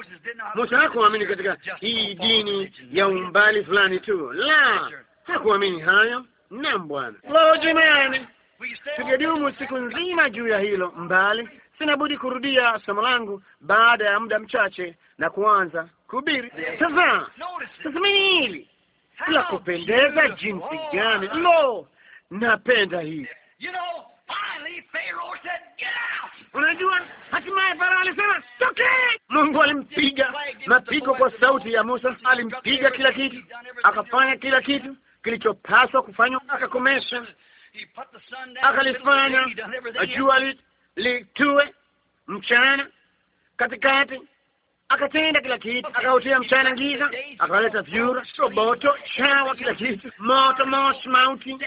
Musa hakuamini katika hii dini ya umbali fulani tu, la, hakuamini hayo. Naam, bwana. Lo, jamani, tugedumu siku nzima juu ya hilo mbali. Sina budi kurudia somo langu baada ya muda mchache na kuanza kuhubiri. Sasa tazamini hili la kupendeza jinsi gani! Lo, napenda hii. Unajua Hatimaye Farao alisema tokee. Mungu alimpiga mapigo kwa sauti ya Musa, alimpiga kila kitu, akafanya kila kitu kilichopaswa kufanywa, akakomesha, akalifanya jua litue mchana katikati akatenda kila kitu, akautia mchana giza, akaleta vyura, roboto, chawa, kila kitu, moto, moshi, Mountain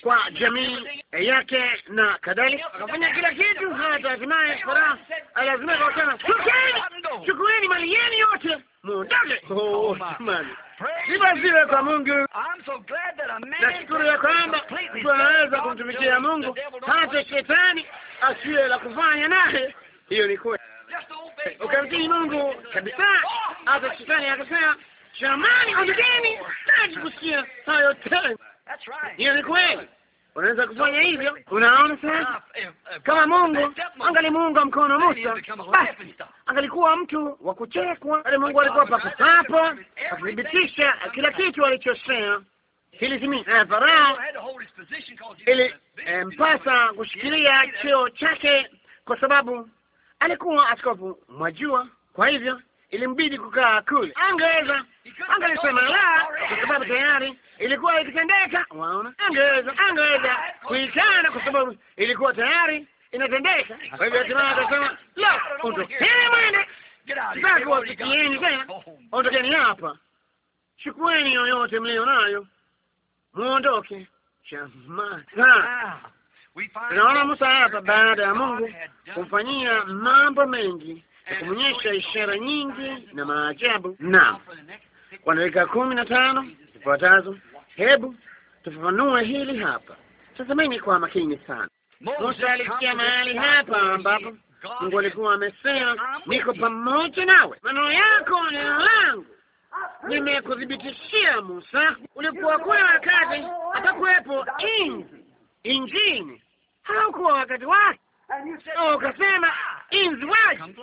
kwa jamii yake na kadhalika, akafanya kila kitu, hata hatimaye Farao alazima kusema, chukueni, chukueni mali yenu yote, muondoke. Oh, oh, Sifa ziwe kwa Mungu. Nashukuru ya kwamba mtu anaweza kumtumikia Mungu hata shetani asiye la kufanya naye. Hiyo ni kweli ukamtii Mungu kabisa. Hata shetani akasema, jamani, ondokeni, sitaki kusikia hayo tena. Hiyo ni kweli, unaweza kufanya hivyo. Unaona sasa, kama Mungu angali mkono Musa, basi angalikuwa mtu wa kuchekwa, bali Mungu alikuwa papo hapo akithibitisha kila kitu alichosema Farao ili mpasa kushikilia cheo chake kwa sababu alikuwa askofu mwajua, kwa hivyo ilimbidi kukaa kule. Angeweza, angelisema la, kwa sababu tayari ilikuwa ikitendeka. Waona, angeweza, angeweza kuikana kwa sababu ilikuwa tayari inatendeka. Kwa hivyo hatimaye akasema la, ondokeni mwende, sitakuwasikieni tena, ondokeni hapa, chukueni yoyote mlio nayo, muondoke. Jamani. Tunaona Musa hapa, baada ya Mungu kumfanyia mambo mengi na kumonyesha ishara nyingi na maajabu. Naam, kwa dakika kumi na tano zifuatazo, hebu tufafanue hili hapa. Tazameni kwa makini sana. Musa alifikia mahali hapa ambapo Mungu alikuwa amesema, niko pamoja nawe, maneno yako ni langu. Nimekuthibitishia Musa, ulikuwa kule wakati hapakuwepo inzi injini haukuwa wakati wake, oh, na ukasema inziwaji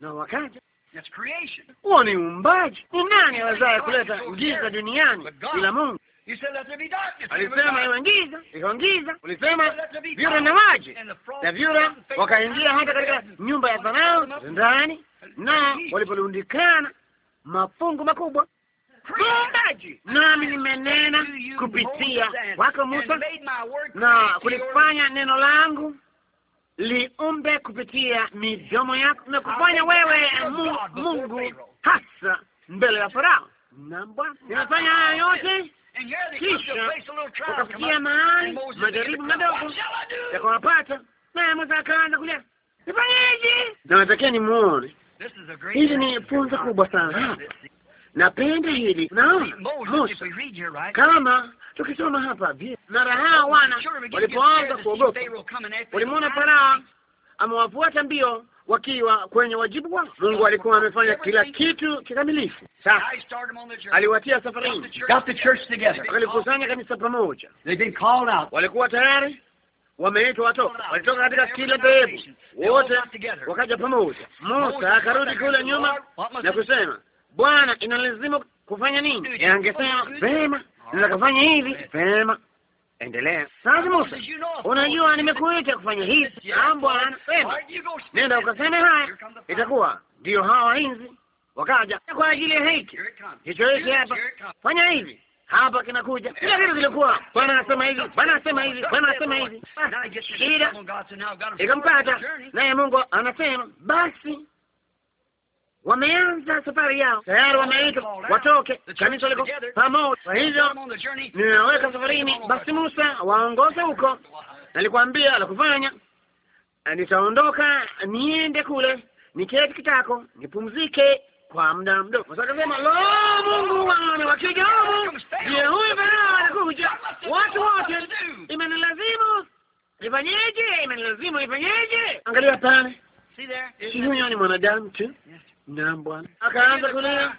na wakati huo ni uumbaji. Ni nani awezaye kuleta giza duniani bila Mungu? Alisema iwe giza, ikawa giza. Ulisema vyura na waje, na vyura wakaingia hata katika nyumba ya Farao ndani, na waliporundikana mafungu makubwa Muumbaji, nami nimenena kupitia wako Musa, na kulifanya neno langu liumbe kupitia midomo yako na kufanya wewe Mungu hasa mbele ya Farao. Namba inafanya haya yote, kisha ukafikia mahali majaribu madogo yakawapata, naye Musa akaanza kulia, nifanyeje? Nawatakia ni muone. Hili ni funzo kubwa sana hapa na pende hili naona Musa, kama tukisoma hapa, mara hawa wana walipoanza kuogopa, walimwona Farao amewafuata mbio wakiwa kwenye wajibu wao. Mungu alikuwa amefanya kila kitu kikamilifu. Sasa aliwatia safarini, walikusanya kanisa pamoja, walikuwa tayari wameitwa watoka, walitoka katika kila dhehebu, wote wakaja pamoja. Musa akarudi kule nyuma na kusema Bwana, inalazimu kufanya nini? Yangesema vema, nitakufanya hivi vema, endelea sasa. Musa, unajua nimekuita kufanya hivi. *laughs* Bwana, sema, nenda ukaseme haya, itakuwa ndiyo. Hawa wainzi wakaja kwa ajili ya hiki hicho hiki hapa, fanya hivi hapa kinakuja kila kitu kilikuwa, Bwana anasema hivi, Bwana anasema hivi, Bwana anasema hivi, shida ikampata naye Mungu anasema basi wameanza safari yao tayari, wameitwa watoke kanisa liko pamoja. Kwa hivyo ninaweka safarini, basi Musa waongoze huko. Nalikwambia la kufanya, nitaondoka niende kule, niketi kitako, nipumzike kwa muda mdogo. Sasa kasema, lo, Mungu wana wakija humu, huyu Farao anakuja? Watu wote imenilazimu nifanyeje? Imenilazimu nifanyeje? Angalia pale, huyo ni mwanadamu tu. Naam Bwana. Akaanza kulia,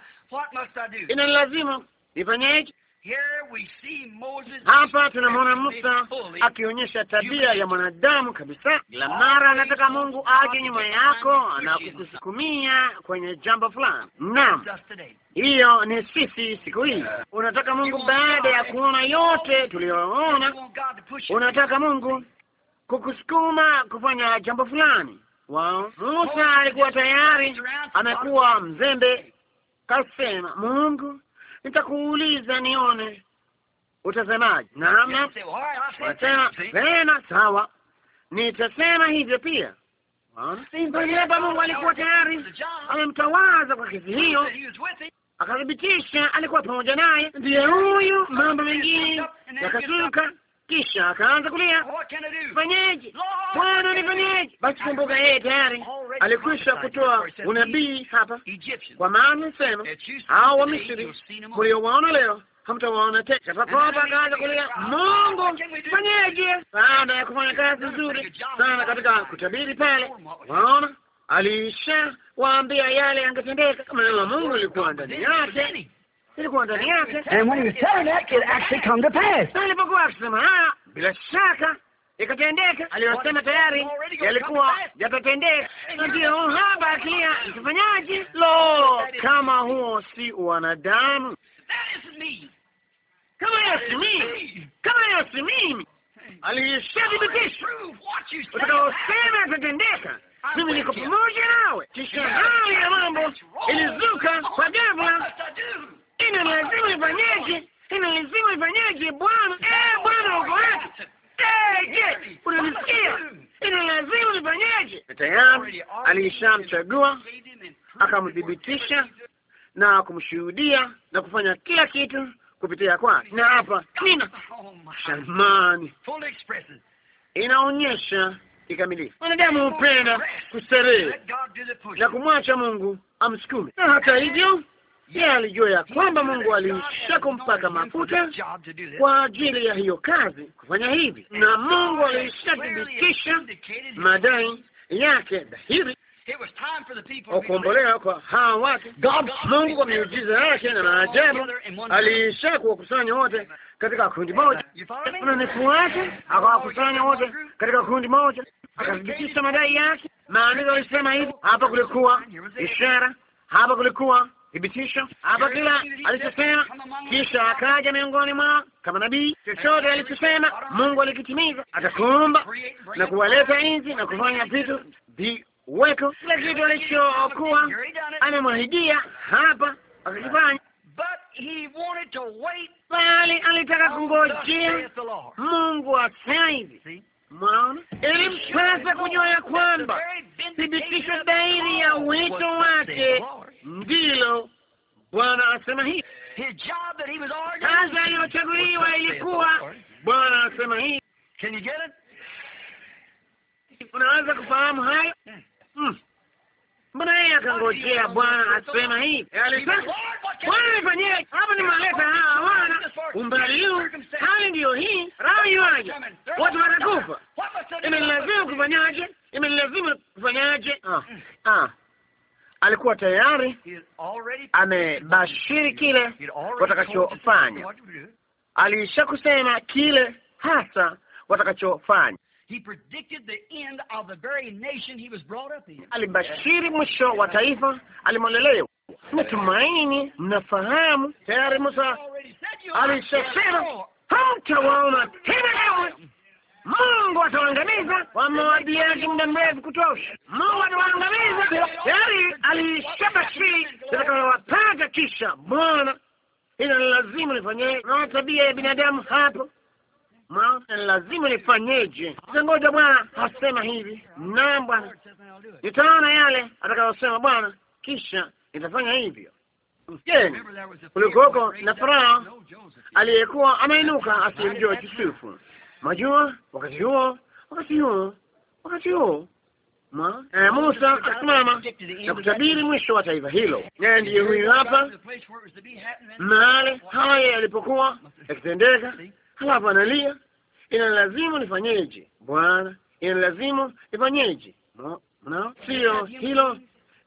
inanilazimu nifanyeje? Hapa tunamwona Musa akionyesha tabia ya mwanadamu kabisa. La mara anataka Mungu aje nyuma yako na kukusukumia kwenye jambo fulani. Naam, hiyo ni sisi siku hii. Uh, unataka Mungu, baada ya kuona yote tuliyoona, unataka Mungu kukusukuma kufanya jambo fulani wao. Musa alikuwa tayari amekuwa mzembe, kasema Mungu, nitakuuliza nione utasemaje. Naam, wasema vema, sawa, nitasema hivyo pia. Simba Mungu alikuwa tayari amemtawaza kwa kesi hiyo, akathibitisha alikuwa pamoja naye, ndiye huyu. Mambo mengine yakasuka kisha akaanza kulia, fanyeje Bwana, nifanyeje? Basi kumbuka, yeye tayari alikwisha kutoa unabii hapa, kwa maana sema hao wa Misri mliowaona leo hamtawaona tena. Papopa akaanza kulia, Mungu fanyeje? Baada ya kufanya kazi nzuri sana katika kutabiri pale, waona alisha waambia yale yangetendeka, kama neno la Mungu lilikuwa ndani yake ilikuwa ndani yake, and when he was telling that it actually come to pass. Na alipokuwa akisema haya, ah, bila shaka ikatendeka. Aliyosema tayari yalikuwa yatatendeka, na hapa akilia, mtafanyaje? Lo, kama huo si wanadamu! Kama hiyo mimi, kama hiyo mimi, aliyeshathibitisha utakaosema yatatendeka mimi niko pamoja nawe. Kisha hali ya mambo ilizuka kwa ghafla, ina lazima ifanyeje? Ina lazima ifanyeje? Bwana eh, Bwana, uko wapi? Eh, je, unanisikia? Ina lazima ifanyeje? Tayari alishamchagua akamthibitisha na kumshuhudia na kufanya kila kitu kupitia kwake, na hapa nina shamani inaonyesha kikamilifu. Wanadamu hupenda kustarehe na kumwacha Mungu amsukume, na hata hivyo yeye alijua ya kwamba Mungu alimsha kumpaka mafuta kwa ajili ya hiyo kazi kufanya hivi, na Mungu alishathibitisha madai yake dhahiri ukombolewa kwa hawa watu. Mungu kwa miujiza yake na maajabu aliisha kuwakusanya wote katika kundi moja, unanifuata, akawakusanya wote katika kundi moja, akathibitisha madai yake. Maandiko alisema hivi, hapa kulikuwa ishara, hapa kulikuwa thibitisho hapa kila alichosema, kisha akaja miongoni mwao kama nabii. Chochote alichosema Mungu alikitimiza, atakuumba na kuwaleta nchi na kufanya vitu viweko, kila kitu alichokuwa amemwahidia hapa akakifanya, bali alitaka kungojea Mungu asema hivi mwaona, ili mpasa kujua ya kwamba thibitisho dhahiri ya wito wake ndilo Bwana asema hivi. Kazi aliyochaguliwa ilikuwa, Bwana asema hivi. Unaweza kufahamu hayo? Mm. Mbona yeye akangojea Bwana asema hii? Alisema, yaani, Bwana nifanyie hapa, nimaleta hawa wana umbali huu, hali ndiyo hii, rai iwaje, watu watakufa. Imenilazimu kufanyaje? Imenilazimu kufanyaje? Ah, ah, alikuwa tayari amebashiri kile watakachofanya. alishakusema kile hasa watakachofanya. Alibashiri mwisho wa taifa alimonelewa. Mtumaini, mnafahamu tayari. Musa alishasema hamtawaona tena kamwe. Mungu atawaangamiza, wamewadia muda mrefu kutosha. Mungu atawaangamiza, tayari alishabashiri itakayowapata. Kisha Bwana, ila lazima nifanyee na tabia ya binadamu hapo mwangu lazima nifanyeje? Ngoja Bwana asema hivi. Naam Bwana, nitaona yale atakayosema Bwana, kisha nitafanya hivyo. Mskeni kulikoko na Farao aliyekuwa ameinuka asiyemjua Yusufu. Majua wakati huo, wakati huo, wakati huo eh, Musa akasimama na kutabiri mwisho wa taifa hilo. Naye ndiye huyu hapa, mahali haya yalipokuwa yakitendeka halafu analia, inalazimu nifanyeje Bwana, inalazimu nifanyeje? Mnao sio hilo,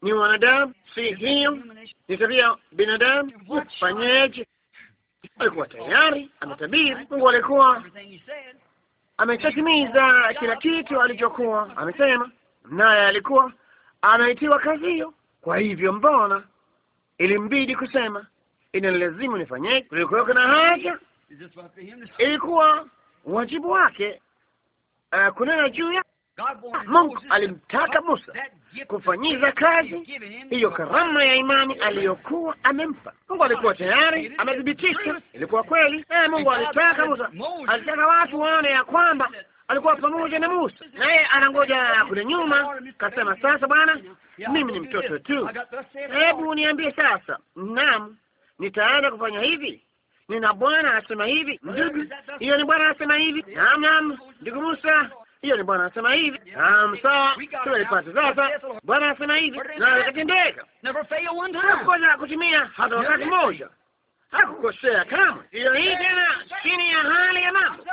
ni wanadamu, si hiyo ni tabia binadamu. Fanyeje? Alikuwa tayari ametabiri. Mungu alikuwa ametatimiza kila kitu alichokuwa amesema, naye alikuwa anaitiwa kazi hiyo. Kwa hivyo, mbona ilimbidi kusema inalazimu nifanyeje? Kulikuwa kuna haja ilikuwa wajibu wake uh, kunena juu ya Mungu alimtaka Musa kufanyiza kazi hiyo karama ya imani aliyokuwa amempa Mungu. Alikuwa tayari amethibitisha, ilikuwa kweli. Naye eh, Mungu alitaka Musa, alitaka watu waone ya kwamba alikuwa pamoja na Musa, naye anangoja kule nyuma. Kasema, sasa Bwana, mimi ni mtoto tu, hebu oh. niambie sasa, naam, nitaenda kufanya hivi nina Bwana anasema hivi, ndugu, hiyo ni Bwana anasema hivi. Naam, naam, ndugu Musa, hiyo ni Bwana anasema hivi. Naam, sawa, tunaipata sasa. Bwana anasema hivi, na ikatendeka, hakukosa kutimia hata wakati mmoja, hakukosea kamwe. Hiyo hii tena, chini ya hali ya mambo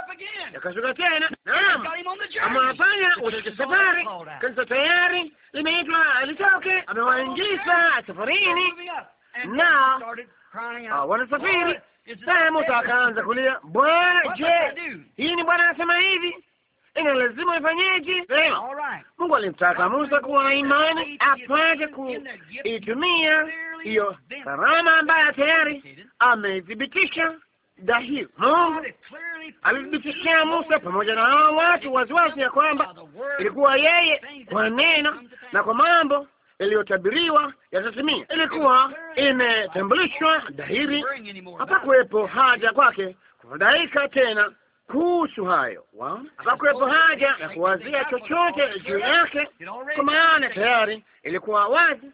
yakashuka tena. Naam, amewafanya utoke safari, kanisa tayari limeitwa litoke, amewaingiza safarini na ah, wanasafiri musa akaanza kulia, Bwana, je, hii ni Bwana anasema hivi, ina lazima ifanyeje? Sema, ah, Mungu alimtaka Musa kuwa na imani apate kuitumia hiyo karama ambayo tayari ameithibitisha dahili. Mungu alithibitishia Musa pamoja na hao watu waziwazi ya kwamba ilikuwa yeye kwa neno na kwa mambo ya yatatimia. Ilikuwa imetambulishwa dhahiri, hapakuwepo haja kwake kufadhaika tena kuhusu hayo. Hapakuwepo haja ya kuwazia chochote juu yake, kwa maana tayari ilikuwa wazi.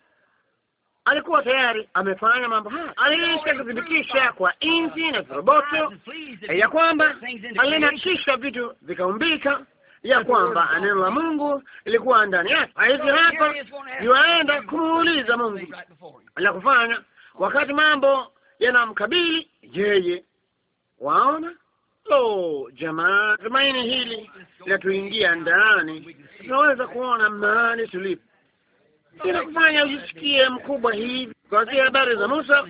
Alikuwa tayari amefanya mambo haya, aliisha kuthibitisha kwa inzi na viroboto ya kwamba alinakisha vitu vikaumbika ya kwamba neno la Mungu ilikuwa ndani yake. Hivi hapa niwaenda kumuuliza Mungu la kufanya wakati mambo yanamkabili yeye. Waona lo, jamaa, tumaini hili linatuingia ndani, tunaweza kuona mahali tulipo inakufanya ujisikie mkubwa hivi. Kuanzia habari za Musa,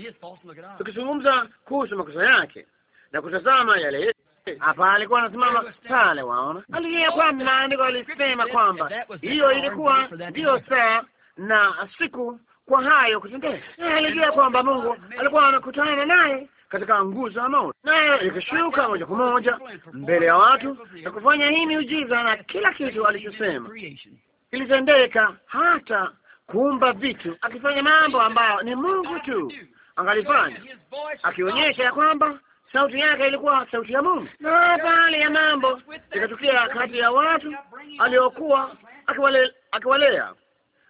tukizungumza kuhusu makosa yake na kutazama yale hapa alikuwa anasimama pale, waona, alilia kwamba maandiko alisema kwamba hiyo ilikuwa ndiyo saa na siku kwa hayo kutendeka. Alijua kwamba Mungu alikuwa anakutana naye katika nguzo ya mauti, nayo ikishuka moja kwa moja mbele ya watu na kufanya hii miujiza, na kila kitu alichosema kilitendeka, hata kuumba vitu, akifanya mambo ambayo ni Mungu tu angalifanya, akionyesha ya kwamba sauti yake ilikuwa sauti ya Mungu, na baadhi ya mambo ikatukia kati ya watu aliokuwa akiwalea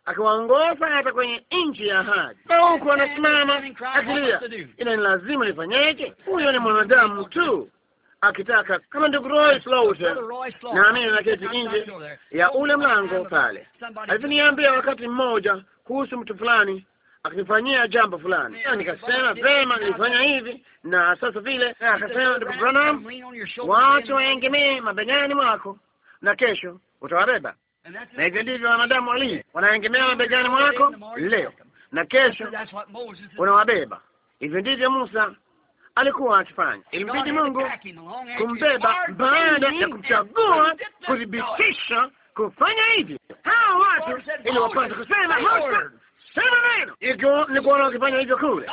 akiwaongoza hata kwenye nchi ya ahadi, na huku anasimama akilia, ina ni lazima lifanyeje? Huyo ni mwanadamu tu akitaka kama ndugu Roy Slaughter, naamini naketi nje ya ule mlango pale, aliniambia wakati mmoja kuhusu mtu fulani akinifanyia jambo fulani, nikasema vema, nilifanya hivi na sasa vile. Akasema, ndugu Branham, wacha waengemee mabegani mwako na kesho utawabeba. Na hivyo ndivyo wanadamu wali wanaengemea mabegani mwako leo na kesho unawabeba. Hivyo ndivyo Musa alikuwa akifanya. Ilimbidi Mungu kumbeba baada ya kumchagua, kuthibitisha kufanya hivi. Hawa watu wapate kusema sema neno. Ikiwa nilikuona ukifanya hivyo kule,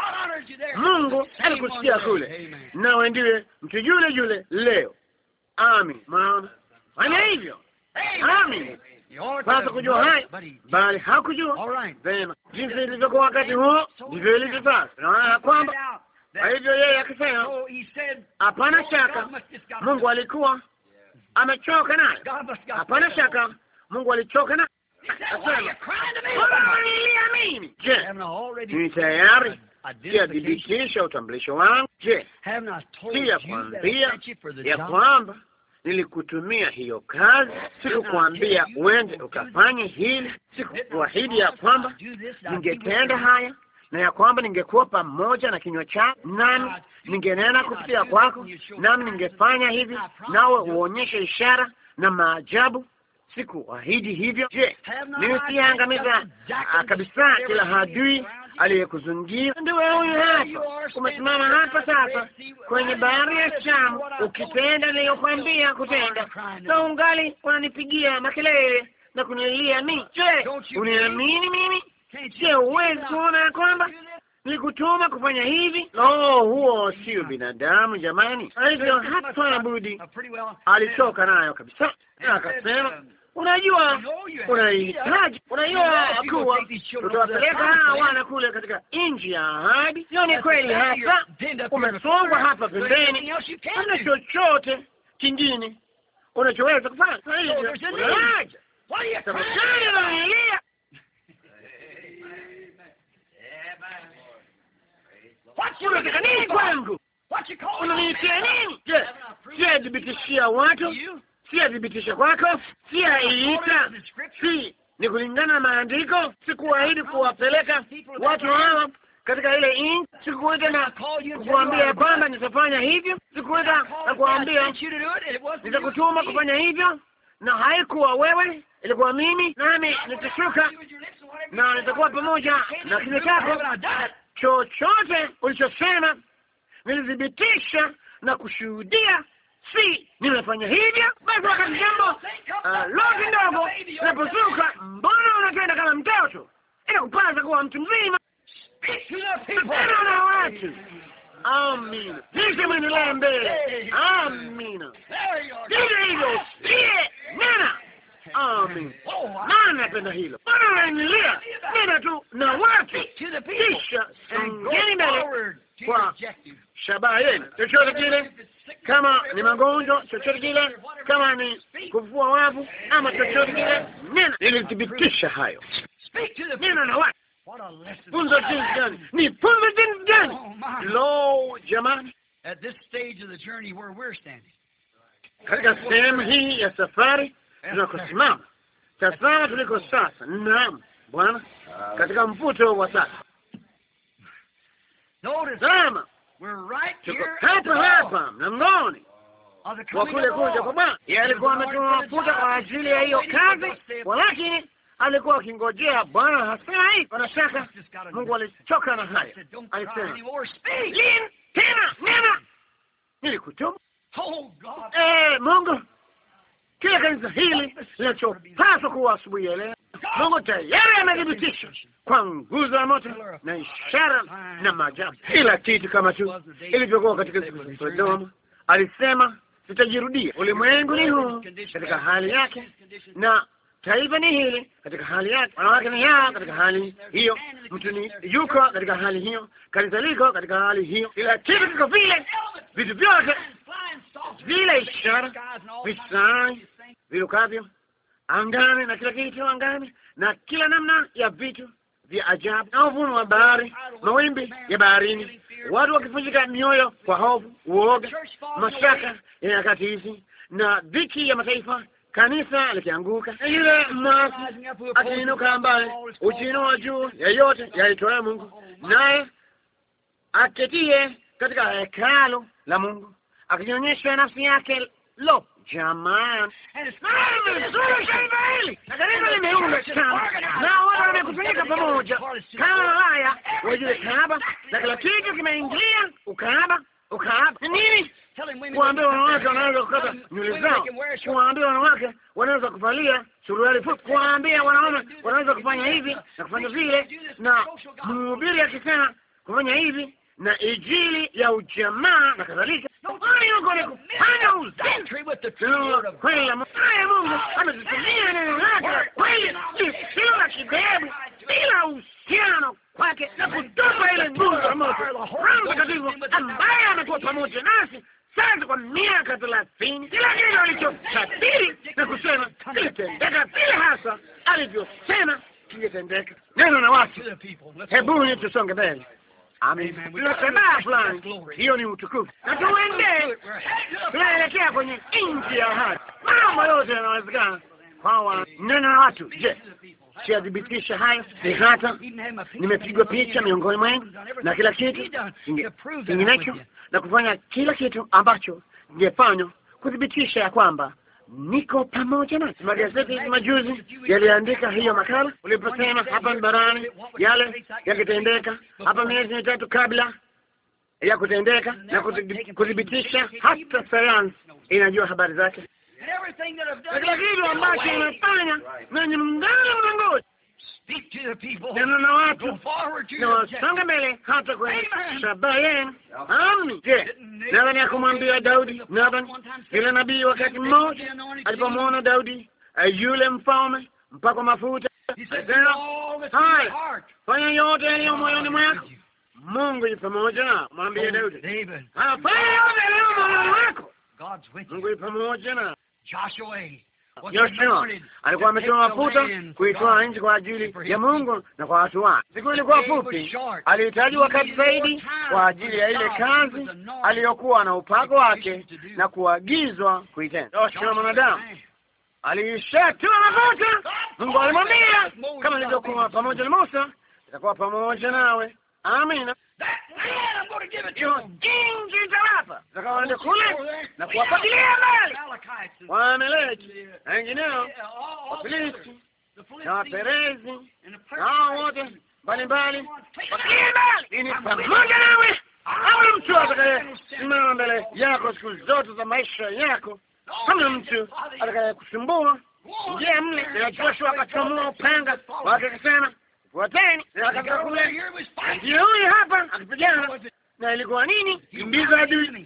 Mungu alikusikia kule, nawe ndiwe mtu yule yule leo. Amin. Maana fanya hivyo. Amin. Pasa kujua hai bali hakujua vema. Jinsi ilivyokuwa wakati huo, ndivyo ilivyo sasa. Naona kwamba kwa hivyo yeye akisema, hapana shaka Mungu alikuwa amechoka naye. Hapana shaka Mungu alichoka naye unanilia mimi. Je, ni tayari siyathibitisha utambulisho wangu? Je, siya kuambia ya kwamba nilikutumia hiyo kazi? Sikukuambia uende ukafanye hili? Sikukuahidi ya kwamba ningetenda haya na ya kwamba ningekuwa pamoja na kinywa chako, nami ningenena kupitia kwako, nami ningefanya hivi, nawe uonyeshe ishara na maajabu sikuahidi hivyo. Je, mimi siangamiza ah, kabisa kila hadui aliyekuzungia? Ndio huyu hapa, umesimama hapa sasa kwenye bahari ya Shamu, ukitenda niliyokwambia kutenda, na ungali unanipigia makelele na kunilia mi Je, uniamini mimi? Je, uwezi kuona kwamba nilikutuma kufanya hivi? Lo, huo sio binadamu jamani! Hivyo hapana budi, alitoka nayo kabisa, akasema um, Unajua, unahitaji unajua kuwa utawapeleka hawa wana kule katika nchi ya ahadi. Hiyo ni kweli Hapa umesongwa hapa pembeni, ana chochote kingine unachoweza kufanya sahiiaaalia unataka nini kwangu? Unaniitia nini? Je, siyadhibitishia watu si athibitisho kwako, si aiita, si ni kulingana na maandiko. Sikuahidi kuwapeleka watu hawa katika ile nchi. Sikuweza na kukuambia kwamba nitafanya hivyo, sikuweza na kuambia nitakutuma kufanya hivyo, na haikuwa wewe, ilikuwa mimi, nami nitashuka na nitakuwa pamoja na kinywa chako. Chochote ulichosema nilithibitisha na kushuhudia si nimefanya hivyo basi, wakati jambo uh, lote ndogo inapozuka, mbona unatenda kama mtoto? Inakupasa kuwa mtu mzima tena na watu. Amina, kisha mwendelea mbele. Amina, vivyo hivyo siye nena. Amina, maana napenda hilo. Mbona unaendelea nena tu na watu, kisha songeni mbele kwa shabaha yenu. Chochote kile, kama ni magonjwa, chochote kile, kama ni kuvua wavu ama chochote kile, nena. Nilithibitisha hayo, nena na watu funzo jinsi gani, ni funzo jinsi gani. Lo, jamani, katika sehemu hii ya safari tunakosimama sasa, tuliko sasa, naam Bwana, katika mvuto wa sasa Tazama, tuko hapa hapa mlangoni wa kule kuja kwa Bwana. Yeye alikuwa ametuwafuta kwa ajili ya hiyo kazi, walakini alikuwa akingojea Bwana hasa hii. Bila shaka Mungu alichoka na haya, alisema tena nena, nilikutuma oh, eh, Mungu, kila kanisa hili linachopaswa kuwa asubuhi ya leo Mungu tayari amethibitisha kwa nguzo ya moto na ishara na maajabu, kila kitu kama tu ilivyokuwa katika siku za Sodoma. Alisema tutajirudia. Ulimwengu ni huu katika hali yake, na taifa ni hili katika hali yake, wanawake ni hawa katika hali hiyo, mtu ni yuko katika hali hiyo, kanisa liko katika hali hiyo, kila kitu kiko vile, vitu vyote vile, ishara visai vilukavyo angani na kila kitu angani na kila namna ya vitu vya ajabu na uvuno wa bahari, mawimbi ya baharini, watu wakivunjika mioyo kwa hofu, uoga, mashaka ya nyakati hizi na dhiki ya mataifa, kanisa likianguka, yule masi akiinuka, ambaye wa juu yeyote yote Mungu, naye aketie katika hekalo la Mungu, akionyesha nafsi yake lo jamaa vizuri shamba hili na kanisa limeundwa wamekusanyika pamoja kama Malaya wajue kahaba, na kila kitu kimeingia ukahaba. Ukahaba nini? Kuambia wanawake wanaweza kukata nywele zao, kuambia wanawake wanaweza kuvalia suruali fupi, kuambia wanaume wanaweza kufanya hivi na kufanya vile, na mhubiri akisema kufanya hivi na Injili ya ujamaa na kadhalika. Hayo ni kufanya uzao kweli la Mungu. Ametutumia neno lake la kweli lisilo la kibebu, bila uhusiano kwake, na kutupa ile nguvu ya moto Mtakatifu ambaye amekuwa pamoja nasi sasa kwa miaka thelathini. Kila neno alichosafiri na kusema kilitendeka vile hasa alivyosema kingetendeka. Neno na watu, hebuni tusonge mbele tunatembea fulani, hiyo ni utukufu, na tuende, tunaelekea kwenye nchi ya ahadi. Mambo yote yanawezekana kwa wanena watu. Je, siadhibitisha hayo? Ni hata nimepigwa picha miongoni mwangu na kila kitu kinginecho, na kufanya kila kitu ambacho ningefanywa kuthibitisha ya kwamba niko pamoja na magazeti zetu majuzi yaliandika hiyo makala uliposema hapa barani yale yakitendeka hapa miezi mitatu kabla ya kutendeka na kuthibitisha, hata sayansi inajua habari zake kila kitu ambacho inafanya nanyi mungana mnangoja neno watu na wasonga mbele hata kwenye shabaha yenu. Je, nadhani akumwambia Daudi Nathan yule nabii, wakati mmoja alipomwona Daudi yule mfalme mpakwa mafuta, haya fanya yote yaliyo moyoni mwako, Mungu yu pamoja na mwambie Daudi, fanya yote yaliyo moyoni mwako, Mungu yu pamoja na Yoshua alikuwa ametoa mafuta kuitoa nchi kwa ajili ya Mungu na kwa watu wake. Siku ilikuwa fupi, alihitaji wakati zaidi kwa ajili ya ile kazi aliyokuwa na upako wake na kuagizwa kuitenda. Yoshua mwanadamu aliishatoa mafuta. Mungu alimwambia, kama nilivyokuwa pamoja na Musa, nitakuwa pamoja nawe. Amina jingi zakawaenda kule na kuwapatilia mbali Waameleki na wengineo, Wafilisti na Waperezi na hao wote mbalimbali, ini pamoja nawe. Hamna mtu atakayesimama mbele yako siku zote za maisha yako. Hamna mtu atakayekusumbua njia mle. Najua akachomoa upanga wake akasema fuateni. Akaza kule jioni hapa na ilikuwa nini? Kimbizo adui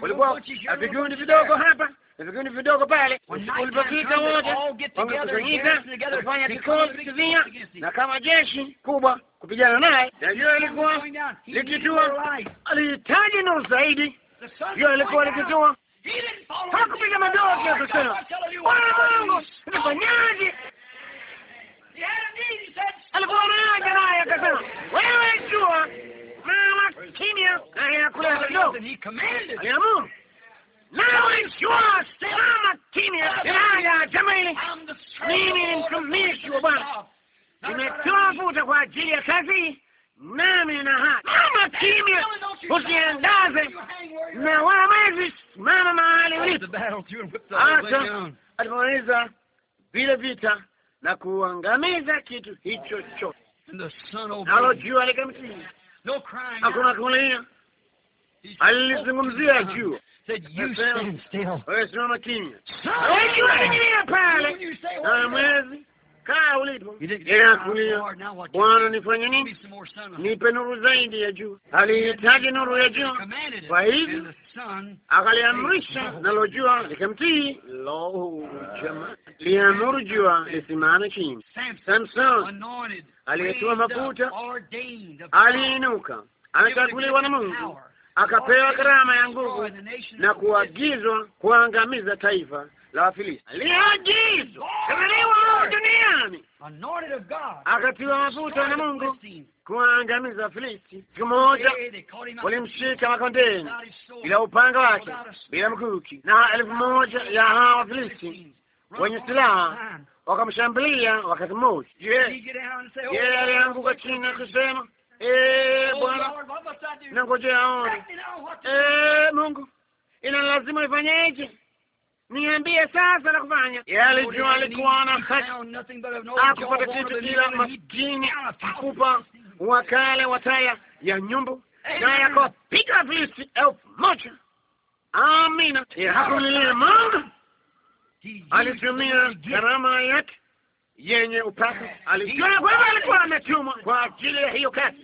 walikuwa vikundi vidogo hapa vikundi vidogo pale. Ulipofika wote wangekusanyika kufanya kikosi kivia, na kama jeshi kubwa kupigana naye. Jua ilikuwa likitua, alihitaji nuru zaidi. Jua ilikuwa likitua, hakupiga madoki akasema, Bwana Mungu, nifanyaje? alikuwa mmoja naye akasema, wewe jua mama kimya, nayakula kidogo, aliamuru nawe jua simama kimya. Haya jamani, mimi ni mtumishi wa Bwana, nimetoa mafuta kwa ajili ya kazi nami na haya mama kimya, usiangaze na wala mwezi mama mahali ulipo. Hata alipomaliza vile vita na kuangamiza kitu hicho chote. Nalo jua likamtii, hakuna kulia. Alilizungumzia jua, wewe simama kimya, jua likilia pale, nawe mwezi kaa ulipo, inakulia Bwana, nifanye nini? Nipe nuru zaidi ya juu. Alihitaji nuru ya juu, kwa hivyo akaliamrisha nalo jua likamtii. Lo, jamaa! Liamuru jua lisimame chini. Samson aliyetiwa mafuta aliinuka, amechaguliwa na Mungu, akapewa karama ya nguvu na kuagizwa kuangamiza taifa la Wafilisti aliagizwa kuhubiriwa duniani, akatiwa mafuta na Mungu kuangamiza Wafilisti. Siku moja walimshika makondeni bila upanga wake, bila mkuki, na elfu moja ya hawa Wafilisti wenye silaha wakamshambulia wakati mmoja. Yeye alianguka chini na kusema Eh, Bwana, nangojea aone. Eh, Mungu, ina e lazima ifanyeje? niambie sasa la kufanya. Yalijua alikuwa na haki, hakupata kitu ila maskini kupa wakale wa taya ya nyumbu, naye akapiga visi elfu moja. Amina, hakulilia Mungu, alitumia gharama yake yenye upako. Alijua kwamba alikuwa ametumwa kwa ajili ya hiyo kazi,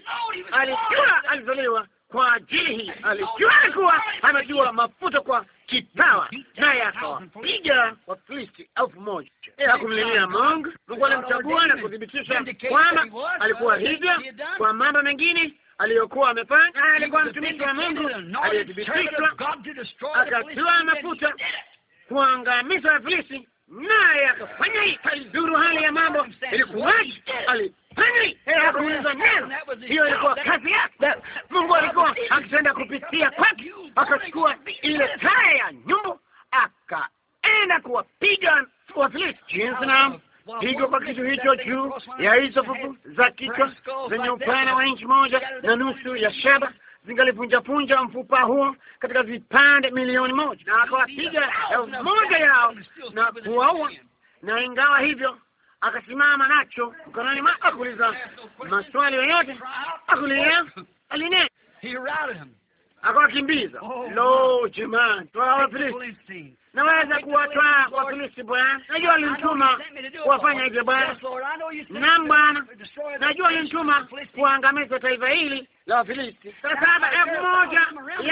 alijua alizaliwa kwa ajili hii. Alijua alikuwa amejua mafuta kwa kitawa, naye akawapiga Wafilisti elfu moja. Hakumlilia Mungu. Mungu alimchagua na kuthibitisha kwamba alikuwa hivyo kwa mambo mengine aliyokuwa amefanya. Alikuwa mtumishi wa Mungu aliyethibitishwa, akatiwa mafuta kuangamiza Wafilisti naye akafanya alidhuru hali ya mambo. Ilikuwaje? Alifanya hakuuliza neno, hiyo ilikuwa kazi yake. Mungu alikuwa akitenda kupitia kwake. Akachukua ile taya ya nyumbu akaenda kuwapiga Wafilisti jinsi na pigo kwa kitu hicho juu ya hizo fufu za kichwa zenye upana wa inchi moja na nusu ya shaba zingalipunjapunja mfupa huo katika vipande milioni moja, na akawapiga elfu moja yao na kuwaua. Na ingawa hivyo, akasimama nacho mkononi mwake, akuuliza maswali yoyote, akulia aline akawakimbiza. Oh, Lo, jamani, naweza kuwatwaa watumishi Bwana. Najua alinituma kuwafanya hivyo Bwana. Naam Bwana, najua alinituma kuangamiza taifa hili la Wafilisti. Sasa hapa elfu moja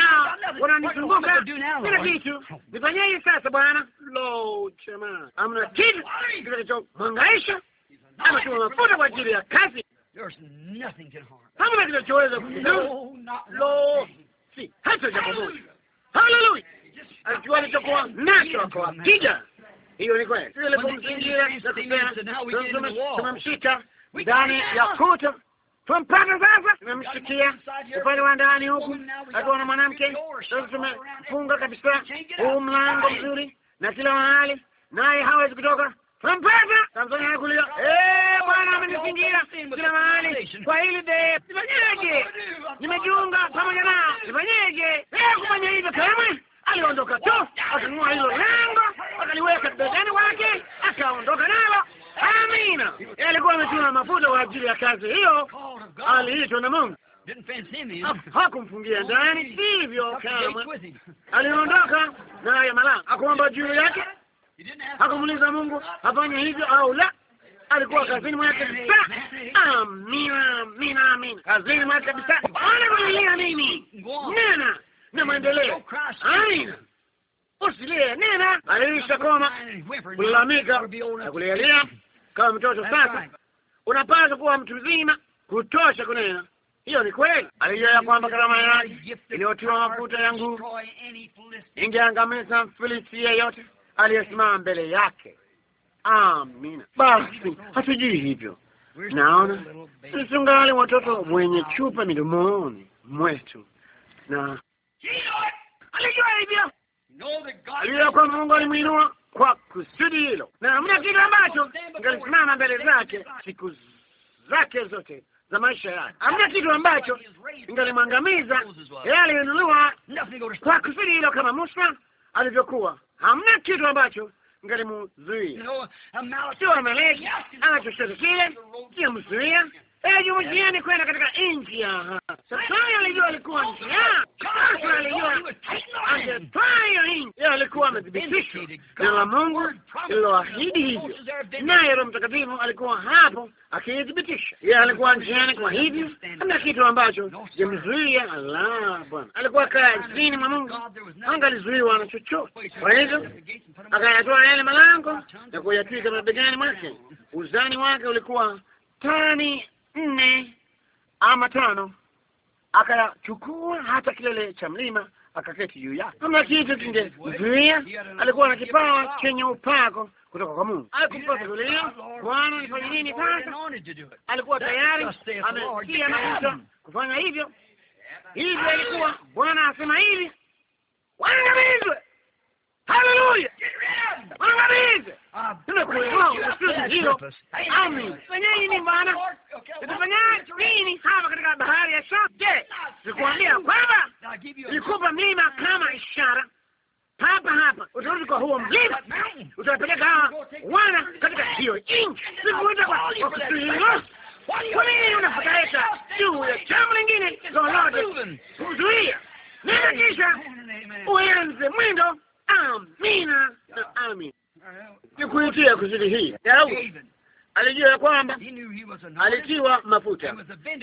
yao wananizunguka kila kitu, nifanyeje sasa Bwana? amna kitu kitakachomangaisha ama tuma mafuta kwa ajili ya kazi, hamna kinachoweza kuzuia. si hata jambo moja. Haleluya! alijua alichokuwa nacho akawapiga. Hiyo ni kweli. Tulipomzingira na kusema tumemshika ndani ya kuta, tumpata sasa, tumemshikia upande wa ndani huku, akiwa na mwanamke. Sasa tumefunga kabisa huu mlango mzuri na kila mahali, naye hawezi kutoka. Tunampata Samsoni anakulia, eh, Bwana amenizingira kila mahali, kwa hili de nifanyeje? Nimejiunga pamoja nao, nifanyeje? kufanya hivyo kamwe aliondoka tu akanua hilo lango akaliweka begani wake akaondoka nalo. Amina. Alikuwa ametuma mafuta kwa ajili ya kazi hiyo, aliitwa na Mungu, hakumfungia ndani hivyo kama Aliondoka naye malaa, hakuomba juu yake, hakumuuliza Mungu afanye hivyo au la. Alikuwa kazini mwake kabisa. Amina, amina, amina, kazini mwake kabisa. Anakulilia mimi nena na mwendeleo. Aina usilie nena, aliisha koma kulalamika na kulialia kama mtoto. Sasa unapaswa kuwa mtu mzima kutosha kunena. Hiyo ni kweli. Alijua ya kwamba karama yake iliyotiwa mafuta ya nguvu ingeangamiza mfilisti yeyote aliyesimama mbele yake. Amina. Basi hatujui hivyo, naona ngali watoto wenye chupa midomoni mwetu na alijua hivyo, alijua kwamba Mungu alimwinua kwa kusudi hilo, na hamna kitu ambacho kingalisimama mbele zake siku zake zote za maisha yake. Hamna kitu ambacho ingalimwangamiza yeye, aliinuliwa kwa kusudi hilo, kama Musa alivyokuwa. Hamna kitu ambacho ingalimuzuia, sio Amaleki ama chochote kile kimzuia hebu eh, mjieni kwenda katika nchi ya safari. Alijua alikuwa njia, sasa alijua angepaya nchi. Alikuwa amethibitishwa na la Mungu lililoahidi hivyo, naye Roho Mtakatifu alikuwa hapo akiithibitisha. Yeye alikuwa njiani, kwa hivyo hamna kitu ambacho kimzuia. La, Bwana alikuwa kazini mwa Mungu, angalizuiwa na chochote. Kwa hivyo akayatoa yale malango na kuyatwika mabegani mwake. Uzani wake ulikuwa tani nne ama tano, akachukua hata kilele cha mlima akaketi juu yake. Hamna kitu kingemzuia. Alikuwa na kipawa chenye upako kutoka kwa Mungu. Alikuwa kulia, Bwana, nifanye nini sasa? Alikuwa tayari amesikia kuta kufanya hivyo hivyo. Alikuwa Bwana asema hivi, waangamizwe Haleluya, mangamize hiyo. Amin, fanya nini Bwana? Tutafanya nini hapa katika bahari ya Shamu? Je, nikuambia kwamba nikupa mlima kama ishara hapa hapa, utarudi kwa huo mlima, utawapeleka hawa wana katika hiyo nchi. Sikuita kwa kusuiwa. Kwa nini unafutaleta juu ya jambo lingine lolote kuzuia? Nenda kisha uanze mwendo amina na amina. Nikuitia kusudi hii. Daudi alijua ya kwamba alitiwa mafuta,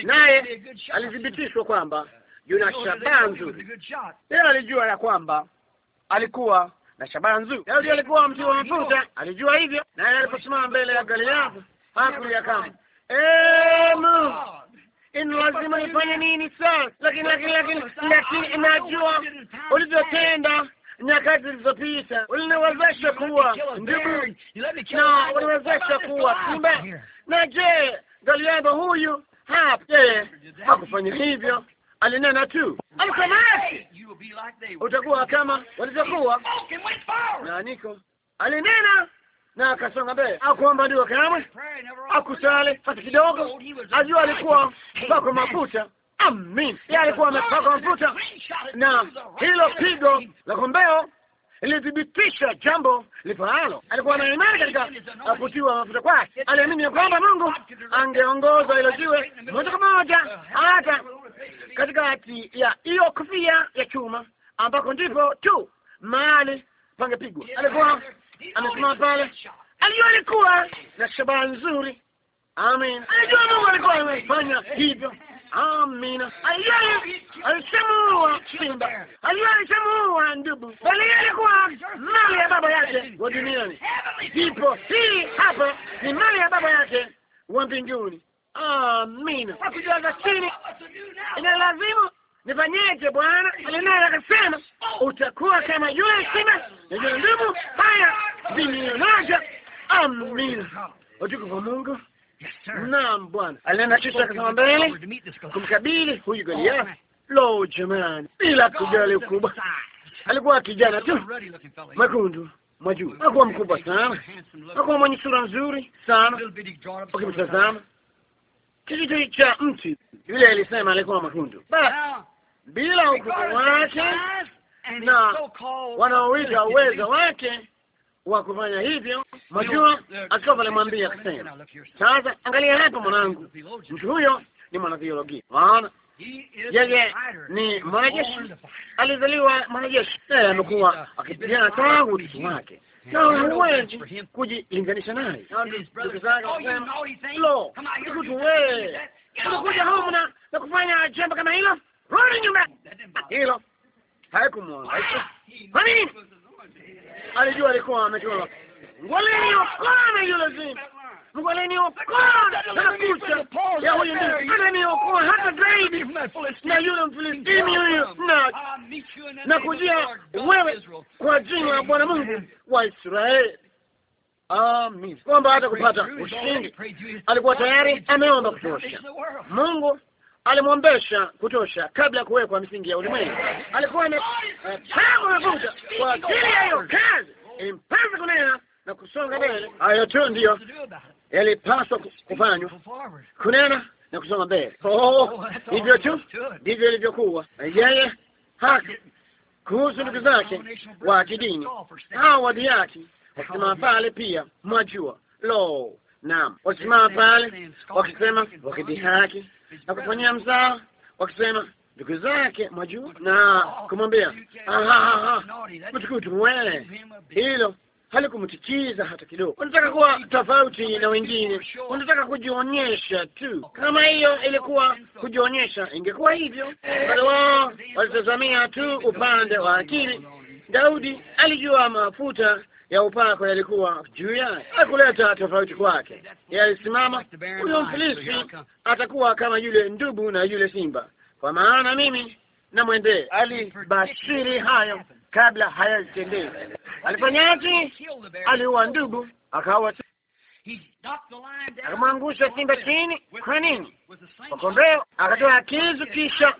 naye alithibitishwa kwamba yuna shabaha nzuri. Yeye alijua ya kwamba alikuwa na shabaha nzuri. Daudi alikuwa mtu wa mafuta, alijua hivyo, naye aliposimama mbele ya Goliathi hakulia kama eh, Inu lazima nifanye nini sasa? Lakini lakini lakini lakini, najua ulivyotenda nyakati zilizopita uliniwezesha kuwa ndugu na uliniwezesha kuwa simba. Na je, Galiano huyu hapa, yeye hakufanya hivyo, alinena tu, alikamati utakuwa kama walivyokuwa, na niko alinena na akasonga mbele, akuomba ndio kamwe, akusali hata kidogo, ajua alikuwa bako mafuta Amin. Alikuwa amepaka mafuta, na hilo pigo la kombeo ilithibitisha jambo lifaalo. Alikuwa na imani katika kutiwa mafuta kwake, aliamini ya kwamba Mungu angeongoza hilo jiwe moja kwa moja hata katikati ya hiyo kofia ya chuma, ambako ndipo tu mahali pangepigwa. Alikuwa amesimama pale, alijua alikuwa na shabaha nzuri. Amin, alijua Mungu alikuwa amefanya hivyo. Amina. Aliye alisemua simba, aliye alisemua ndubu, bali alikuwa mali ya baba yake wa duniani. Ndipo hii hapa ni mali ya baba yake wa mbinguni. Amina. Hakujaza chini, ina lazima nifanyeje Bwana? Alinaye akasema utakuwa kama yule simba na yule ndubu. Haya, vimionaja. Amina. Utukufu Mungu. Naam Bwana, alinena kisha akasema mbele kumkabili huyu oh, Goliath. Lo, jamani, bila kujali ukubwa, alikuwa kijana tu mwekundu mwajuu, hakuwa mkubwa sana, hakuwa mwenye sura nzuri sana ukimtazama kitu cha mti yule alisema alikuwa makundu bila ukubwa wake na wanaoita *laughs* uwezo wake wa kufanya hivyo, mwajua, askofu alimwambia akasema, sasa angalia hapo mwanangu, mtu huyo ni mwanatheolojia, maana yeye ni mwanajeshi, alizaliwa mwanajeshi. Yeye amekuwa uh, akipigana tangu utoto wake na huwezi kujilinganisha naye. Lo, ndugu wewe, na kufanya jambo kama hilo, rudi nyuma. Hilo haikumwona kwa nini alijua alikuwa amejua. Ngoleniokoa yule zima, ngoleniokoa na kucha ya huyu ndiye ananiokoa hata zaidi na yule Mfilistini huyu, na na kujia wewe kwa jina la Bwana Mungu wa Israeli. Amin, kwamba hata kupata ushindi alikuwa tayari ameomba kutosha Mungu alimwombesha kutosha kabla ya kuwekwa misingi ya ulimwengu. Alikuwa na tangu mafuta kwa ajili ya hiyo kazi, ilimpasa kunena na kusonga mbele. Hayo tu ndiyo yalipaswa kufanywa, kunena na kusonga mbele. Oh, hivyo tu ndivyo ilivyokuwa yeye haki kuhusu ndugu zake wa kidini au wadiyaki wakisimama pale, pia mwajua, lo, naam, wakisimama pale wakisema, wakidhihaki na kufanyia mzaa, wakisema ndugu zake mwajuu na kumwambia ah, mtukutu wewe, hilo halikumtikiza hata kidogo. Unataka kuwa tofauti na wengine, unataka kujionyesha tu. Kama hiyo ilikuwa kujionyesha, ingekuwa hivyo, bali wao walitazamia tu upande wa akili. Daudi alijua mafuta ya upako yalikuwa juu yake, hakuleta tofauti kwake. Yeye alisimama, huyo mfilisi atakuwa kama yule ndubu na yule simba, kwa maana mimi namwendee. Alibashiri hayo kabla hayajitendee. Alifanyaje? Aliua ndubu, akawa akamwangusha simba chini. Kwa nini? Kwa akatoa kizu, kisha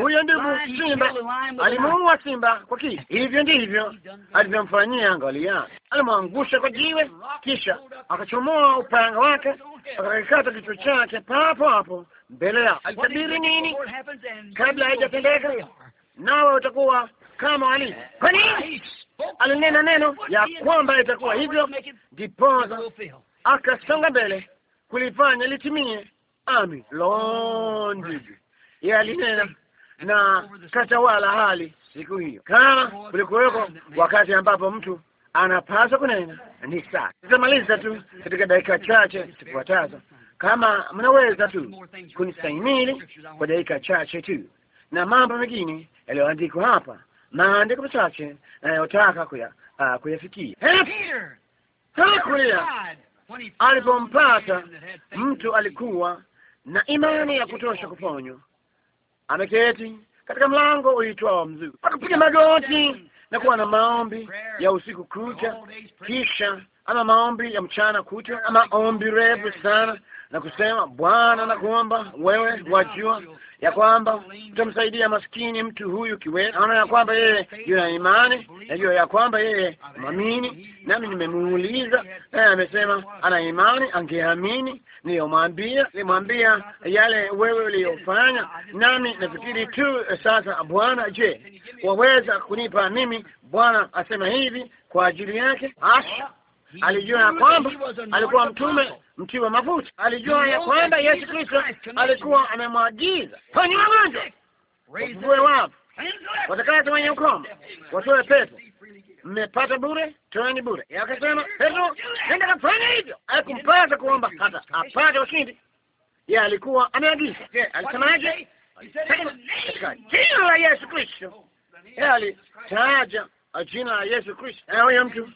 huyo ndugu simba alimuua simba kwa kii. Hivyo ndivyo alivyomfanyia Goliathi, alimwangusha kwa jiwe, kisha akachomoa upanga wake akakikata kichwa chake papo hapo mbele yao. Alitabiri nini kabla haijatendeka? Nawe utakuwa kama walivyo. Eh, kwa nini? alinena neno ya kwamba itakuwa hivyo, ndiposa akasonga mbele kulifanya litimie. Ami lo, ndivyo alinena na katawala hali siku hiyo, kama kulikuweko wakati ambapo mtu anapaswa kunena. Ni sasa tutamaliza tu katika dakika chache tukifuatazo, kama mnaweza tu kunistahimili kwa dakika chache tu, na mambo mengine yaliyoandikwa hapa maandiko machache anayotaka eh, ah, kuyafikia. Oh, alipompata mtu alikuwa na imani ya kutosha kuponywa, ameketi katika mlango uitwao mzuri, akapiga magoti na kuwa na maombi ya usiku kucha, kisha ama maombi ya mchana kucha, ama ombi refu sana, na kusema Bwana, nakuomba wewe wajua ya kwamba tutamsaidia maskini mtu huyu kiwe naona ya kwamba yeye yuna imani, najua ya kwamba yeye mwamini, nami nimemuuliza naye amesema ana imani, angeamini. Niliyomwambia nilimwambia yale wewe uliyofanya, nami nafikiri tu sasa. Bwana, je, waweza kunipa mimi? Bwana asema hivi kwa ajili yake Asha alijua ya kwamba alikuwa mtume mtiwa mafuta, alijua ya kwamba Yesu Kristo alikuwa amemwagiza fanya wagonjwa, wafugue wafu, watakate wenye ukoma, watoe pepo, mmepata bure, toeni bure. Akasema Petro, nenda kafanya hivyo. Hakumpata kuomba hata apate ushindi, yeye alikuwa ameagiza. alisemaje? Katika jina la Yesu Kristo, oh, alitaja jina la Yesu Kristo. E, na huyo mtu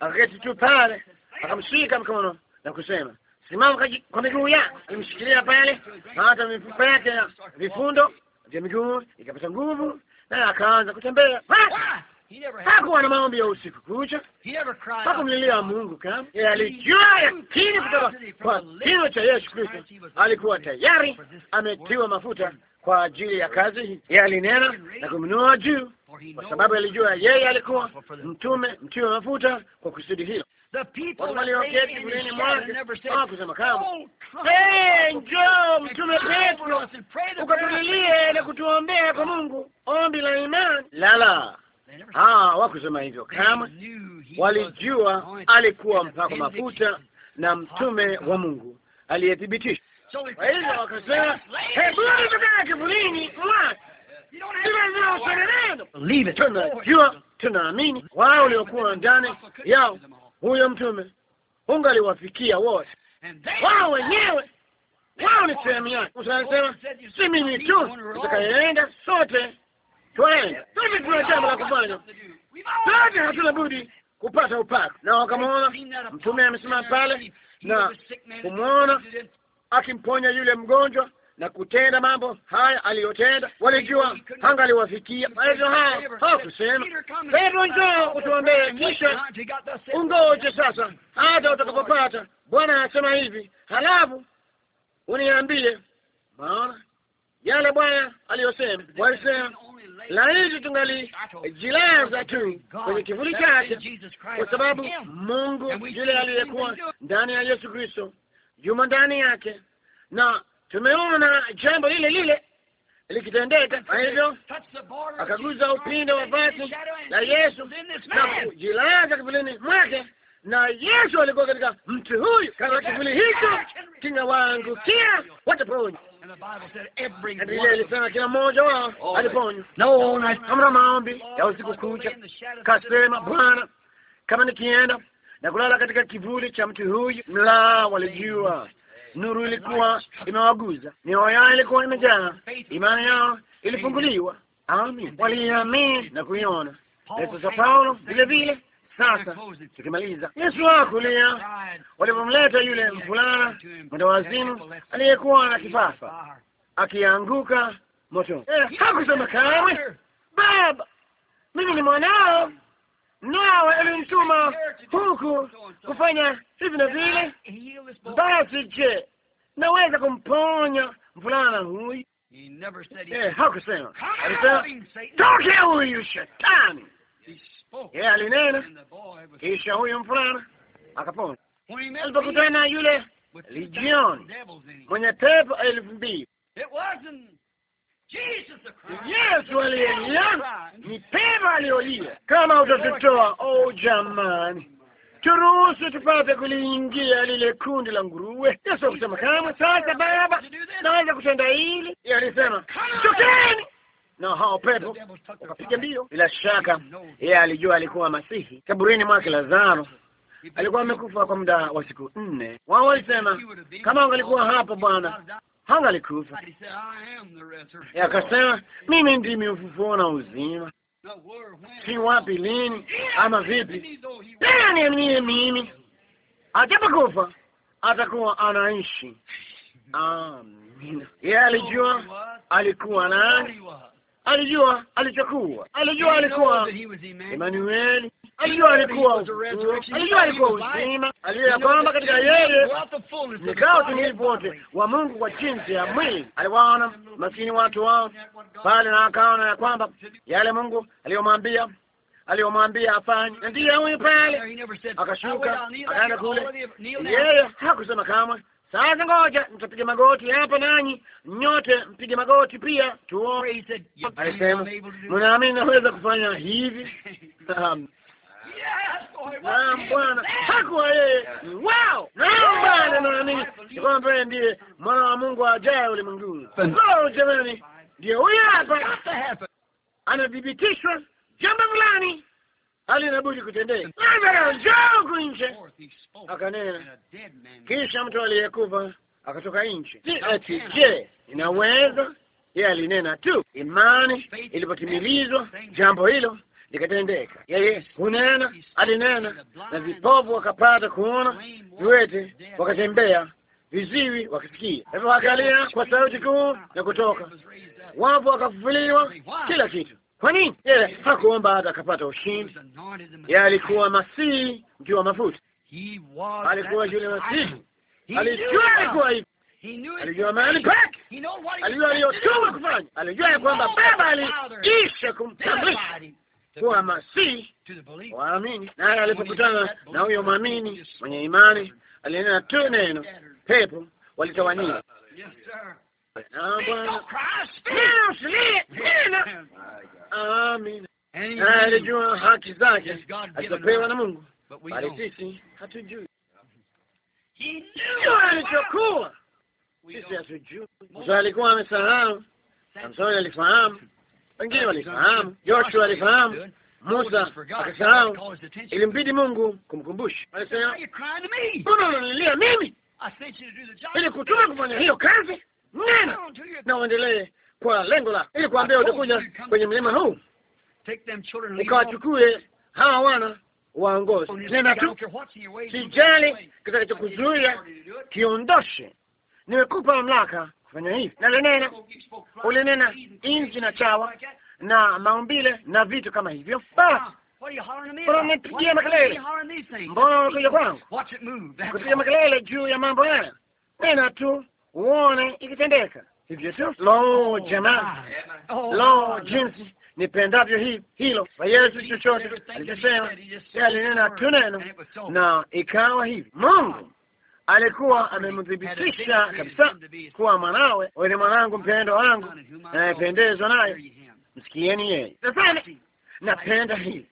akaketi tu pale, akamshika mkono na kusema simama kwa miguu yako. Alimshikilia pale, hata mifupa yake ya vifundo vya miguu ikapata nguvu, naye akaanza kutembea. Hakuwa na maombi ya usiku kucha, hakumlilia Mungu kama yeye. Alijua yakini kutoka kwa kino cha Yesu Kristo, alikuwa tayari ametiwa mafuta kwa ajili ya kazi Yeye alinena na kumnua juu kwa sababu alijua yeye alikuwa mtume mtiwe mafuta kwa kusudi hilo. Watu walioketi kulini mwake hawakusema kama oh, njoo mtume Petro ukatulilie na kutuombea kwa ah. Mungu, ombi la imani. Lala, ah, hawakusema hivyo kama Walijua alikuwa mpako mafuta na mtume wa Mungu aliyethibitisha. Kwa hivyo wakasema, hebu tukaa kivulini mwake neno. Tunajua, tunaamini wao waliokuwa ndani yao huyo mtume ungaliwafikia wote wao wenyewe wao ni sehemu yake. si mimi tu nitakayeenda, sote twaenda sote, tuna jambo la kufanya sote, hatuna budi kupata upako. Na wakamwona mtume amesimama pale na kumwona akimponya yule mgonjwa na kutenda mambo haya aliyotenda, walijua hangaliwafikia. Kwa hivyo hao hawakusema, Petro, njoo utuombee, kisha ungoje sasa hata utakapopata Bwana anasema hivi, halafu uniambie. Maana yale Bwana aliyosema, walisema laiti tungalijilaza tu kwenye kivuli chake, kwa sababu Mungu yule aliyekuwa ndani ya Yesu Kristo yuma ndani yake na tumeona jambo lile lile likitendeka. Kwa hivyo akaguza upinde wa basi na Yesu na kujilaza kivulini mwake, na Yesu alikuwa katika mtu huyu, kama kivuli hicho kinawaangukia wataponywa. Biblia ilisema kila mmoja wao oh, aliponywa. Naona amna maombi ya oh, usiku kucha, kasema Bwana, kama nikienda na kulala katika kivuli cha mtu huyu, la walijua nuru ilikuwa imewaguza, mioyo yao ilikuwa imejaa, imani yao ilifunguliwa. Amin, waliamini na kuiona. Na sasa Paulo vile vile sasa tukimaliza, Yesu hakulia walipomleta yule mvulana mwenda wazimu aliyekuwa na kifafa akianguka moto. Eh, hakusema kamwe, Baba, mimi ni mwanao nawe alimtuma huku kufanya hivi na vile. Basi je, naweza kumponya mvulana huyu? Eh, hakusema, alisema toke huyu shetani. Yeye alinena, kisha huyu mvulana akapona. Alipokutana yule lijioni mwenye pepo elfu mbili Yesu aliyelia ni pema aliyolia. Kama utatutoa oh, jamani, turuhusu tupate kuliingia lile kundi la nguruwe. Yesu akusema kama sasa, Baba, naweza kutenda hili. Alisema tokeni na hao pepo wakapiga mbio. Bila shaka yeye alijua alikuwa Masihi. Kaburini mwake Lazaro alikuwa amekufa kwa muda wa siku nne. Wao walisema kama angalikuwa hapo Bwana hanga likufa. Akasema, mimi ndimi ufufuo na uzima, si wapi, lini ama vipi. Yeye aniaminie mimi ajapokufa atakuwa anaishi. Amina. Yeye alijua alikuwa nani, alijua alichokuwa, alijua alikuwa Emanueli, alijua alikuwa alijua alikuwa uzima, alijua ya kwamba katika yeye nikao utimilifu wote wa Mungu kwa jinsi ya mwili. Aliwaona maskini watu wao pale, na akaona ya kwamba yale Mungu aliyomwambia aliyomwambia afanye, na ndiye huyu pale. Akashuka akaenda kule, yeye hakusema kamwe. Sasa ngoja nitapiga magoti hapa, nanyi nyote mpige magoti pia, tuone. Alisema, mnaamini naweza kufanya hivi? *laughs* Naam Bwana, hakuwa yeye. Wao, naam Bwana, naamini kwamba yeye ndiye mwana wa Mungu ajaye ulimwenguni. Oh jamani, ndio huyo hapa, anathibitishwa jambo fulani alinabudi kutendea. Lazaro, njoo huku nje, akanena. Kisha mtu aliyekufa akatoka nje. Ati je, inaweza? Yeye alinena tu. Imani ilipotimilizwa jambo hilo likatendeka. Yeye hunena, alinena, na vipofu wakapata kuona, viwete wakatembea, viziwi wakasikia. Hivyo wakalia kwa sauti kuu na kutoka, wapo wakafufuliwa, kila kitu. Kwa nini? Yeye hakuomba hata akapata ushindi. Yeye alikuwa masihi ndio mafuta, alikuwa yule masihi, alijua kuwa hivi alijua mahali pake, alijua aliyotumwa kufanya, alijua ya kwamba Baba aliisha kumtambulisha kuwa Masihi waamini. Naye alipokutana na huyo mwamini mwenye imani, alinena tu neno, pepo walitawanyika. Naye alijua haki zake alizopewa na Mungu, bali sisi hatujui alichokuwa. Sisi hatujui. Alikuwa amesahau, Samsoni alifahamu wengine walifahamu, Joshua alifahamu, Musa akasahau, ilimbidi Mungu kumkumbusha. Alisema, mbona unanilia mimi? Ili kutuma kufanya hiyo kazi, nena na uendelee kwa lengo la ili kuambia utakuja kwenye mlima huu ukawachukue hawa wana waongozi. Nena tu, sijali kitakachokuzuia, kiondoshe. Nimekupa mamlaka kufanya hivi, nalinena ulinena inzi na chawa na maumbile na vitu kama hivyo. Basi mbona nipigia makelele? Mbona unakuja kwangu kupiga makelele juu ya mambo haya? Nena tu uone ikitendeka hivyo tu. Lo, jamaa, lo, jinsi nipendavyo hii hilo. Kwa Yesu chochote alichosema, alinena tu neno na ikawa hivi. Mungu alikuwa amemthibitisha kabisa kuwa mwanawe, wewe ni mwanangu mpendo wangu anayependezwa naye, msikieni yeye. Sasa napenda hili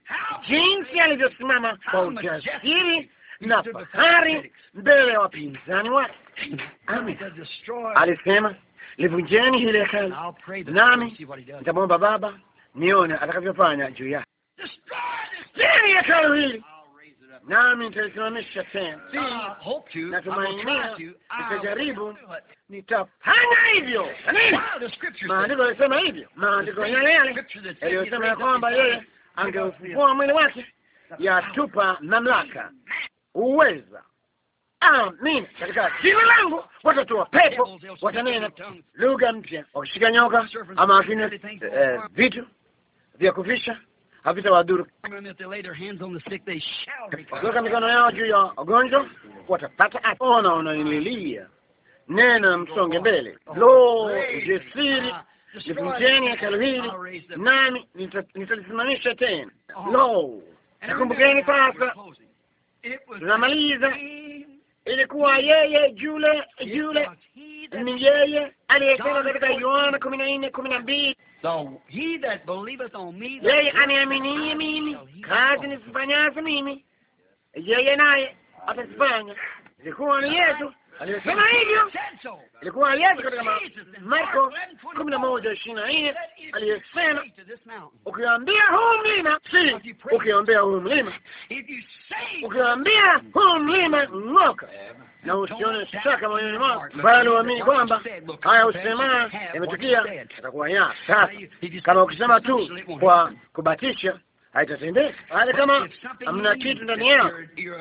jinsi alivyosimama kwa ujasiri na fahari mbele ya wapinzani wake. Amen, alisema livunjeni hili hekalu, nami nitamwomba Baba nione atakavyofanya juu yake. Yaani hekalu hili nami nitaisimamisha tena. Si natumainia, nitajaribu, nitafanya hivyo. Maandiko yalisema hivyo, maandiko yale yale yaliyosema ya kwamba yeye angeufufua mwili wake, yatupa mamlaka, uweza. Amina, katika jina langu watatoa pepo, watanena lugha mpya, wakishika nyoka ama wakinywa eh, vitu vya kufisha havitawadhuru. Wakiweka mikono yao juu ya wagonjwa watapata afya. Ona unanililia nena, msonge mbele. Lo, jesiri Livunjeni hekalu hili nami nitalisimamisha tena. Lo, nakumbukeni sasa, tunamaliza. Ilikuwa yeye yule yule, ni yeye aliyesema katika Yohana kumi na nne kumi na mbili yeye aniaminie mimi, kazi nizifanyazo mimi, yeye naye atazifanya. Zikuwa ni Yesu Aliyosema hivyo ilikuwa katika Marko kumi na moja ishirini na nne aliyesema, ukiambia huu mlima si, ukiambia huu mlima, ukiambia huu mlima ng'oka, na usione shaka moyoni mwako, bali uamini kwamba haya usisemaa yametukia, atakuwa ya sasa. Kama ukisema tu kwa kubatisha haitatendeka. Hata kama hamna kitu ndani yao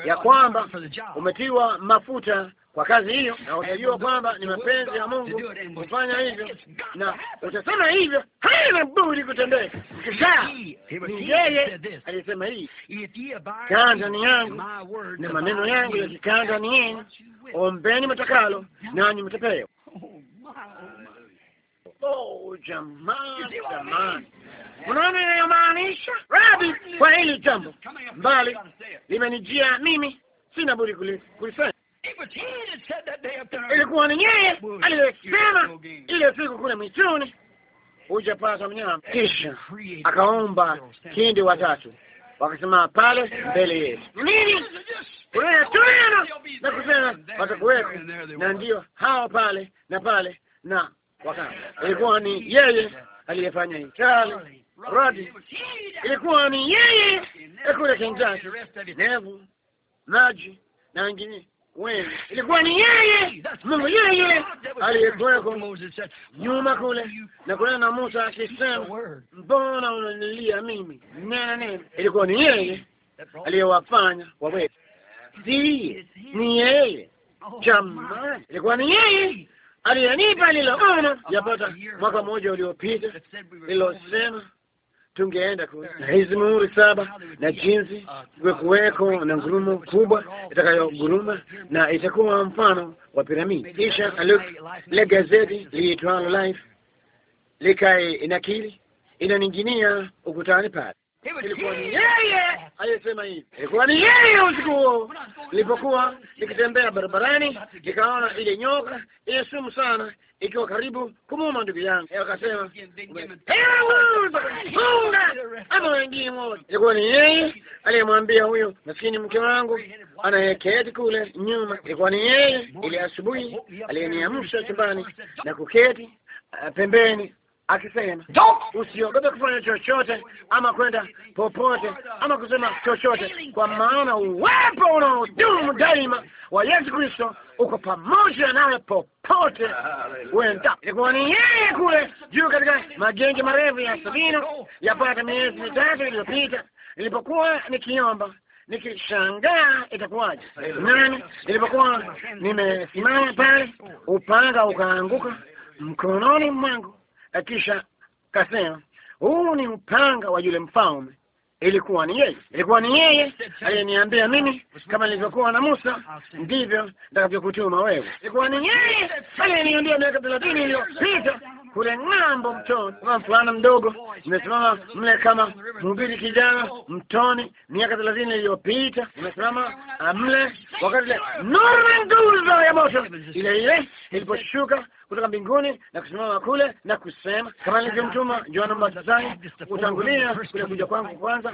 ya kwamba umetiwa mafuta kwa kazi hiyo, na utajua kwamba ni mapenzi ya Mungu kufanya hivyo, na utasema hivyo, haina budi kutendeka. Kisha ni yeye aliyesema hii, kaa ndani yangu na maneno yangu yakikaa ndani yenu, ombeni mtakalo nanyi mtapewa. Oh, oh, oh jamani, jamani, unaona inayomaanisha rabi kwa hili jambo mbali limenijia mimi, sina budi kulisema ilikuwa ni yeye aliyesema ile siku kule mwituni, hujapata mnyama. Kisha akaomba kindi watatu, wakasema pale mbele yetu nini tunena na kusema watakuweko, na ndio hao pale na pale na wakati. Ilikuwa ni yeye aliyefanya ikali radi, ilikuwa ni yeye kule Kentucky, nevu maji na wengine ilikuwa ni yeye Mungu yeye aliyekuweko nyuma kule na kule na Musa akisema, mbona unanilia mimi? Nena nena, ilikuwa ni yeye aliyewafanya wawe si ni yeye jamani, ilikuwa ni yeye aliyenipa lilo ono yapata mwaka mmoja uliopita lilosema tungeenda na hizi muhuri saba na jinsi kuwekuweko na ngurumo kubwa itakayoguruma na itakuwa mfano wa piramidi. Kisha le gazeti liitwalo Life likae inakili inaninginia ukutani pale ilikuwa aliyesema hivi. Ilikuwa ni yeye usiku huo, nilipokuwa nikitembea barabarani, nikaona ile nyoka ile sumu sana ikiwa karibu kumuma ndugu yangu, akasema ama wengine Ilikuwa ni yeye aliyemwambia huyo maskini mke wangu anayeketi kule nyuma. Ilikuwa ni yeye ile asubuhi aliyeniamsha chumbani na kuketi ah, pembeni akisema usiogope kufanya chochote ama kwenda popote ama kusema chochote, kwa maana uwepo unaodumu daima wa Yesu Kristo uko pamoja nawe popote uenda. Ilikuwa ni yeye kule juu katika majengo marefu ya Sabina, yapata miezi mitatu iliyopita, nilipokuwa nikiomba nikishangaa itakuwaje, nani, nilipokuwa nimesimama pale, upanga ukaanguka mkononi mwangu kisha kasema huu ni upanga wa yule mfalme. Ilikuwa ni yeye, ilikuwa ni yeye aliyeniambia mimi, kama nilivyokuwa na Musa ndivyo nitakavyokutuma wewe. Ilikuwa ni yeye aliyeniambia miaka thelathini iliyopita kule ng'ambo mtoni, kama mvulana mdogo. Nimesimama mle kama mhubiri kijana mtoni miaka thelathini iliyopita. Nimesimama ah, mle wakati ile nuru na ya moto ile ile iliposhuka kutoka mbinguni na kusimama kule na kusema, kama nilivyomtuma Yohana Mbatizaji kutangulia kule kuja kwangu kwanza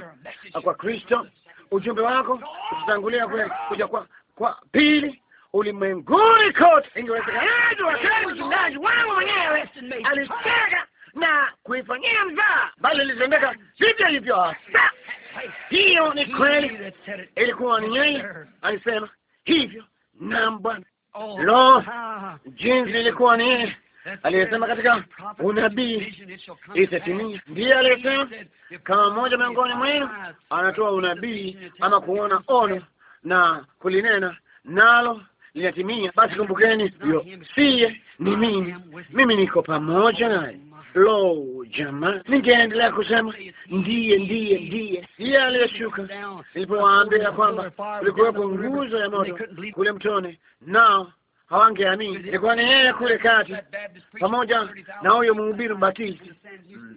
ah, kwa Kristo, ujumbe wako utatangulia kule kuja kwa kwa pili ulimwenguni kote. Ingewezekanaje wakati mchungaji wangu mwenyewe alitega na kuifanyia mzaa, bali ilitendeka vivyo hivyo hasa. Hiyo ni kweli, ilikuwa ni yeye alisema hivyo. Na Bwana, oh, lo, jinsi ilikuwa ni yeye aliyesema katika unabii itatimia. Ndiye aliyesema kama mmoja miongoni mwenu anatoa unabii ama kuona ono na kulinena nalo linatimia, basi kumbukeni, yo siye ni mimi, mimi niko pamoja naye. Lo, jamaa, ningeendelea kusema ndiye, ndiye, ndiye iye aliyeshuka. Nilipowaambia kwamba kulikuwepo nguzo ya moto kule mtoni, nao hawangeamini. Ilikuwa ni yeye kule kati, pamoja na huyo mhubiri mbatizi, mm,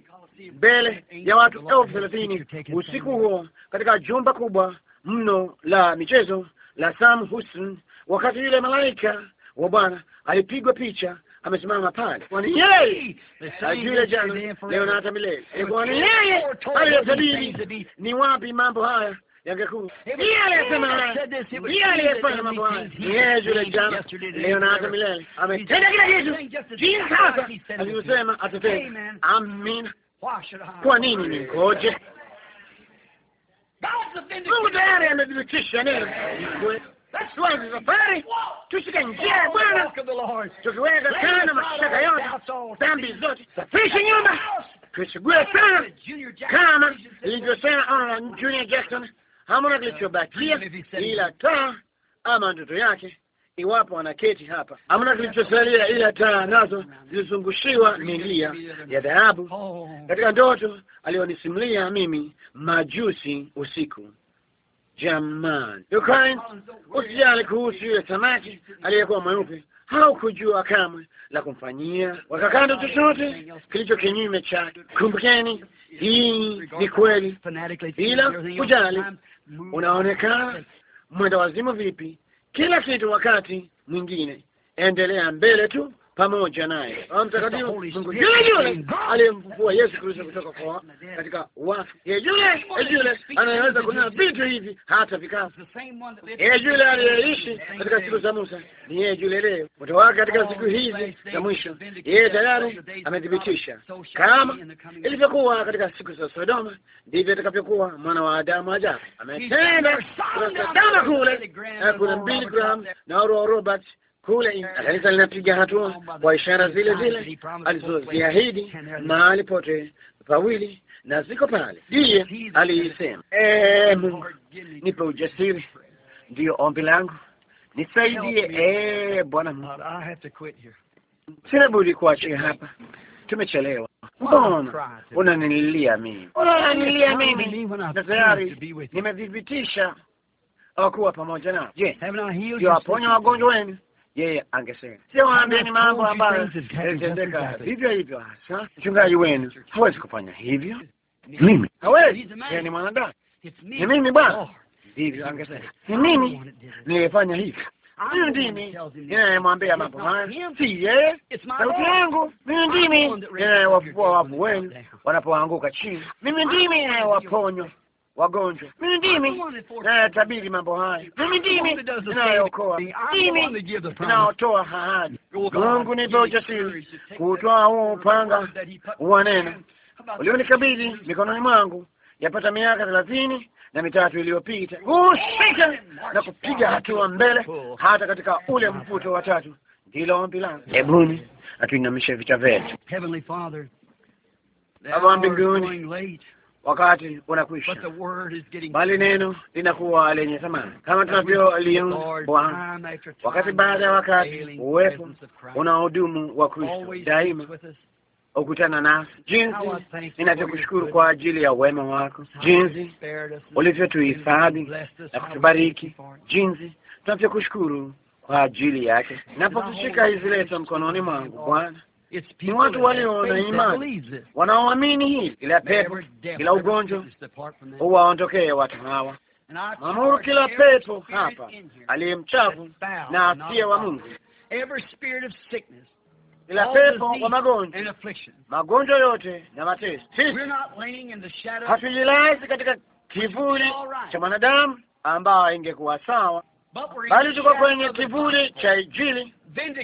mbele ya watu elfu thelathini usiku huo, katika jumba kubwa mno la michezo la Sam Houston wakati yule malaika wa Bwana alipigwa picha amesimama pale, kwani yeye ajule jana leo na hata milele, kwani yeye aliyetabiri ni wapi mambo haya yangekuwa. Ndiye aliyesema haya, ndiye aliyefanya mambo haya, ni yeye yule jana leo na hata milele. Ametenda kila kitu jinsi sasa alivyosema atatenda. Amina. Kwa nini ningoje? Mungu tayari amethibitisha neno tuanze safari, tushike njia ya Bwana, tukiweka sana mashtaka yote, dhambi zote, safishe nyumba, tuichugule sana, kama ilivyosema Junior Jackson, hamna kilichobakia ila taa ama ndoto yake iwapo anaketi hapa, amna kilichosalia ila taa, nazo zilizungushiwa milia ya dhahabu. Katika ndoto aliyonisimulia mimi majusi usiku Jamani, Ukraine, usijali kuhusu yule samaki aliyekuwa mweupe, haukujua kamwe la kumfanyia wakakando chochote kilicho kinyume chake. Kumbukeni, hii ni kweli, bila kujali unaonekana mwenda wazimu vipi, kila kitu. Wakati mwingine endelea mbele tu pamoja naye. Mtakatifu Mungu yule yule aliyemfufua Yesu Kristo kutoka kwa katika wafu, yeye yule yule anaweza kunena vitu hivi hata vikafa, yeye yule aliyeishi katika siku za Musa ni yeye yule leo, moto wake katika siku hizi za mwisho. Yeye tayari amethibitisha, kama ilivyokuwa katika siku za Sodoma, ndivyo atakavyokuwa mwana wa Adamu ajapo. Ametenda kuna Sodoma kule, kuna Billy Graham na Oral Roberts kule kanisa linapiga hatua kwa ishara zile zile alizoziahidi mahali pote pawili, na ziko pale. Ndiye aliisema, ee Mungu, nipe ujasiri, ndiyo ombi langu, nisaidie. Ee Bwana Mungu, sina budi kuachia hapa, tumechelewa. Mbona unanililia mimi, unanililia mimi, na tayari nimethibitisha kuwa pamoja nao. Je, ndiyo waponya wagonjwa wenu yeye angesema sio, mambo ambayo yalitendeka vivyo hivyo hasa. Mchungaji wenu hawezi kufanya hivyo, mimi hawezi, yeye ni mwanadamu. Ni mimi Bwana, hivyo angesema ni mimi nilifanya hivyo. Mimi ndimi ninayemwambia mambo haya, si yeye. Sauti yangu mimi ndimi ninayewafufua wafu wenu wanapoanguka chini, mimi ndimi ninayewaponywa wagonjwa. Mimi ndimi nayatabiri eh, mambo haya, mimi ndimi nayokoa, mimi ninaotoa ahadi. Mungu nipe ujasiri kuutoa huo upanga wa neno ulionikabidhi mikononi mwangu yapata miaka thelathini na mitatu iliyopita, kushika na kupiga hatua mbele hata katika ule mvuto wa tatu. Ndilo ombi langu. Hebuni atuinamishe vichwa vyetu. Baba wa mbinguni wakati unakwisha, bali neno linakuwa lenye thamani kama tunavyoliona Bwana wakati baada ya wakati. Uwepo unaodumu wa Kristo daima ukutana nasi. Jinsi ninavyokushukuru kwa ajili ya uwema wako, jinsi ulivyotuhifadhi na kutubariki, jinsi tunavyokushukuru kwa ajili yake. Napokushika hizi leta mkononi mwangu Bwana ni watu walio na imani wanaoamini hili. Kila pepo, kila ugonjwa huwa waondokee watu hawa. mamuru kila pepo hapa aliye mchafu na asiye wa Mungu, kila pepo wa magonjwa, magonjwa yote na mateso. Hatujilazi katika kivuli cha mwanadamu ambayo ingekuwa sawa, bali tuko kwenye kivuli cha Injili.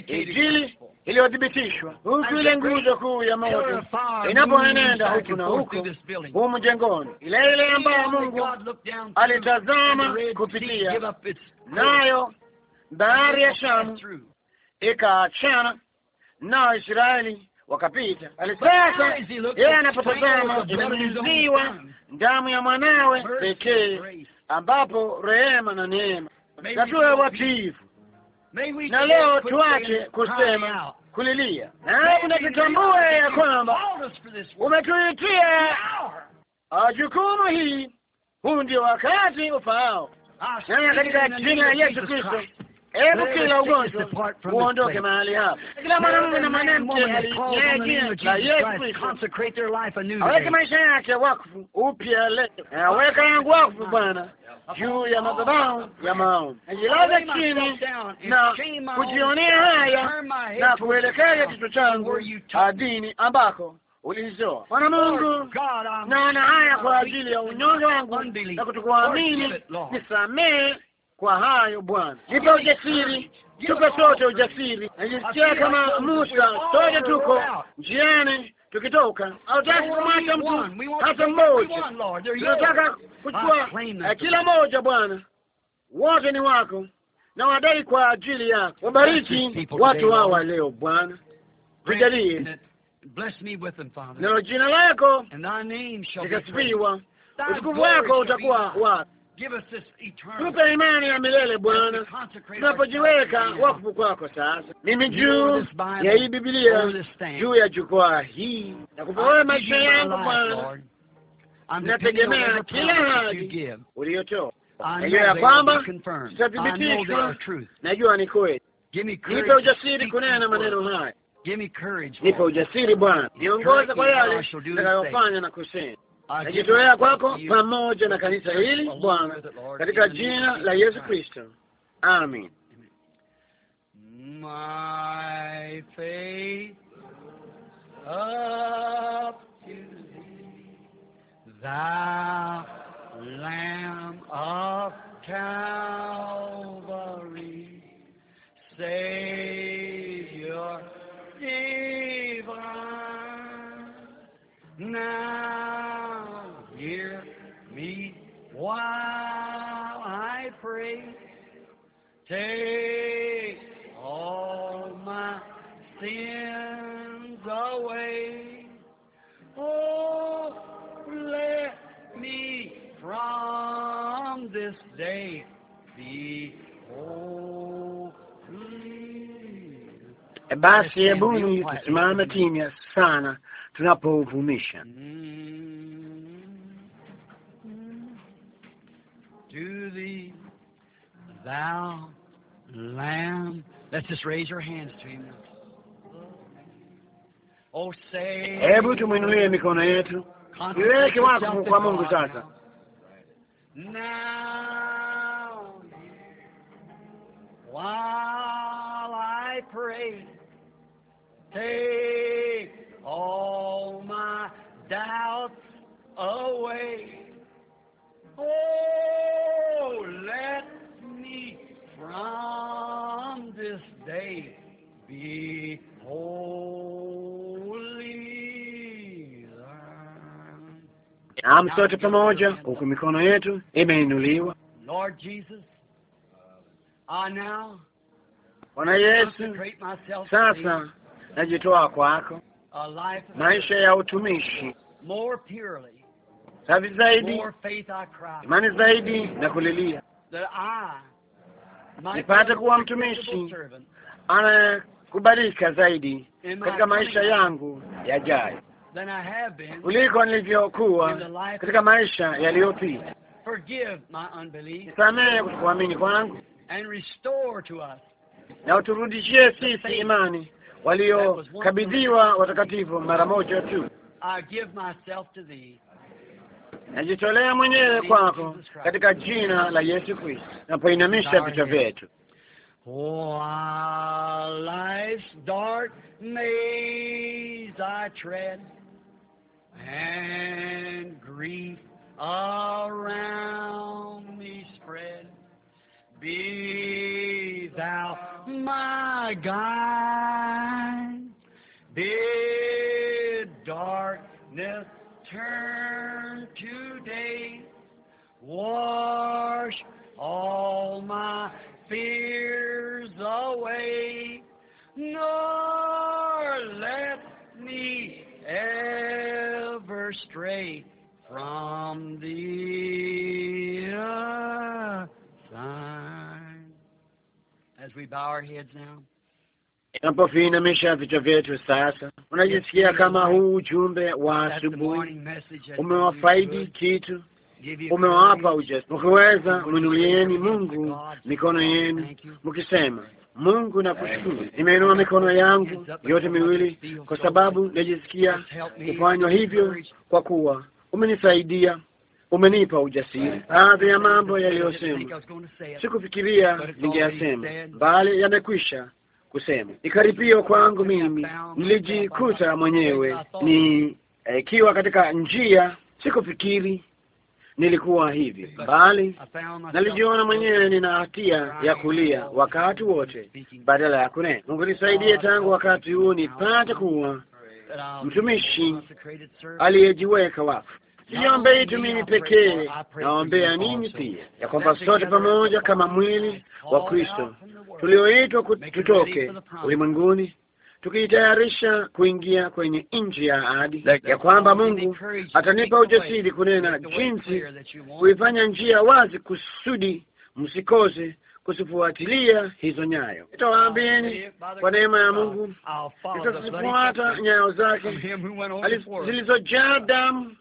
Injili iliyothibitishwa, huku ile nguzo kuu ya moto inapoenenda huku na huku humu jengoni, ile ile ambayo Mungu alitazama kupitia nayo bahari ya Shamu ikaachana nao Israeli wakapita. Sasa yeye anapotazama imenyunyiziwa damu ya mwanawe pekee, ambapo rehema na neema natuwe watiifu, na leo tuache kusema kulilia, na unatutambua ya kwamba umetuitia ah, jukumu hii. Huu ndio wakati ufaao, ah, na katika jina la Yesu Kristo, hebu kila ugonjwa uondoke mahali hapa, kila mwanamume na mwanamke la Yesu Kristo aweke maisha yake wakfu upya leo, aweka yangu wakfu Bwana juu ya madhabahu ya maombi, najilaza chini na kujionea haya na kuelekeza kichwa changu adini ambako ulizoa Bwana Mungu, naona haya kwa ajili ya unyonge wangu na kutokuamini. Nisamehe kwa hayo Bwana, nipe ujasiri, tupe sote ujasiri. Najisikia kama Musa, sote tuko njiani tukitoka, hatutaki kumwacha mtu hata mmoja. Tunataka kuchukua ah, eh, kila moja Bwana, wote ni wako na wadai kwa ajili yako. Wabariki watu hawa leo Bwana, tujalie nalo jina lako likasifiwa, utukufu wako utakuwa wapi tupe imani ya milele Bwana, tunapojiweka wakfu kwako. Sasa mimi juu ya hii Biblia, juu ya jukwaa hii, nakupa wewe maisha yangu Bwana, nategemea kila hali uliyotoa. Najua ya kwamba zitathibitishwa, najua ni kweli. Nipe ujasiri kunena maneno haya, nipe ujasiri Bwana, niongoza kwa yale nitakayofanya na kusema najitolea kwako pamoja na kanisa hili Bwana, katika jina la Yesu Kristo, amen. My faith up to thee, thou Lamb of Calvary, Savior divine. Now hear me while I pray. Take all my sins away. Oh, let me from this day be holy. Basi hebu nisimame kimya sana tunapovumisha to thee, thou lamb. Let's just raise your hands to him. Oh, say. Hebu tumwinulie mikono yetu, iweke wako kwa Mungu sasa. Now, while I pray, take all my doubts away. Oh, let me from this day be holy. Msote pamoja huku mikono yetu Lord Jesus, I now Bwana Yesu, sasa najitoa kwako maisha ya utumishi safi zaidi, imani zaidi na kulilia, nipate kuwa mtumishi anakubalika zaidi katika maisha yangu yajayo kuliko nilivyokuwa katika maisha yaliyopita. Nisamehe kutokuamini kwangu na uturudishie sisi imani waliokabidhiwa watakatifu mara moja tu. Najitolea mwenyewe kwako katika jina la Yesu Kristo, napoinamisha vichwa vyetu. life's dark maze I tread and grief around me spread be thou my guide. Bid darkness turn to day. Wash all my fears away. Nor let me ever stray from thee. Uh, Tunapoviinamisha vichwa vyetu sasa, unajisikia kama huu ujumbe wa asubuhi umewafaidi kitu, umewapa ujasiri. Mkiweza, mwinulieni Mungu mikono yenu mkisema, Mungu nakushukuru, nimeinua mikono yangu yote miwili kwa sababu najisikia kufanywa hivyo, kwa kuwa umenisaidia umenipa ujasiri. Baadhi ya mambo yaliyosema sikufikiria ningeyasema, bali yamekwisha kusema. Ikaribio kwangu mimi, nilijikuta mwenyewe ni eh, ikiwa katika njia sikufikiri nilikuwa hivi, bali nalijiona mwenyewe nina hatia ya kulia wakati wote badala ya kunena. Mungu nisaidie, tangu wakati huu nipate kuwa um, mtumishi aliyejiweka wafu Siombei tu mimi pekee, naombea ninyi pia, ya kwamba sote pamoja kama mwili wa Kristo tulioitwa tutoke ulimwenguni tukijitayarisha kuingia kwenye nchi ya ahadi, ya kwamba Mungu atanipa ujasiri kunena jinsi kuifanya njia wazi, kusudi msikose kusifuatilia hizo nyayo. Itawaambieni kwa neema ya Mungu nitazifuata nyayo zake zilizojaa damu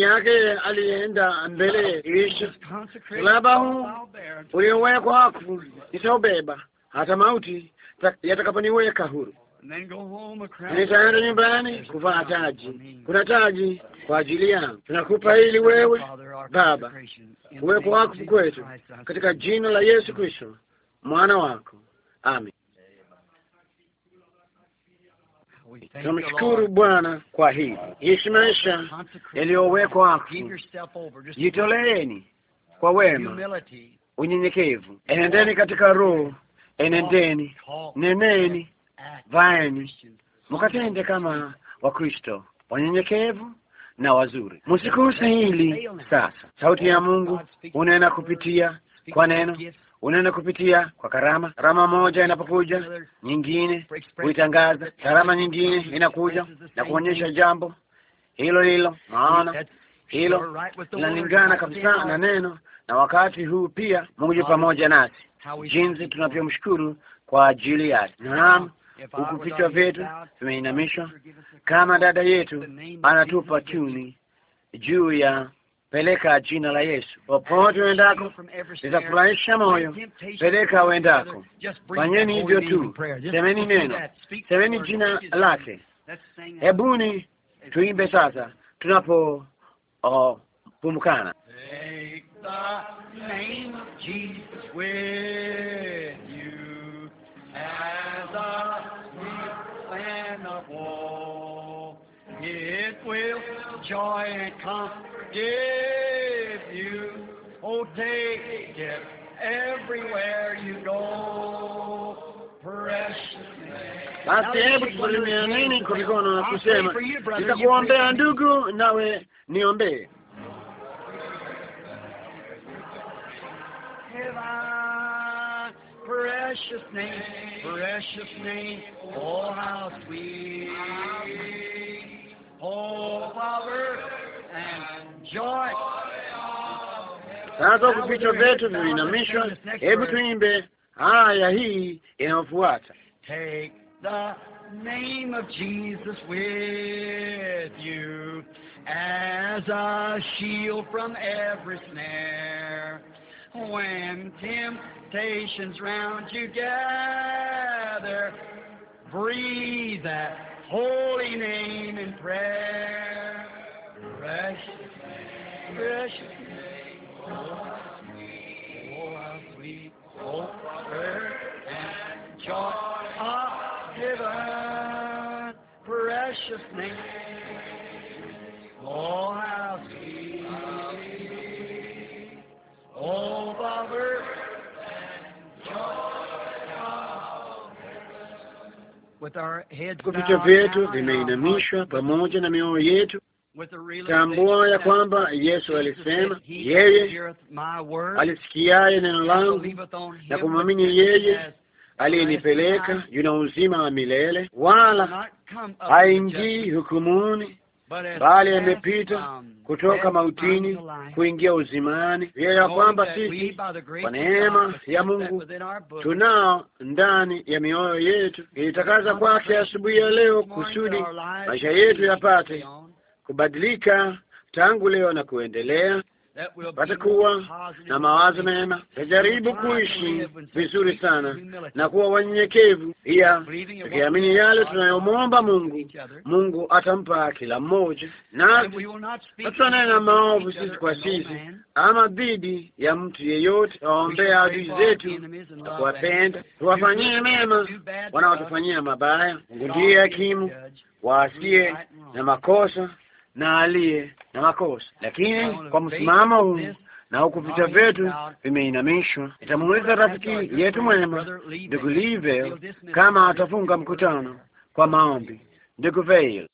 yake alienda mbele, kisha msalaba huu uliowekwa wakfu nitaubeba hata mauti yatakaponiweka huru. Nitaenda nyumbani kuvaa taji. Kuna taji kwa ajili yangu. Tunakupa ili wewe Baba uwekwa wakfu kwetu, katika jina la Yesu Kristo mwana wako, amen. Tunamshukuru Bwana kwa hili. Ishi maisha yaliyowekwa hapo, jitoleeni kwa wema, unyenyekevu, enendeni katika roho, enendeni, neneni, vaeni, mukatende kama Wakristo wanyenyekevu na wazuri. Msikose hili sasa. Sauti ya Mungu unena kupitia kwa neno unena kupitia kwa karama. Karama moja inapokuja, nyingine huitangaza, karama nyingine inakuja na kuonyesha jambo hilo hilo. Maana hilo linalingana kabisa na neno na wakati huu pia. Mungu pamoja nasi, jinsi tunavyomshukuru kwa ajili yake. Naam, huku vichwa vyetu vimeinamishwa, kama dada yetu anatupa tuni juu ya peleka jina la Yesu popote uendako, litafurahisha moyo. Peleka uendako, fanyeni hivyo tu, semeni neno, semeni jina lake. Hebuni tuimbe sasa tunapo oh, pumukana It will joy and comfort give you. Oh, take it everywhere you go. Basi hebu tusalimia nini kuliko na kusema nitakuombea ndugu, nawe niombee. precious name, precious name, oh how sweet. Oh and Sasa kwa vichwa vyetu viinamishwa, hebu tuimbe haya hii inayofuata. Take the name of Jesus with you as a shield from every snare. When temptations round you gather, breathe that holy name in prayer precious name, precious name, oh sweet, oh sweet, oh earth and joy of heaven, precious name, oh how sweet, oh earth and joy. With our heads vyetu vimeinamishwa pamoja na mioyo yetu Tambua ya kwamba Yesu alisema, yeye alisikiaye neno langu na kumwamini yeye aliyenipeleka yuna uzima wa milele, wala haingii hukumuni, bali amepita um, kutoka mautini kuingia uzimani. Yeye ya kwamba sisi kwa neema ya Mungu tunao ndani ya mioyo yetu, ilitakaza kwake asubuhi ya leo kusudi maisha yetu yapate kubadilika tangu leo na kuendelea. Watakuwa na mawazo mema, tajaribu kuishi vizuri sana na kuwa wanyenyekevu pia, tukiamini yale tunayomwomba Mungu, Mungu atampa kila mmoja, na tutanena maovu sisi kwa sisi ama dhidi ya mtu yeyote. waombea adui zetu na kuwapenda, tuwafanyie mema wanaotufanyia mabaya. Mungu ndiye hakimu, waasie na makosa na aliye na makosa, lakini kwa msimamo huu na huku vita vyetu vimeinamishwa, nitamuuliza rafiki yetu mwema ndugu Liveo kama atafunga mkutano kwa maombi. Ndugu Veil